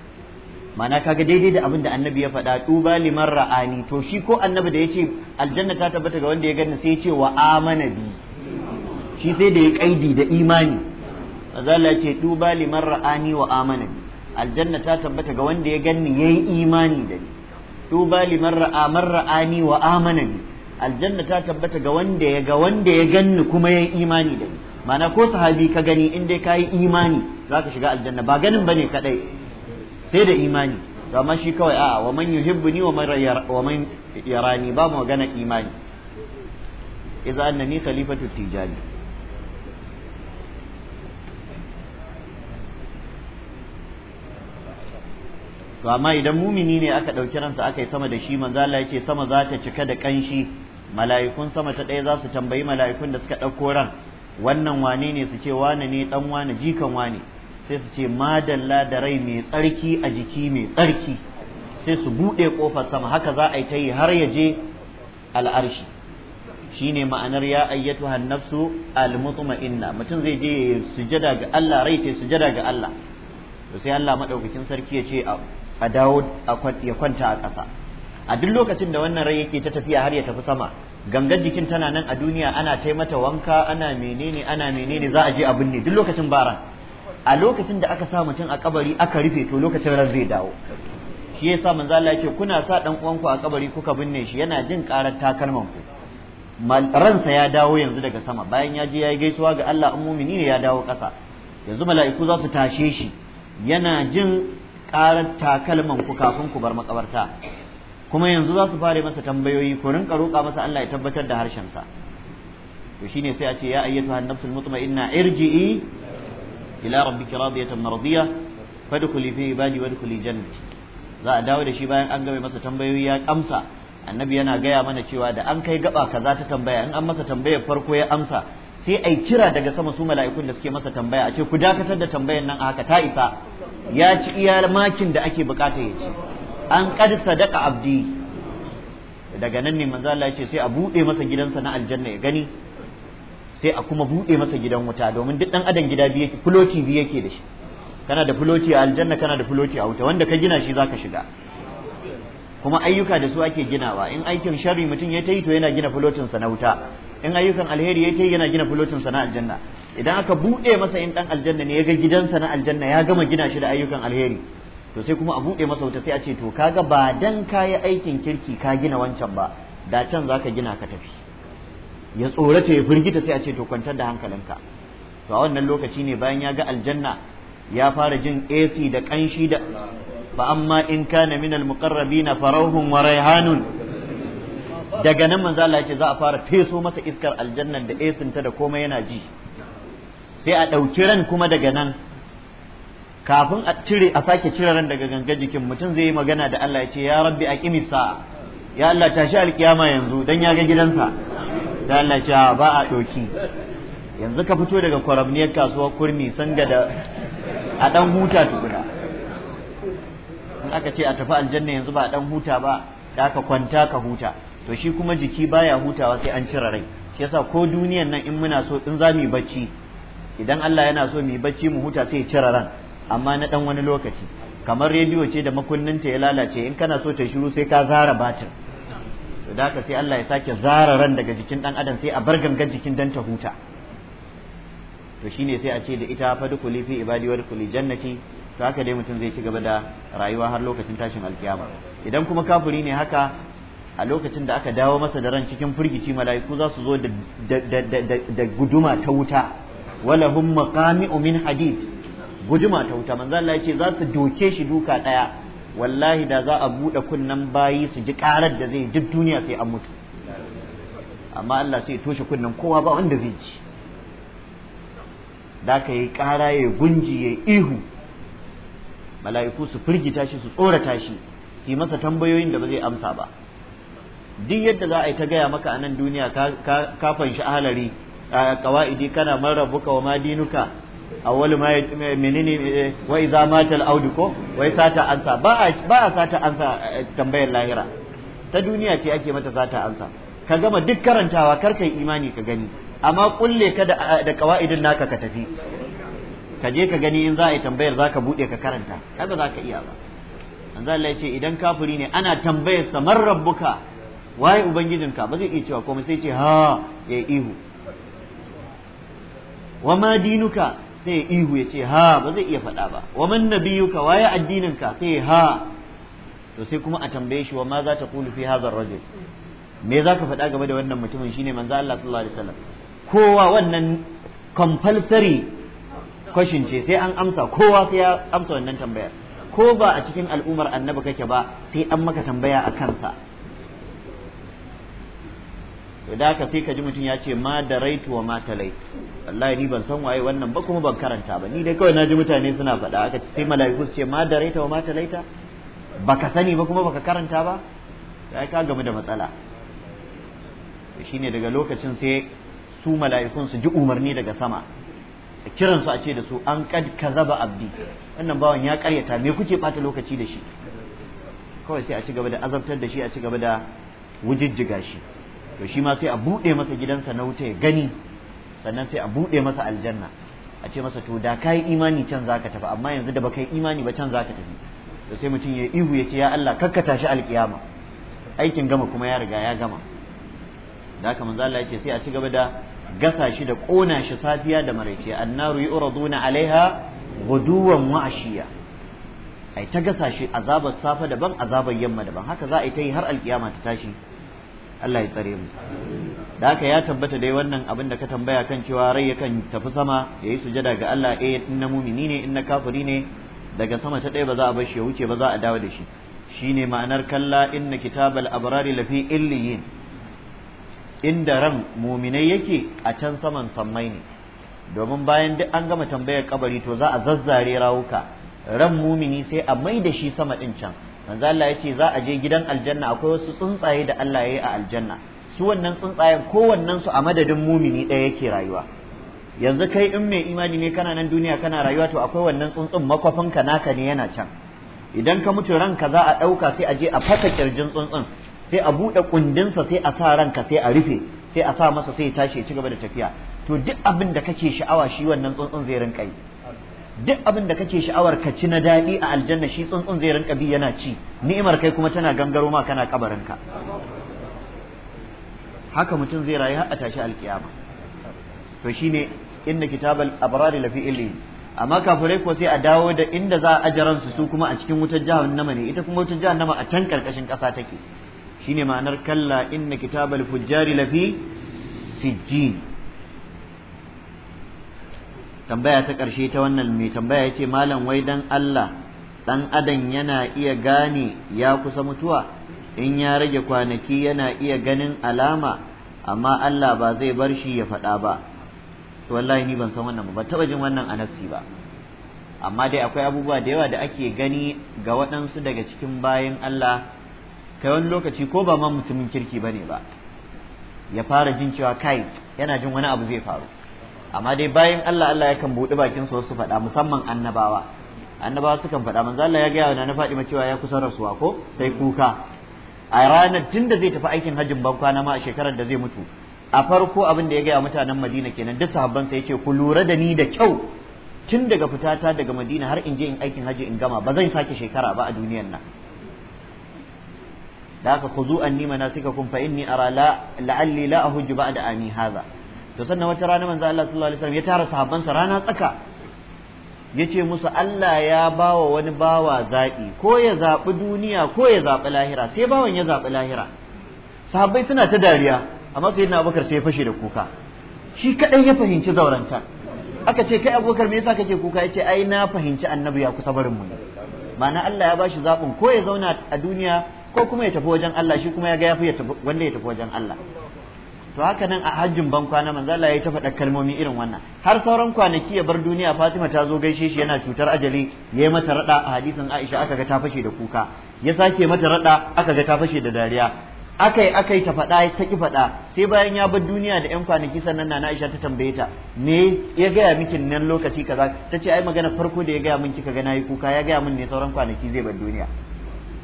mana kaga daidai da abin da annabi ya faɗa tuba liman ra'ani to shi ko annabi da yace aljanna ta tabbata ga wanda ya gani sai ya ce wa amana bi shi sai da ya kaidi da imani azalla ce tuba liman ra'ani wa amana bi aljanna ta tabbata ga wanda ya ganni yayi imani da ni duba liman ra'a man wa amana bi aljanna ta tabbata ga wanda ya ga wanda ya ganni kuma yayi imani da ni mana ko sahabi ka gani in dai kayi imani zaka shiga aljanna ba ganin bane kadai sai da imani to amma shi kawai a'a wa man yuhibbuni wa man wa man yarani ba gana imani idza annani khalifatu tijani to amma idan mumini ne aka ɗauki ransa aka yi sama da shi manzo Allah yake sama za ta cika da kanshi mala'ikun sama ta ɗaya za su tambayi mala'ikun da suka ɗauko ran wannan wane ne su ce wane ne ɗan wane jikan wane sai su ce madalla da rai mai tsarki a jiki mai tsarki sai su buɗe ƙofar sama haka za a yi ta yi har ya je al'arshi shine ma'anar ya ayyatu hannafsu al-mutma'inna mutum zai je sujada ga Allah rai ta sujada ga Allah to sai Allah madaukakin sarki ya ce a dawo ya kwanta a ƙasa a duk lokacin da wannan rai yake ta tafiya har ya tafi sama gangan jikin tana nan a duniya ana tai mata wanka ana menene ana menene za a je a binne duk lokacin bara a lokacin da aka sa mutum a kabari aka rufe to lokacin ran zai dawo shi yasa manza Allah yake kuna sa dan uwanku a kabari kuka binne shi yana jin karar takalman ku ransa ya dawo yanzu daga sama bayan ya je ya yi gaisuwa ga Allah in mumini ne ya dawo ƙasa yanzu mala'iku za su tashe shi yana jin karar takalman ku kafin ku bar makabarta kuma yanzu za su fara masa tambayoyi ku rinka roƙa masa Allah ya tabbatar da harshen sa to shine sai a ce ya ayyatu an nafsul mutma'inna irji'i ila rabbika radiyatan mardiya fadkhuli fi ibadi wadkhuli jannati za a dawo da shi bayan an game masa tambayoyi ya amsa annabi yana gaya mana cewa da an kai gaba kaza ta tambaya in an masa tambayar farko ya amsa sai a kira daga sama su mala'ikun da suke masa tambaya a ce ku dakatar da tambayan nan a haka ta isa ya ci iya makin da ake bukata ya ci an qad sadaka abdi daga nan ne manzo Allah yace ce sai a bude masa gidansa na aljanna ya gani sai a kuma bude masa gidan wuta domin duk dan adam gida biye yake fuloti biye yake da shi kana da fuloti a aljanna kana da fuloti a wuta wanda ka gina shi zaka shiga kuma ayyuka da su ake ginawa in aikin sharri mutum ya tayi to yana gina fulotinsa na wuta in ayyukan alheri yake yana gina fulotin sana aljanna idan aka buɗe masa in dan aljanna ne ya ga gidansa na aljanna ya gama gina shi da ayyukan alheri to sai kuma a buɗe masa wuta sai a ce to kaga ba dan kayi aikin kirki ka gina wancan ba da can zaka gina ka tafi ya tsorata ya firgita sai a ce to kwantar da hankalinka to a wannan lokaci ne bayan ya ga aljanna ya fara jin AC da kanshi da fa amma in kana minal muqarrabina farauhun wa rayhanun daga nan manzo Allah yake za a fara feso masa iskar aljanna da esinta da komai yana ji sai a ɗauki ran kuma daga nan kafin a cire a sake cire ran daga ganga jikin mutum zai yi magana da Allah ya ce ya rabbi aqimi sa ya Allah tashi alkiyama yanzu dan ya ga gidansa da Allah ce ba a ɗauki yanzu ka fito daga kwaramniyar kasuwar kurmi sanga da a ɗan huta tukuna in aka ce a tafi aljanna yanzu ba a ɗan huta ba da ka kwanta ka huta to shi kuma jiki baya hutawa sai an cire rai shi yasa ko duniyan nan in muna so in za mu bacci idan Allah yana so mu bacci mu huta sai ya cire ran amma na dan wani lokaci kamar rediyo ce da makunnin ta ya lalace in kana so ta shiru sai ka zara batir to da haka sai Allah ya sake zara ran daga jikin dan adam sai a bar gangan jikin dan ta huta to shine sai a ce da ita duku lifi ibadi kulli jannati to haka dai mutum zai ci gaba da rayuwa har lokacin tashin alkiyama idan kuma kafuri ne haka a lokacin da aka dawo masa da ran cikin firgici mala'iku za su zo da guduma ta wuta wala hum maqami'u min hadid guduma ta wuta manzo Allah yace za su doke shi duka daya wallahi da za a bude kunnan bayi su ji karar da zai duk duniya sai an mutu amma Allah sai toshe kunnan kowa ba wanda zai ji da ka yi kara ya gunji ya ihu mala'iku su firgita shi su tsorata shi su yi masa tambayoyin da ba zai amsa ba duk yadda za a yi ta gaya maka a nan duniya ka fanshi ahalari a kawaidi kana marabuka wa madinuka wani ma menene eh, wai za mata al ko wai sata ansa ba a sata ansa eh, tambayar lahira ta duniya ce ake mata sata ansa ka gama duk karantawa kar kai imani ka gani amma kulle ka da kawaidin naka ka tafi ka je ka gani in za a yi tambayar za ka bude ka karanta kaga ka iya ba manzo ce idan kafiri ne ana tambayar sa man rabbuka waye ubangijinka ba zai iya cewa komai sai ce ha ya ihu wa ma dinuka sai ihu ya ce ha ba zai iya faɗa ba wa man nabiyuka waye addininka sai ha to sai kuma a tambaye shi wa ma za ta kulu fi hadha rajul me za ka faɗa game da wannan mutumin shine manzo Allah sallallahu alaihi wasallam kowa wannan compulsory question ce sai an amsa kowa sai ya amsa wannan tambayar ko ba a cikin al'ummar annabi kake ba sai an maka tambaya a kansa to da ka sai ka ji mutum ya ce ma da raitu wa ma talait wallahi ni ban san waye wannan ba kuma ban karanta ba ni dai kawai na ji mutane suna faɗa aka sai mala'iku su ce ma da raitu wa ma talaita baka sani ba kuma baka karanta ba sai ka gamu da matsala to shine daga lokacin sai su mala'ikun su ji umarni daga sama a kiran su a ce da su an kad kazaba abdi wannan bawan ya karyata me kuke bata lokaci da shi kawai sai a ci gaba da azabtar da shi a ci gaba da wujijjiga shi to shi ma sai a buɗe masa gidansa na wuta ya gani sannan sai a buɗe masa aljanna a ce masa to da kai imani can ka tafi amma yanzu da baka yi imani ba can ka tafi to sai mutum ya ihu ya ce ya Allah kakka tashi alkiyama aikin gama kuma ya riga ya gama da haka manzo Allah sai a ci gaba da gasa shi da kona shi safiya da maraice annaru yuraduna alaiha guduwan wa'ashiya ai ta gasa shi azabar safa daban azabar yamma daban haka za a yi ta yi har alkiyama ta tashi Allah ya tsare mu da haka ya tabbata dai wannan abin da ka tambaya kan cewa rai yakan tafi sama ya yi sujada ga Allah eh in na mumini ne in na kafiri ne daga sama ta ɗaya ba za a bar shi ya wuce ba za a dawo da shi shine ma'anar kalla inna kitabal abrari lafi illiyin inda ran muminai yake a can saman sammai ne domin bayan duk an gama tambayar kabari to za a zazzare rawuka ran mumini sai a mai da shi sama ɗin can manzo Allah yace za a je gidan aljanna akwai wasu tsuntsaye da Allah yayi a aljanna su wannan tsuntsayen wannan su a madadin mumini ɗaya yake rayuwa yanzu kai in mai imani ne kana nan duniya kana rayuwa to akwai wannan tsuntsun ka naka ne yana can idan ka mutu ranka za a ɗauka sai a je a fasa kirjin tsuntsun sai a buɗe kundinsa sai a sa ranka sai a rufe sai a sa masa sai ya tashi ya ci gaba da tafiya to duk abin da kake sha'awa shi wannan tsuntsun zai rinka yi duk abin da kake sha'awar ka ci na daɗi a aljanna shi tsuntsun zai rinka bi yana ci ni'imar kai kuma tana gangaro ma kana kabarinka haka mutum zai rayu har a tashi alkiyama to shine inna kitabal abrari lafi illi amma kafirai ko sai a dawo da inda za a ajaran su su kuma a cikin wutar jahannama ne ita kuma wutar jahannama a can karkashin ƙasa take shine ma'anar kalla inna kitabal fujjari lafi sijjin tambaya ta ƙarshe ta wannan mai tambaya ya ce malam wai dan Allah ɗan adam yana iya gane ya kusa mutuwa in ya rage kwanaki yana iya ganin alama amma Allah ba zai bar shi ya faɗa ba to wallahi ni ban san wannan ba taɓa jin wannan anasi ba amma dai akwai abubuwa da yawa da ake gani ga waɗansu daga cikin bayan Allah kai wani lokaci ko ba ma mutumin kirki bane ba ya fara jin cewa kai yana jin wani abu zai faru amma dai bayan Allah Allah yakan buɗe bakin su su faɗa musamman annabawa annabawa sukan faɗa manzo Allah ya gaya wa na ma cewa ya kusa rasuwa ko sai kuka a ranar tun da zai tafi aikin hajjin ban kwana ma a shekarar da zai mutu a farko abin da ya gaya mutanen Madina kenan duk sahabban sai yace ku lura da ni da kyau tun daga fitata daga Madina har in je in aikin hajji in gama ba zan sake shekara ba a duniyar nan da haka khuzu anni kun fa inni ara la la'alli la ahujju ba'da ani hadha to sanna wata rana manzo Allah sallallahu alaihi wasallam ya tara sahabbansa rana tsaka yace musu Allah ya bawa wani bawa zaɓi ko ya zaɓi duniya ko ya zaɓi lahira sai bawan ya zaɓi lahira sahabbai suna ta dariya amma sayyidina Abubakar sai ya fashe da kuka shi kadai ya fahimci zauranta aka ce kai Abubakar me yasa kake kuka yace ai na fahimci annabi ya kusa barin mu ne ma'ana Allah ya bashi zabin ko ya zauna a duniya ko kuma ya tafi wajen Allah shi kuma ya ga ya fi wanda ya tafi wajen Allah to haka nan a hajjin ban kwana manzo Allah ya ta faɗa kalmomi irin wannan har sauran kwanaki ya bar duniya Fatima ta zo gaishe shi yana cutar ajali ya yi mata rada a hadisin Aisha aka ga ta fashe da kuka ya sake mata rada aka ga ta fashe da dariya akai akai ta faɗa ta ki faɗa sai bayan ya bar duniya da yan kwanaki sannan nana Aisha ta tambaye ta me ya gaya miki nan lokaci kaza ta ce ai magana farko da ya gaya min kika ga nayi kuka ya gaya min ne sauran kwanaki zai bar duniya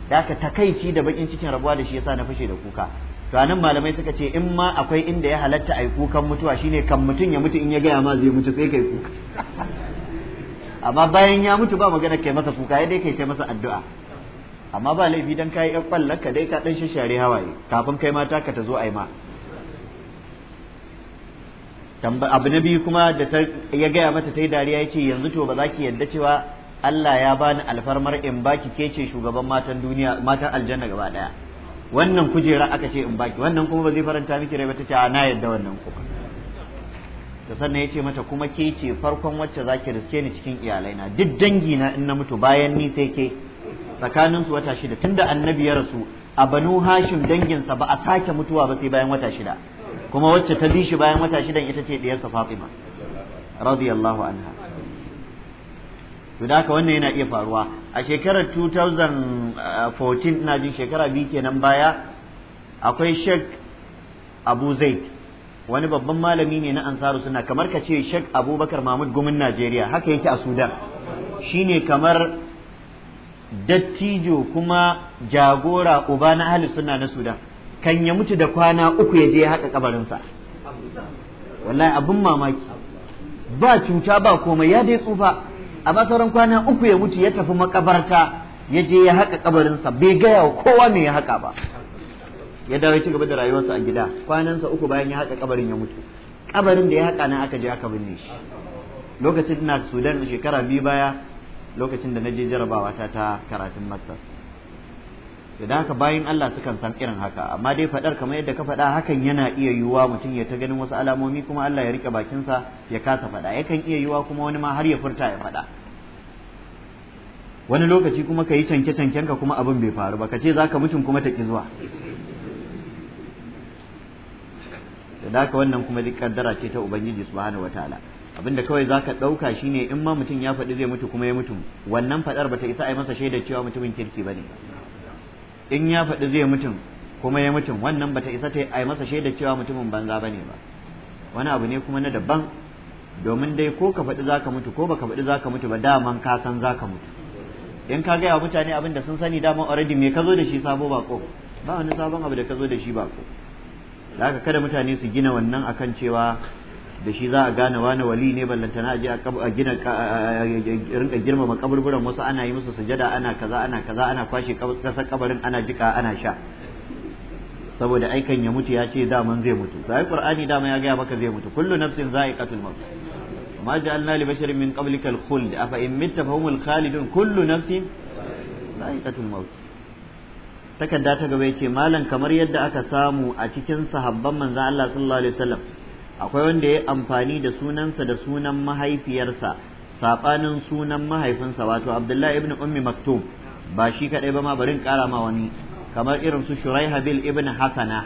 da aka takaici da bakin cikin rabuwa da shi yasa na fashe da kuka to anan malamai suka ce in ma akwai inda ya halatta ai kukan mutuwa shine kan mutum ya mutu in ya gaya ma zai mutu sai kai kuka amma bayan ya mutu ba magana kai masa kuka ya dai kai ta masa addu'a amma ba laifi dan kai yan kwallon ka dai ka dan shashare hawaye kafin kai mata ka ta zo ai ma abu na biyu kuma da ya gaya mata ta dariya ya ce yanzu to ba za ki yadda cewa Allah ya bani alfarmar in baki ke shugaban matan duniya matan aljanna gaba daya wannan kujera aka ce in baki wannan kuma ba zai faranta miki rai ba tace a na yadda wannan kuma da sannan ce mata kuma ke ce farkon wacce zaki riske ni cikin iyalai na duk dangi na in na mutu bayan ni sai ke tsakanin su wata shida tun da annabi ya rasu a banu hashim danginsa ba a sake mutuwa ba sai bayan wata shida kuma wacce ta bi bayan wata shidan ita ce diyarsa Fatima radiyallahu anha to da haka wannan yana iya faruwa a shekarar 2014 na jin shekara biyu kenan baya akwai shek abu zaid wani babban malami ne na ansaru suna kamar ka ce shek abubakar mahmud gumin najeriya haka yake a sudan shine kamar dattijo kuma jagora uba na ahli suna na sudan kan ya mutu da kwana uku ya je ya kabarinsa wallahi abin mamaki ba cuta ba komai ya dai tsufa a sauran kwana uku ya mutu ya tafi makabarta ya je ya haƙa kabarinsa bai gaya wa kowa me ya haƙa ba ya dawo ci gaba da rayuwarsa a gida kwanansa uku bayan ya haka kabarin ya mutu kabarin da ya haka nan aka je aka binne shi lokacin na Sudan shekara biyu baya lokacin da na je jarabawa ta ta karatun masters to bayan haka bayin Allah sukan san irin haka amma dai fadar kamar yadda ka faɗa hakan yana iya yiwuwa mutum ya ta ganin wasu alamomi kuma Allah ya rike bakinsa ya kasa faɗa yakan iya yiwuwa kuma wani ma har ya furta ya faɗa wani lokaci kuma ka yi canke canken ka kuma abin bai faru ba ka ce zaka mutum kuma ta ki zuwa da haka wannan kuma duk kaddara ce ta ubangiji subhanahu wataala abinda kawai zaka ɗauka shine in ma mutum ya faɗi zai mutu kuma ya mutu wannan faɗar bata isa a yi masa shaidar cewa mutumin kirki bane ba in ya faɗi zai mutum kuma ya mutum wannan bata isa ta yi masa shaida cewa mutumin banza bane ba wani abu ne kuma na daban domin dai ko ka faɗi zaka mutu ko baka faɗi zaka mutu ba daman ka san zaka mutu in ka gaya mutane abin da sun sani daman already me ka zo da shi sabo bako ba wani sabon abu da ka zo da shi bako da kada mutane su gina wannan akan cewa da shi za a gane wani wali ne ballantana a je a gina rinka girmama kaburburan wasu ana yi musu sujada ana kaza ana kaza ana kwashe kasa kabarin ana jika ana sha saboda aikan ya mutu ya ce daman zai mutu sai qur'ani dama ya gaya maka zai mutu kullu nafsin za'iqatul maut ma ja'alna li basharin min qablika al-khuld afa in mitta fahumul khalidun kullu nafsin za'iqatul maut takarda ta gaba yace malam kamar yadda aka samu a cikin sahabban manzon Allah sallallahu alaihi wasallam akwai wanda ya amfani da sunansa da sunan mahaifiyarsa saɓanin sunan mahaifinsa wato abdullahi ibn ummi maktum ba shi kaɗai ba ma barin ƙara ma wani kamar irin su Habil ibn hasana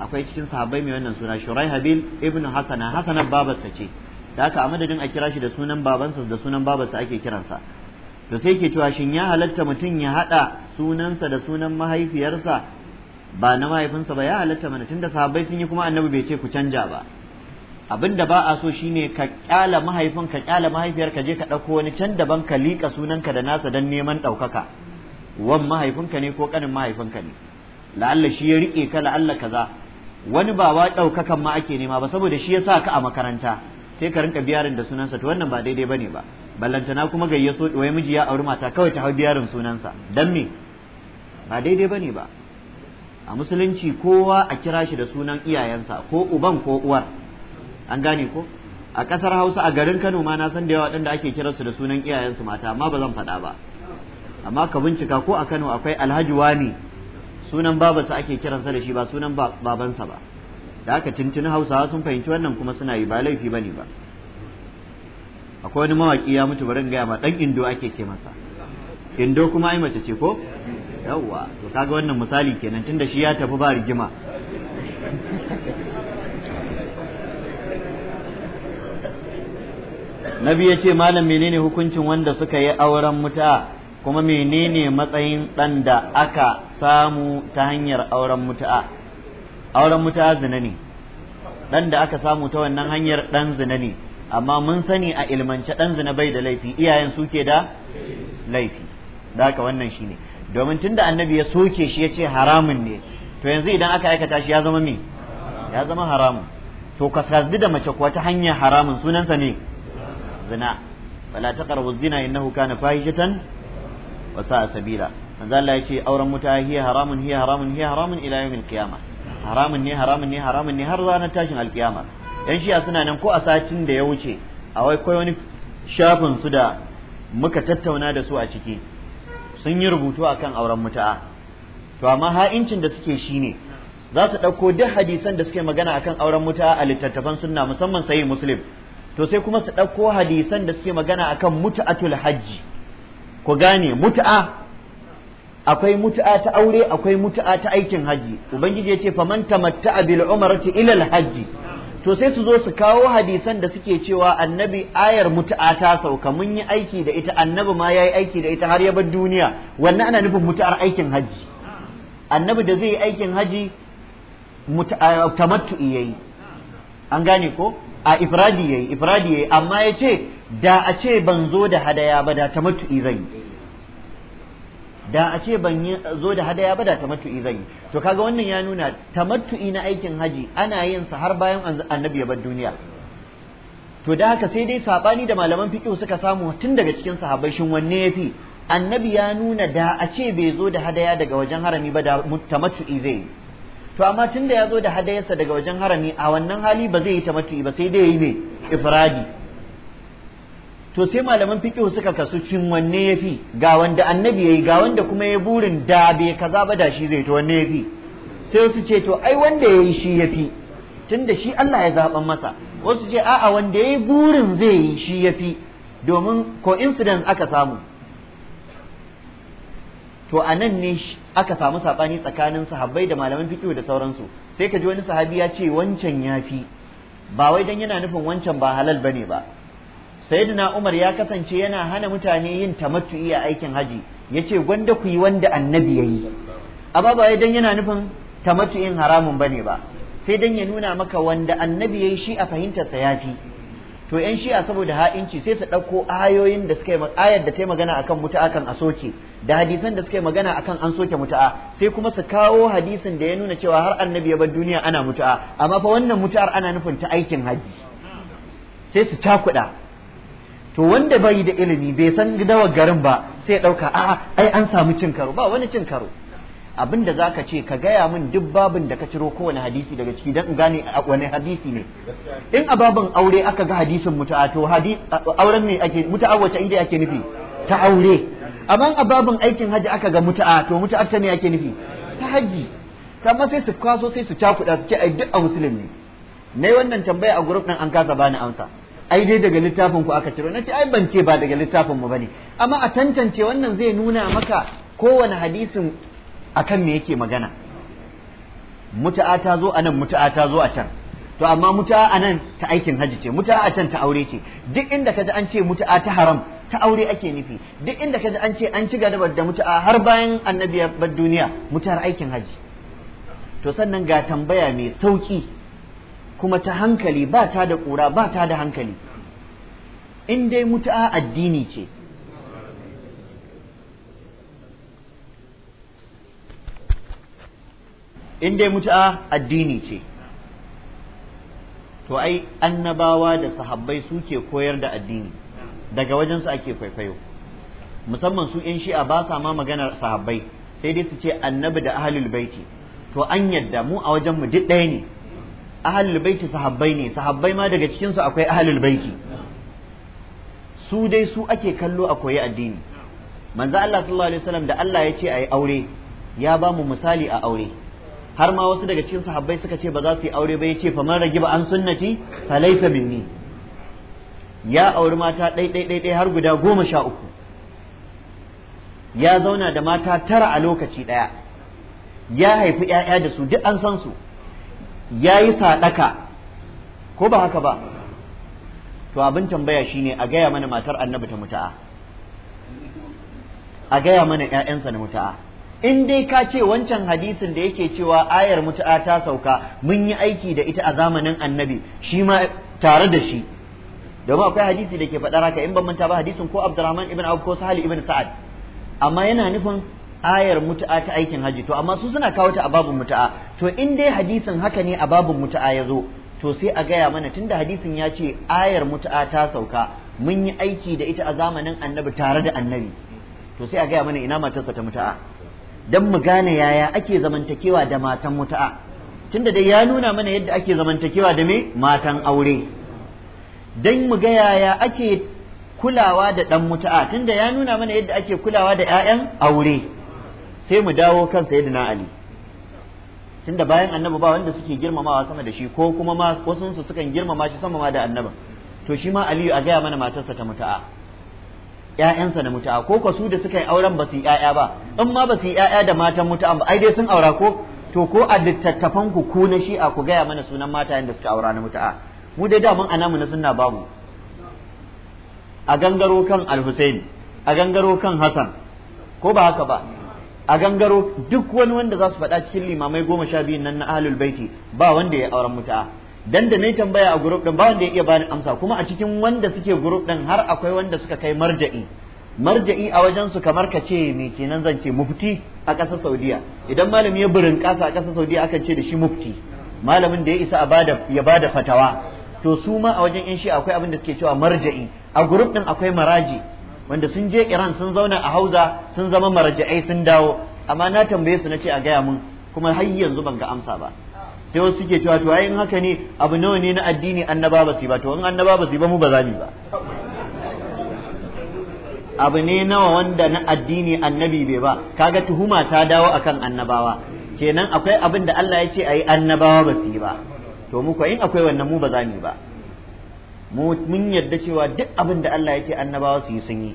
akwai cikin sahabbai mai wannan suna Habil ibn hasana hasana babarsa ce da haka a madadin a kira shi da sunan babansa da sunan babarsa ake kiransa to sai ke cewa shin ya halatta mutum ya haɗa sunansa da sunan mahaifiyarsa ba na mahaifinsa ba ya halatta mana tunda sahabbai sun yi kuma annabi bai ce ku canja ba abin da ba a so shine ka kyala mahaifin ka kyala mahaifiyar ka je ka ɗauko wani can daban ka liƙa sunanka da nasa don neman ɗaukaka wan mahaifinka ne ko ƙanin mahaifinka ne la'alla shi ya riƙe ka la'alla kaza wani ba wa ɗaukakan ma ake nema ba saboda shi ya sa ka a makaranta sai ka rinka biyarin da sunansa to wannan ba daidai bane ba ballantana kuma gayya so wai miji ya auri mata kawai ta hau biyarin sunansa dan me ba daidai bane ba a musulunci kowa a kira shi da sunan iyayensa ko uban ko uwar an gane ko a ƙasar hausa a garin kano ma na san da yawa da ake su da sunan iyayensu mata amma ba zan faɗa ba amma ka bincika ko a kano akwai alhaji wani sunan babansa ake kiransa da shi ba sunan babansa ba da aka tuntuni hausawa sun fahimci wannan kuma suna yi ba laifi ba ne ba akwai wani mawaƙi ya mutu barin gaya ma dan indo ake ce masa indo kuma ai mace ce ko yawwa to kaga wannan misali kenan tunda shi ya tafi ba rigima nabi ya ce malam menene hukuncin wanda suka yi auren mutu'a kuma menene matsayin ɗan da aka samu ta hanyar auren mutu'a auren mutu'a zina ne ɗan da aka samu ta wannan hanyar ɗan zina ne amma mun sani a ilmance ɗan zina bai da laifi iyayen suke da laifi da haka wannan shi ne domin tun da annabi ya soke shi ya ce haramun ne to yanzu idan aka aikata shi ya zama me ya zama haramun to ka da mace kuwa ta hanyar haramun sunansa ne zina fala taqrabu zina innahu kana fahishatan wa sa'a sabila manzo Allah yace auren muta haramun hiya haramun hiya haramun ila yawmil qiyamah haramun ne haramun ne haramun ne har ranar tashin alkiyama yan shi'a suna nan ko a satin da ya wuce a wai kai wani shafin su da muka tattauna da su a ciki sun yi rubutu akan auren mutu'a to amma ha'incin da suke shi ne za su ɗauko duk hadisan da suke magana akan auren muta a littattafan sunna musamman sayi muslim to sai kuma su ɗauko hadisan da suke magana akan mutu'atul hajji ku gane mutu'a akwai mutu'a ta aure akwai mutu'a ta aikin hajji ubangiji ya ce faman tamatta'a bil umrati ila al hajji to sai su zo su kawo hadisan da suke cewa annabi ayar mutu'a ta sauka mun yi aiki da ita annabi ma yayi aiki da ita har ya bar duniya wannan ana nufin mutu'ar aikin hajji annabi da zai yi aikin hajji tamattu'i yayi an gane ko a ifradi yayi ifradi yayi amma yace da a ce ban zo da hadaya ba da tamattu'i zan da a ce ban zo da hadaya ba da tamattu'i zan yi to kaga wannan ya nuna ta tamattu'i na aikin haji ana yin sa har bayan annabi ya bar duniya to da haka sai dai sabani da malaman fiqh suka samu tun daga cikin sahabbai shin wanne yafi annabi ya nuna da a ce bai zo da hadaya daga wajen harami ba da tamattu'i zai to amma tun da ya zo da hadayarsa daga wajen harami a wannan hali ba zai yi ta matu'i ba sai dai yi ne ifradi to sai malaman fiqh suka kasu cin wanne yafi ga wanda annabi yayi ga wanda kuma ya burin da bai kaza ba da shi zai to wanne yafi sai su ce to ai wanda yayi shi yafi tunda shi Allah ya zaban masa wasu ce a'a wanda yayi burin zai yi shi yafi domin ko incident aka samu to a nan ne aka samu saɓani tsakanin sahabbai da malaman fiqh da sauransu sai ka ji wani sahabi ya ce wancan yafi ba wai dan yana nufin wancan ba halal bane ba sayyidina Umar ya kasance yana hana mutane yin tamattu'i a aikin haji yace gwanda ku yi wanda annabi yayi amma ba wai dan yana nufin tamattu'in haramun bane ba sai dan ya nuna maka wanda annabi yayi shi a fahimtar sa yafi to yan shi'a saboda ha'inci sai su ɗauko ayoyin da suka yi ayar da ta yi magana akan wuta akan a soke da hadisan da suke magana akan an soke mutu'a sai kuma su kawo hadisin da ya nuna cewa har annabi ya bar duniya ana mutu'a amma fa wannan mutu'ar ana nufin ta aikin haji sai su cakuɗa to wanda bai da ilimi bai san dawa garin ba sai ya ɗauka a'a ai an samu cin karo ba wani cin karo abin da zaka ce ka gaya min duk babin da ka ciro kowane hadisi daga ciki don in gane wani hadisi ne in a babin aure aka ga hadisin mutu'a to auren ne ake mutu'a wace ake nufi ta aure amma a babin aikin haji aka ga mutu'a to mutu'a ta me ake nufi ta haji ma sai su kwaso sai su cakuɗa su ce ai duk a musulmi ne nayi wannan tambaya a group din an kasa bani amsa ai dai daga littafin ku aka ciro na ce ai ban ce ba daga littafin mu bane amma a tantance wannan zai nuna maka kowane hadisin akan me yake magana mutu'a ta zo anan mutu'a ta zo a can to amma mutu'a anan ta aikin haji ce mutu'a a can ta aure ce duk inda ka ji an ce mutu'a ta haram ta aure ake nufi duk inda kaji an ce an ci gaba da mutu'a har bayan annabi ya bar duniya mutar aikin haji to sannan ga tambaya mai sauki kuma ta hankali ba ta da kura ba ta da hankali in dai mutu'a addini ce in dai mutu'a addini ce to ai annabawa da sahabbai suke koyar da addini daga wajensu ake kwaikwayo musamman su in shi'a ba sa ma maganar sahabbai sai dai su ce annabi da ahlul baiti to an yadda mu a wajen mu duk ɗaya ne ahlul baiti sahabbai ne sahabbai ma daga cikin su akwai ahlul baiti su dai su ake kallo a koyi addini manzo Allah sallallahu alaihi wasallam da Allah ya ce ayi aure ya ba mu misali a aure har ma wasu daga cikin sahabbai suka ce ba za su yi aure ba yace fa ragi ba an sunnati laysa minni ya auri mata ɗai har guda goma sha uku ya zauna da mata tara a lokaci ɗaya ya haifi ‘ya'ya da su duk an san su ya yi saɗaka ko ba haka ba to abin tambaya shine a gaya mana matar annabi ta mutu'a a gaya mana ‘ya'yansa na mutu'a in dai ka ce wancan hadisin da yake cewa ayar mutu'a ta sauka mun yi aiki da ita a zamanin annabi shi ma tare da shi domin akwai hadisi da ke faɗar haka in ban manta ba hadisin ko Abdurrahman ibn Auf ko Sahal ibn Sa'ad amma yana nufin ayar mutu'a ta aikin hajji, to amma su suna kawo ta a babun mutu'a to in dai hadisin haka ne a babun mutu'a ya zo to sai a gaya mana tunda hadisin ya ce ayar mutu'a ta sauka mun yi aiki da ita a zamanin annabi tare da annabi to sai a gaya mana ina matarsa ta mutu'a dan mu gane yaya ake zamantakewa da matan mutu'a tunda dai ya nuna mana yadda ake zamantakewa da me matan aure dan mu ga yaya ake kulawa da dan mutu'a tunda ya nuna mana yadda ake kulawa da 'ya'yan aure sai mu dawo kan sayyidina ali tunda bayan annabi ba wanda suke girmamawa sama da shi ko kuma ma wasu su sukan girmama shi sama ma da annaba, to shi ma aliyu a gaya mana matarsa ta mutu'a ƴaƴansa na mutu'a ko ko su da suka yi auren ba su yi ƴaƴa ba in ma ba su yi ƴaƴa da matan mutu'a ba ai dai sun aura ko to ko a littattafan ku ku na shi'a ku gaya mana sunan matayen da suka aura na mutu'a mu dai daman a na sunna babu a gangaro kan al hussein a gangaro kan Hassan ko ba haka ba a gangaro duk wani wanda za su faɗa cikin limamai goma sha biyun nan na ahlul baiti ba wanda ya auren mutu'a dan da nayi tambaya a group din ba wanda ya iya bani amsa kuma a cikin wanda suke group din har akwai wanda suka kai marja'i marja'i a wajen su kamar ka ce me kenan zan ce mufti a ƙasar Saudiya idan malami ya burin ƙasa a ƙasar Saudiya akan ce da shi mufti malamin da ya isa a bada ya bada fatawa to su ma a wajen yan shi akwai abin da suke cewa marja'i a group din akwai maraji wanda sun je Iran sun zauna a Hausa sun zama marja'i sun dawo amma na tambaye su nace a gaya mun kuma har yanzu ban ga amsa ba sai wasu suke cewa to ai in haka ne abu nawa ne na addini annaba ba su ba to in annaba ba su ba mu ba za mu ba abu ne nawa wanda na addini annabi bai ba kaga tuhuma ta dawo akan annabawa kenan akwai abin da Allah ya ce ayi annabawa ba su ba to mu ko in akwai wannan mu ba za mu ba mu mun yarda cewa duk abin da Allah yake annabawa su yi sun yi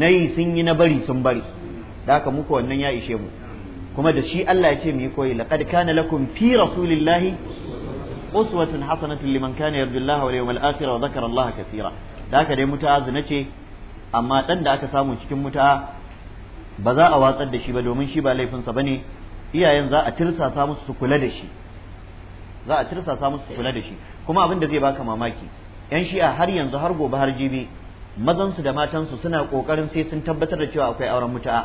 nayi sun yi na bari sun bari da haka muku wannan ya ishe mu kuma da shi Allah ya ce mu yi koyi laqad kana lakum fi rasulillahi uswatun hasanatun liman kana yarjullaha wal yawmal akhir wa dhakara Allah kaseera da haka dai muta'a zina ce amma dan da aka samu cikin muta'a ba za a watsar da shi ba domin shi ba laifinsa bane iyayen za a tirsasa musu su kula da shi za a tirsasa musu su kula da shi kuma abin da zai baka mamaki yan shi'a har yanzu har gobe har jibi mazan su da matan su suna kokarin sai sun tabbatar da cewa akwai auren mutu'a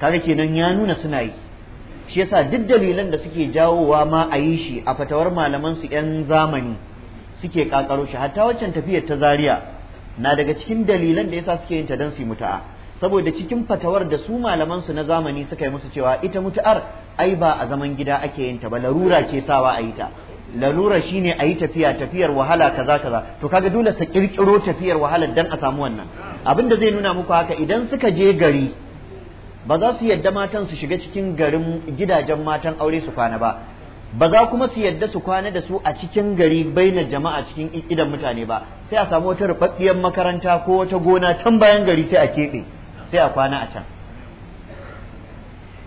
kaga kenan ya nuna suna yi shi yasa duk dalilan da suke jawowa ma a yi shi a fatawar malaman su yan zamani suke kakaro shi hatta waccan tafiyar ta Zariya na daga cikin dalilan da yasa suke yin ta dan su mutu'a saboda cikin fatawar da su malaman su na zamani suka yi musu cewa ita mutu'ar ai ba a zaman gida ake yin ta ba larura ce sawa a yi ta larura shine a yi tafiya tafiyar wahala kaza kaza to kaga dole sa kirkiro tafiyar wahala dan a samu wannan abin da zai nuna muku haka idan suka je gari ba za su yadda matan su shiga cikin garin gidajen matan aure su kwana ba ba za kuma su yadda su kwana da su a cikin gari bainar jama'a cikin idan mutane ba sai a samu wata rubabbiyar makaranta ko wata gona can bayan gari sai a keɓe sai a kwana a can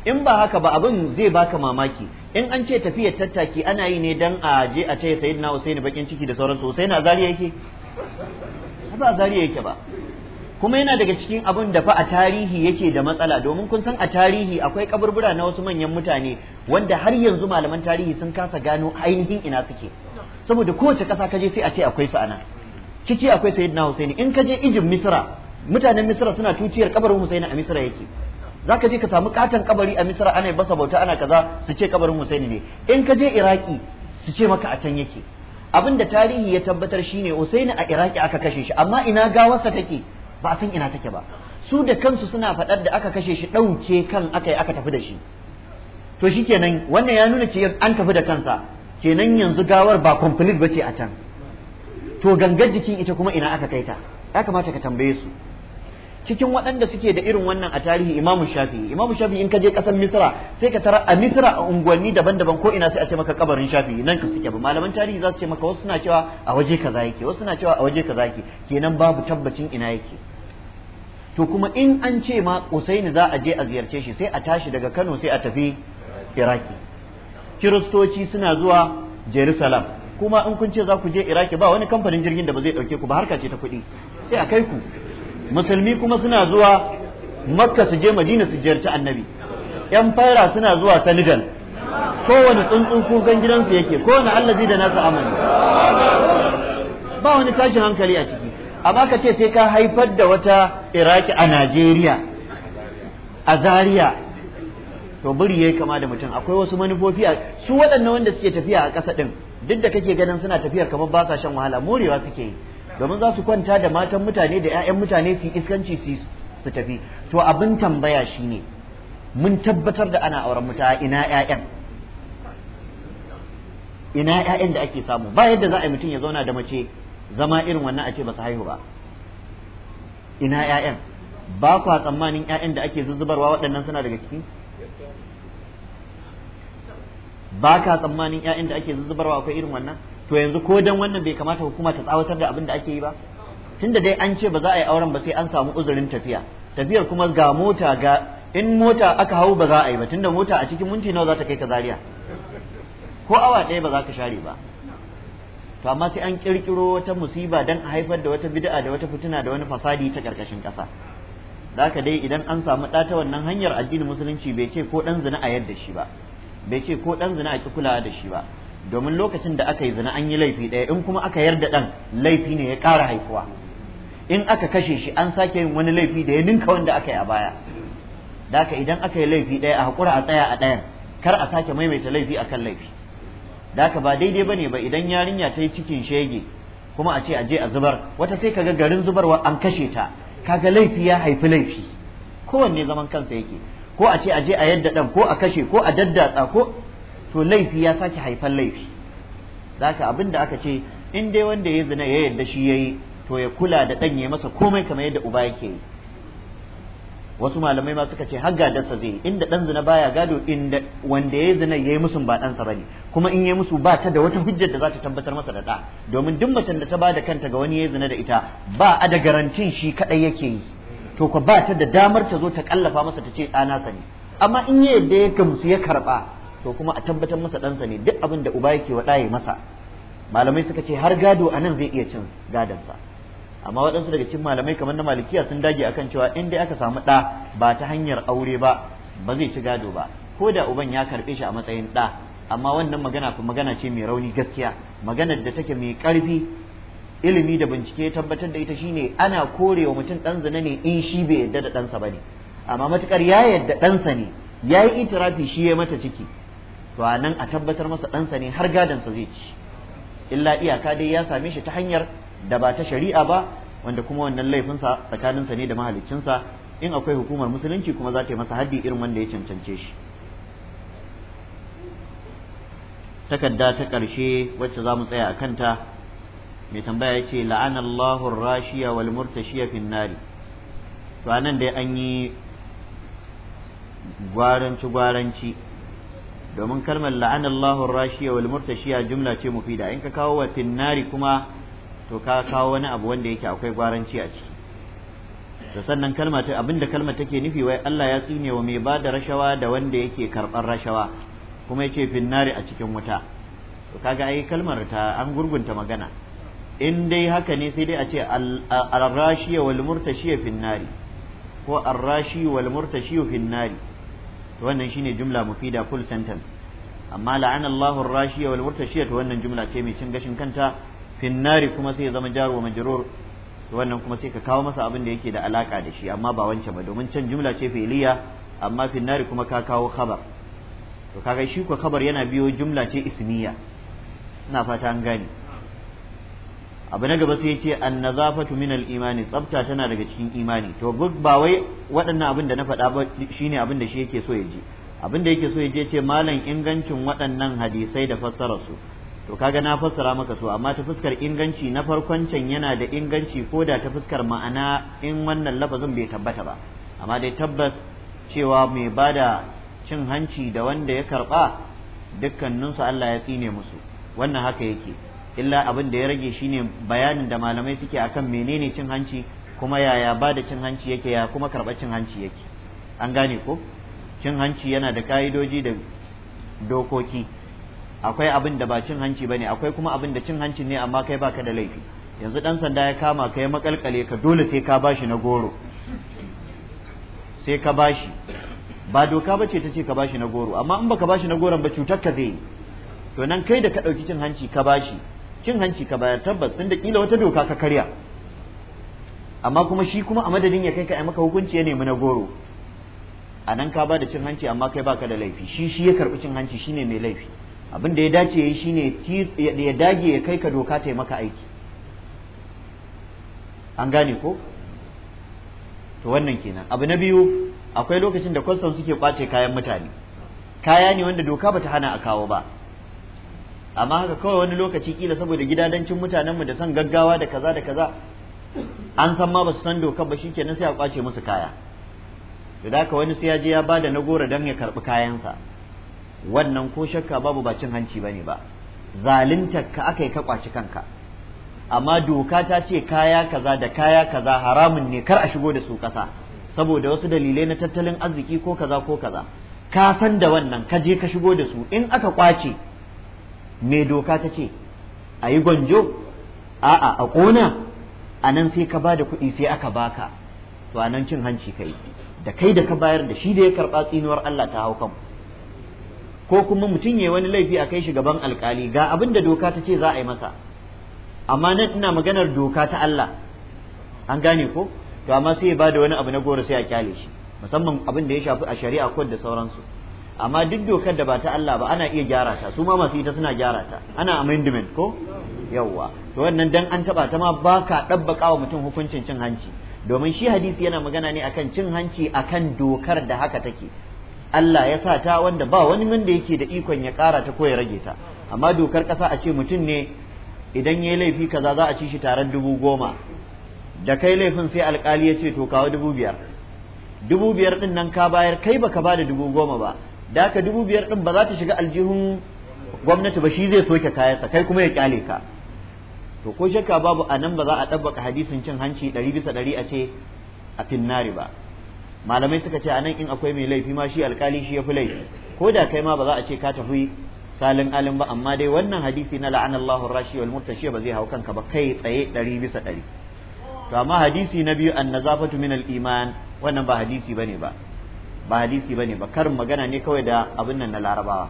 in ba haka ba abin zai baka mamaki in an ce tafiyar tattaki ana yi ne dan a je a ce sayyidina Husaini bakin ciki da sauran to na zariya yake ba zariya yake ba kuma yana daga cikin abin da fa a tarihi yake da matsala domin kun san a tarihi akwai kaburbura na wasu manyan mutane wanda har yanzu malaman tarihi sun kasa gano ainihin ina suke saboda kowace ƙasa kaje sai a ce akwai su anan ciki akwai sayyidina Husaini in kaje ijin Misra mutanen misra suna tuciyar kabarin husaini a misra yake zaka je ka samu katon kabari a misra ana basa bauta ana kaza su ce kabarin husaini ne in ka je iraki su ce maka a can yake da tarihi ya tabbatar shine husaini a iraki aka kashe shi amma ina gawarsa take ba a san ina take ba su da kansu suna faɗar da aka kashe shi ɗauke kan aka yi aka tafi da shi to shikenan wannan ya nuna ce an tafi da kansa kenan yanzu gawar ba complete bace a can to gangar jikin ita kuma ina aka kai ta ya kamata ka tambaye su cikin waɗanda suke da irin wannan a tarihi imamu shafi'i imamu shafi'i in ka je ƙasar misra sai ka tara a misra a unguwanni daban-daban ko ina sai a ce maka kabarin shafi'i nan ka suke ba malaman tarihi za su ce maka wasu suna cewa a waje kaza yake wasu suna cewa a waje kaza yake kenan babu tabbacin ina yake to kuma in an ce ma usaini za a je a ziyarce shi sai a tashi daga kano sai a tafi iraki kiristoci suna zuwa jerusalem kuma in kun ce za ku je iraki ba wani kamfanin jirgin da ba zai ɗauke ku ba harka ce ta kuɗi sai a kai ku musulmi kuma suna zuwa makka su je madina su ziyarci annabi yan fara suna zuwa senegal kowane tsuntsun kukan gidansu yake kowane allazi da nasa amani ba wani tashin hankali a ciki amma ka ce sai ka haifar da wata iraki a najeriya a zaria to buri yayi kama da mutum akwai wasu manufofi a su waɗannan wanda suke tafiya a ƙasa ɗin duk da kake ganin suna tafiyar kamar ba sa shan wahala morewa suke yi domin za su kwanta da matan mutane da 'ya'yan mutane su iskanci su tafi to abin tambaya shine mun tabbatar da ana auren mutane ina 'ya'yan ina 'ya'yan da ake samu ba yadda za a yi mutum ya zauna da mace zama irin wannan a ce ba su haihu ba ina 'ya'yan ba kwa tsammanin 'ya'yan da ake zuzubarwa waɗannan suna daga ciki ba ka tsammanin 'ya'yan da ake zuzubarwa akwai irin wannan to yanzu ko dan wannan bai kamata hukuma ta tsawatar da abin da ake yi ba tunda dai an ce ba za a yi auren ba sai an samu uzurin tafiya tafiyar kuma ga mota ga in mota aka hau ba za a yi ba tunda mota a cikin minti nawa za ta kai ka Zariya? ko awa ɗaya ba za ka share ba to amma sai an kirkiro wata musiba dan a haifar da wata bid'a da wata fitina da wani fasadi ta karkashin ƙasa zaka dai idan an samu ɗa ta wannan hanyar addinin musulunci bai ce ko ɗan zina a yadda shi ba bai ce ko ɗan zina a ki kulawa da shi ba domin lokacin da aka yi zina an yi laifi ɗaya in kuma aka yarda ɗan laifi ne ya ƙara haifuwa in aka kashe shi an sake yin wani laifi da ya ninka wanda aka yi a baya da haka idan aka yi laifi ɗaya a haƙura a tsaya a ɗayan kar a sake maimaita laifi akan laifi da haka ba daidai ba ne ba idan yarinya ta yi cikin shege kuma a ce a je a zubar wata sai kaga garin zubarwa an kashe ta kaga laifi ya haifi laifi kowanne zaman kansa yake ko a ce a je a yadda ɗan ko a kashe ko a daddatsa ko to laifi ya sake haifan laifi zaka abin da aka ce in dai wanda ya zina ya yarda shi yayi to ya kula da ɗan ya masa komai kamar yadda uba yake yi wasu malamai ma suka ce har gadarsa zai inda ɗan zina baya gado inda wanda ya zina yayi musu ba ɗansa ba ne. kuma in yayi musu ba ta da wata hujjar da za ta tabbatar masa da ɗa domin duk macen da ta bada kanta ga wani ya zina da ita ba a da garantin shi kadai yake yi to ko ba ta da damar ta zo ta kallafa masa ta ce ɗana sani amma in ya yadda ya gamsu ya karba to kuma a tabbatar masa ɗansa ne duk abin da uba yake wa ɗaye masa malamai suka ce har gado a nan zai iya cin gadonsa amma waɗansu daga cikin malamai kamar na malikiya sun dage akan cewa in dai aka samu ɗa ba ta hanyar aure ba ba zai ci gado ba ko da uban ya karɓe shi a matsayin ɗa amma wannan magana kuma magana ce mai rauni gaskiya maganar da take mai ƙarfi ilimi da bincike tabbatar da ita shine ana korewa mutum ɗan zina ne in shi bai yarda da ɗansa ba ne amma matukar ya yarda ɗansa ne ya yi itirafi shi ya mata ciki to a nan a tabbatar masa ɗansa ne har gadansa zai ci illa iyaka dai ya same shi ta hanyar da ba ta shari'a ba wanda kuma wannan laifinsa tsakaninsa ne da mahaliccinsa in akwai hukumar musulunci kuma za ta yi masa haddi irin wanda ya cancance shi takarda ta ƙarshe wacce za mu tsaya a kanta mai tambaya ya ce la'anallahu rashiya wal murtashiya fin nari to anan dai an yi gwaranci gwaranci domin kalmar la'anallahu rashiya wal murtashiya jumla ce mufida in ka kawo wa finnari kuma to ka kawo wani abu wanda yake akwai gwaranci a ciki to sannan kalma ta abinda kalma take nufi wai Allah ya tsine wa mai bada rashawa da wanda yake karɓar rashawa kuma yace finnari a cikin wuta to kaga ai kalmar ta an gurgunta magana in dai haka ne sai dai a ce al-rashiya wal murtashiya finnari ko ar-rashi wal murtashiya finnari wannan shine jumla mufida full sentence amma la'ana Allahu ar-rashiya wal murtashiya to wannan jumla ce mai cin gashin kanta finnari kuma sai ya zama jar wa majrur wannan kuma sai ka kawo masa abin da yake da alaka da shi amma ba wancan ba domin can jumla ce fi'liya amma finnari kuma ka kawo khabar to kaga shi ko khabar yana biyo jumla ce ismiya ina fata an gane abu na gaba sai ya ce annazafatu minal imani tsafta tana daga cikin imani to ba wai waɗannan abin da na faɗa ba shine abin da shi yake so ya ji abin da yake so ya je ce malam ingancin waɗannan hadisai da fassara su to kaga na fassara maka so amma ta fuskar inganci na farkon can yana da inganci ko da ta fuskar ma'ana in wannan lafazin bai tabbata ba amma dai tabbas cewa mai ba da cin hanci da wanda ya karɓa dukkaninsu Allah ya tsine musu wannan haka yake illa abin da ya rage shine bayanin da malamai suke akan menene cin hanci kuma yaya ba da cin hanci yake ya kuma karɓa cin hanci yake an gane ko cin hanci yana da ka'idoji da dokoki akwai abin da ba cin hanci bane akwai kuma abin da cin hanci ne amma kai baka da laifi yanzu dan sanda ya kama ka ya makalkale ka dole sai ka bashi na goro sai ka bashi ba doka ba ce ta ce ka bashi na goro amma in baka bashi na goron ba cutar ka zai to nan kai da ka ɗauki cin hanci ka bashi cin hanci ka bayar tabbas tun da kila wata doka ka karya amma kuma shi kuma a madadin ya kai ka maka hukunci ya nemi na goro a nan ka ba da cin hanci amma kai baka da laifi shi shi ya karbi cin hanci shine mai laifi abin da ya dace ya yi shine ya dage ya kai ka doka ta maka aiki an gane ko to wannan kenan abu na biyu akwai lokacin da kwastam suke kwace kayan mutane kaya ne wanda doka bata hana a kawo ba amma haka kawai wani lokaci kila saboda gidadancin mutanenmu da san gaggawa da kaza da kaza an san ma ba su san dokar ba shikenan sai a kwace musu kaya to da haka wani sai ya je ya bada na gora dan ya karbi kayansa wannan ko shakka babu ba cin hanci bane ba zaluntar ka aka yi ka kwaci kanka amma doka ta ce kaya kaza da kaya kaza haramun ne kar a shigo da su kasa saboda wasu dalilai na tattalin arziki ko kaza ko kaza ka san da wannan ka je ka shigo da su in aka kwace me doka ta ce a yi gwanjo a'a a ƙona a nan sai ka bada da kuɗi sai aka baka to a nan cin hanci kai da kai da ka bayar da shi da ya karɓa tsinuwar Allah ta hau kan ko kuma mutum ya wani laifi a kai shi gaban alkali ga abin da doka ta ce za a yi masa amma nan ina maganar doka ta Allah an gane ko to amma sai ya ba da wani abu na goro sai a kyale shi musamman abin da ya shafi a shari'a ko da sauransu amma duk dokar da ba ta Allah ba ana iya gyara ta su ma masu ita suna gyara ta ana amendment ko yawwa to wannan dan an taba ta ma baka dabbaka wa mutum hukuncin cin hanci domin shi hadisi yana magana ne akan cin hanci akan dokar da haka take Allah ya sa ta wanda ba wani wanda yake da ikon ya kara ta ko ya rage ta amma dokar kasa a ce mutum ne idan yayi laifi kaza za a ci shi taron dubu goma da kai laifin sai alkali ya ce to kawo dubu biyar dubu biyar ɗin nan ka bayar kai baka ba da dubu goma ba da aka dubu biyar ɗin ba za ta shiga aljihun gwamnati ba shi zai soke kayansa kai kuma ya kyale ka to ko shakka babu a nan ba za a ɗabbaka hadisin cin hanci ɗari bisa ɗari a ce a finnari ba malamai suka ce a nan in akwai mai laifi ma shi alkali shi ya fi laifi ko da kai ma ba za a ce ka tafi salin alin ba amma dai wannan hadisi na la'anallahu rashi wal murtashi ba zai hau kanka ba kai tsaye ɗari bisa ɗari to amma hadisi na biyu an nazafatu min al iman wannan ba hadisi bane ba ba hadisi ba ne ba karin magana ne kawai da abin nan na larabawa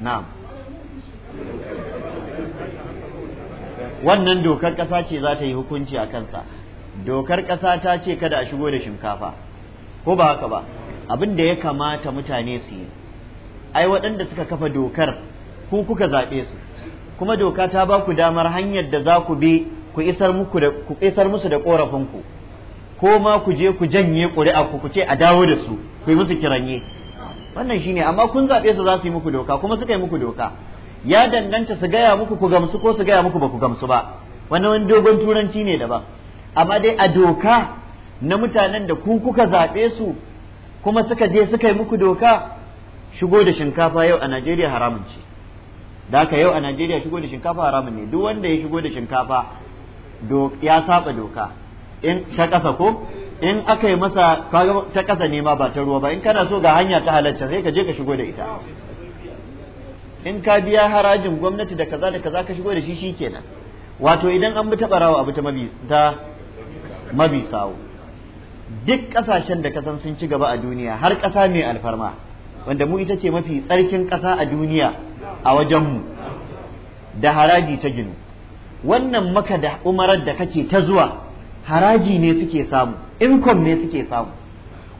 na'am wannan dokar ƙasa ce za ta yi hukunci a kansa dokar ƙasa ta ce kada a shigo da shinkafa ko ba haka ba abin da ya kamata mutane su yi ai waɗanda suka kafa dokar ku kuka zaɓe su kuma doka ta ba ku damar hanyar da za ku bi ku isar musu da ƙorafinku ko ma ku je ku janye ƙuri'a ku ku ce a dawo da su ku yi musu kiranye wannan shine amma kun zaɓe su za su yi muku doka kuma suka yi muku doka ya danganta su gaya muku ku gamsu ko su gaya muku ba ku gamsu ba wani wani dogon turanci ne daban amma dai a doka na mutanen da ku kuka zaɓe su kuma suka je suka yi muku doka shigo da shinkafa yau a Najeriya haramun ce da haka yau a Najeriya shigo da shinkafa haramun ne duk wanda ya shigo da shinkafa ya saba doka in ta ƙasa ko in aka yi masa ta ƙasa ne ma ba ta ruwa ba in kana so ga hanya ta halarta sai ka je ka shigo da ita in ka biya harajin gwamnati da kaza da kaza ka shigo da shi shikenan wato idan an bi ta barawa abu ta mabi ta mabi sawo duk ƙasashen da kasan sun ci gaba a duniya har ƙasa mai alfarma wanda mu ita ce mafi tsarkin ƙasa a duniya a wajenmu da haraji ta ginu wannan maka da umarar da kake ta zuwa haraji ne suke samu income ne suke samu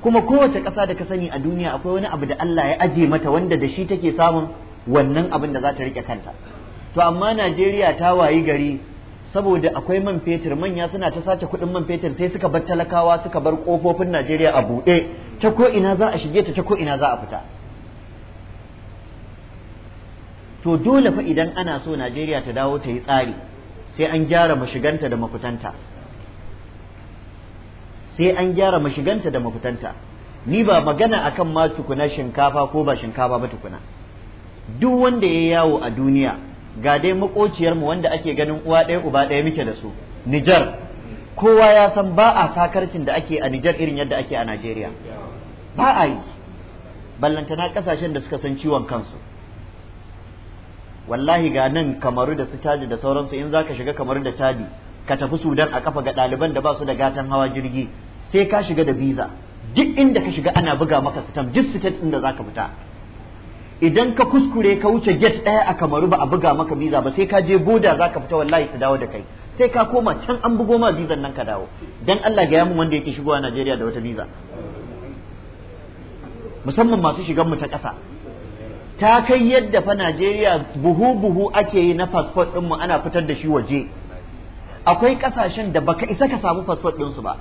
kuma kowace ƙasa da ka sani a duniya akwai wani abu da Allah ya aje mata wanda da shi take samun wannan abin da za ta rike kanta to amma Najeriya ta wayi gari saboda akwai man fetur manya suna ta sace kuɗin man fetur sai suka bar talakawa suka bar ƙofofin Najeriya a buɗe ta ko ina za a shige ta ta ko ina za a fita to dole fa idan ana so Najeriya ta dawo ta yi tsari sai an gyara mashiganta da mafutanta. sai an gyara mashiganta da mafitanta ni ba magana akan ma tukuna shinkafa ko ba shinkafa ba tukuna duk wanda ya yawo a duniya ga dai makociyarmu wanda ake ganin uwa ɗaya uba ɗaya muke da su Nijar kowa ya san ba a sakarcin da ake a Nijar irin yadda ake a Najeriya ba a yi ballantana ƙasashen da suka san ciwon kansu wallahi ga nan kamaru da su caji da sauransu in zaka shiga kamaru da caji ka tafi sudan a kafa ga ɗaliban da ba su da gatan hawa jirgi sai ka shiga da visa duk inda ka shiga ana buga maka sitam duk state inda zaka fita idan ka kuskure ka wuce gate ɗaya a kamaru ba a buga maka visa ba sai ka je boda zaka fita wallahi su dawo da kai sai ka koma can an bugo ma bizan nan ka dawo dan Allah ga yamin wanda yake shigowa Najeriya da wata visa musamman masu shigan mu ta ƙasa ta kai yadda fa Najeriya buhu buhu ake yi na passport ɗinmu ana fitar da shi waje akwai kasashen da baka isa ka samu fasfot ɗinsu ba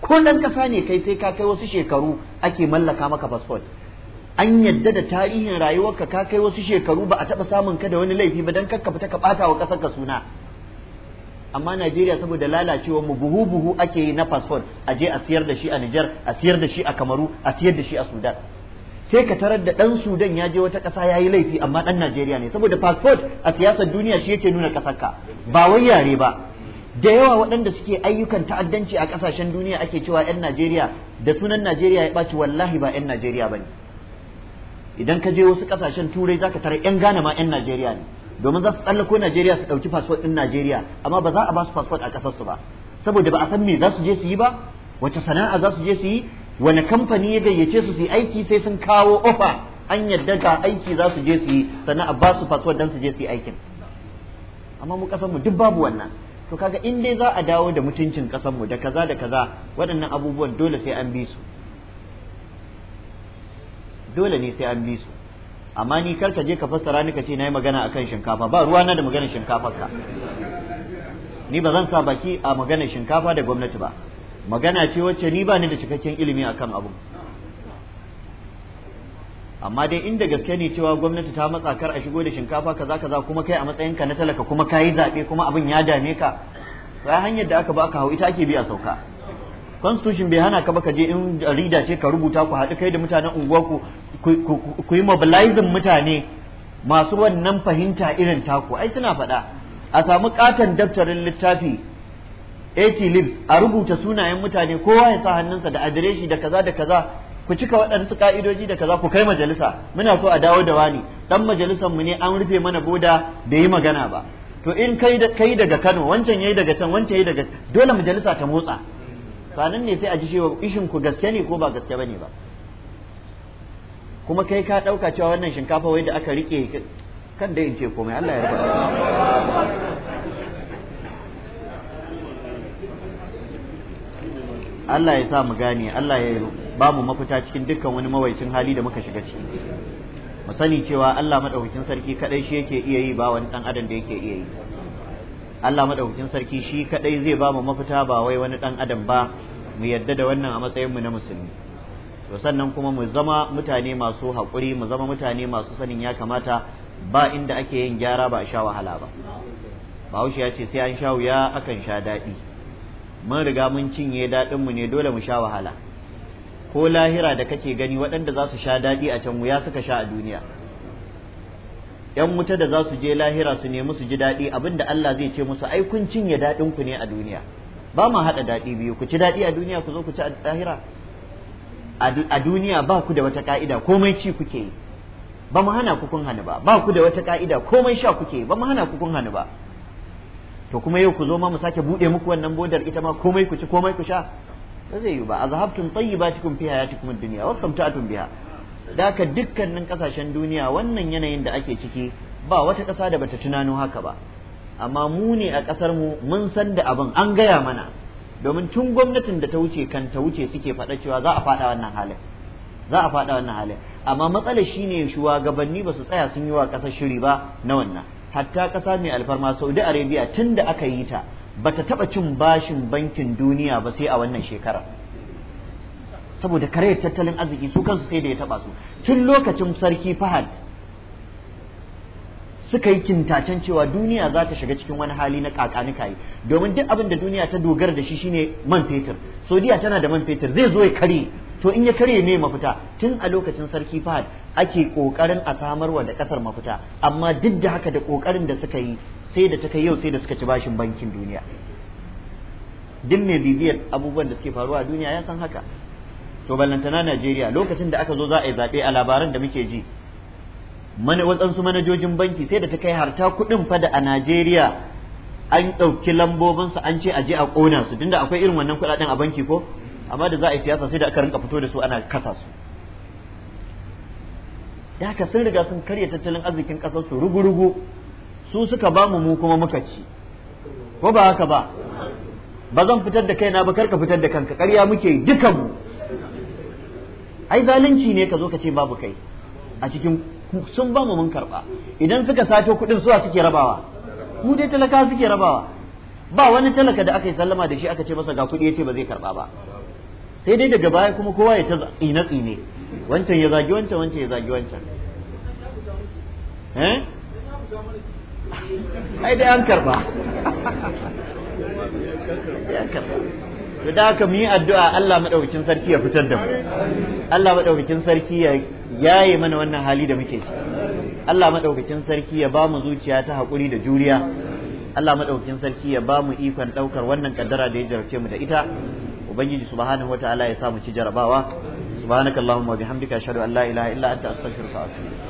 ko kasa ne kai sai ka kai wasu shekaru ake mallaka maka fasfot an yadda da tarihin rayuwarka ka kai wasu shekaru ba a taɓa samun ka da wani laifi ba don kakka fita ka ɓata wa ƙasar ka suna amma Najeriya saboda lalacewar mu buhu buhu ake yi na fasfot a je a siyar da shi a Nijar a siyar da shi a Kamaru a siyar da shi a Sudan sai ka tarar da ɗan Sudan ya je wata ƙasa ya yi laifi amma ɗan Najeriya ne saboda passport a siyasar duniya shi yake nuna ƙasarka ba wai yare ba da yawa waɗanda suke ayyukan ta'addanci a ƙasashen duniya ake cewa 'yan Najeriya da sunan Najeriya ya ɓaci wallahi ba 'yan Najeriya ba ne idan ka je wasu ƙasashen turai za ka tarar 'yan Ghana ma 'yan Najeriya ne domin za su tsallako Najeriya su ɗauki fasfot ɗin Najeriya amma ba za a ba su fasfot a ƙasarsu ba saboda ba a san me za su je su yi ba wace sana'a za su je su yi wani kamfani ya gayyace su su aiki sai sun kawo ofa an yadda ga aiki za su je su yi sannan a ba su fasuwar dan su je su yi aikin amma mu kasanmu mu duk babu wannan to kaga in dai za a dawo da mutuncin kasar mu da kaza da kaza waɗannan abubuwan dole sai an bi su dole ne sai an bi su amma ni kar ka je ka fassara ni ka ce yi magana akan shinkafa ba ruwa na da maganar shinkafar ka ni ba zan sa baki a maganar shinkafa da gwamnati ba magana ce wacce ni ba ni da cikakken ilimi akan abu amma dai inda gaske ne cewa gwamnati ta matsa kar a shigo da shinkafa kaza kaza kuma kai a matsayinka na talaka kuma kayi zaɓe kuma abin ya dame ka sai hanyar da aka ba ka hau ita ake bi a sauka constitution bai hana ka ba je in jarida ce ka rubuta ku haɗu kai da mutanen unguwa ku ku yi mobilizing mutane masu wannan fahimta irin taku ai suna faɗa a samu katon daftarin littafi 80 a rubuta sunayen mutane kowa ya sa hannunsa da adireshi da kaza da kaza ku cika waɗansu ka'idoji da kaza ku kai majalisa muna so a dawo da wani dan majalisar mu ne an rufe mana boda bai yi magana ba to in kai kai daga Kano wancan yayi daga can wancan yayi daga dole majalisa ta motsa sanan ne sai a ji cewa ishin ku gaske ne ko ba gaske bane ba kuma kai ka ɗauka cewa wannan shinkafa wai da aka rike kan dai in ce komai Allah ya rubuta Allah ya sa mu gane Allah ya ba mu mafita cikin dukkan wani mawaicin hali da muka shiga ciki mu sani cewa Allah madaukakin sarki kadai shi yake iya yi ba wani dan adam da yake iya yi Allah madaukakin sarki shi kadai zai ba mu mafita ba wai wani dan adam ba mu yadda da wannan a matsayin mu na musulmi to sannan kuma mu zama mutane masu haƙuri mu zama mutane masu sanin ya kamata ba inda ake yin gyara ba a sha wahala ba bahaushe ya ce sai an sha wuya akan sha daɗi mun riga mun cinye daɗin mu ne dole mu sha wahala ko lahira da kake gani waɗanda za su sha daɗi a can wuya suka sha a duniya yan wuta da za su je lahira su nemi su ji daɗi abinda Allah zai ce musu ai kun cinye daɗin ku ne a duniya ba ma haɗa daɗi biyu ku ci daɗi a duniya ku zo ku ci a lahira a duniya ba ku da wata ka'ida komai ci kuke yi ba mu hana ku kun hani ba ba ku da wata ka'ida komai sha kuke yi ba mu hana ku kun hani ba to kuma yau ku zo ma mu sake buɗe muku wannan bodar ita ma komai ku ci komai ku sha ba zai yi ba azhabtum tayyibatikum fi hayatikum ad-dunya wastamta'tum biha daka dukkanin kasashen duniya wannan yanayin da ake ciki ba wata kasa da bata tunano haka ba amma mu ne a kasar mu mun san da abin an gaya mana domin tun gwamnatin da ta wuce kan ta wuce suke faɗa cewa za a faɗa wannan halin za a faɗa wannan halin amma matsalar shine gabanni ba su tsaya sun yi wa ƙasa shiri ba na wannan hatta ƙasa mai alfarma saudi arabia tun da aka yi ta ba ta taɓa cin bashin bankin duniya ba sai a wannan shekara saboda kare tattalin arziki su kansu sai da ya taɓa su tun lokacin sarki fahad suka yi kintacen cewa duniya za ta shiga cikin wani hali na kakanika yi domin duk abin da duniya ta dogara da shi shine man fetur saudiya tana da man fetur zai zo ya kare to in ya karye me mafita tun a lokacin sarki fahad ake kokarin a samarwa da kasar mafita amma duk da haka da kokarin da suka yi sai da ta kai yau sai da suka ci bashin bankin duniya duk mai bibiyar abubuwan da suke faruwa a duniya ya san haka to ballantana Najeriya lokacin da aka zo za a yi zaɓe a labaran da muke ji mana manajojin banki sai da ta kai harta kuɗin fada a Najeriya an ɗauki lambobinsu an ce a je a ƙona su tunda akwai irin wannan kuɗaɗen a banki ko amma da za a yi siyasa sai da aka rinka fito da su ana kasa su da haka sun riga sun karya tattalin arzikin kasar su rugu-rugu su suka ba mu mu kuma muka ci ko ba haka ba ba zan fitar da kaina ba kar ka fitar da kanka ƙarya muke duka mu ai zalunci ne ka zo ka ce babu kai a cikin sun ba mu mun karɓa idan suka sato kuɗin suwa suke rabawa mu dai talaka suke rabawa ba wani talaka da aka yi sallama da shi aka ce masa ga kuɗi ya ce ba zai karɓa ba sai dai daga baya kuma kowa ya ta tsine tsine wancan ya zagi wancan wancan ya zagi wancan eh ai dai an karba ya karba to da aka mu yi addu'a Allah madaukakin sarki ya fitar da mu Allah madaukakin sarki ya yaye mana wannan hali da muke ciki Allah madaukakin sarki ya ba mu zuciya ta haƙuri da juriya Allah madaukakin sarki ya ba mu ikon ɗaukar wannan kaddara da ya jarce mu da ita ubangiji subhanahu wataala ya samu ci jarabawa subhanakallahumma wa bihamdika ashhadu an la ilaha illa anta astaghfiruka wa atubu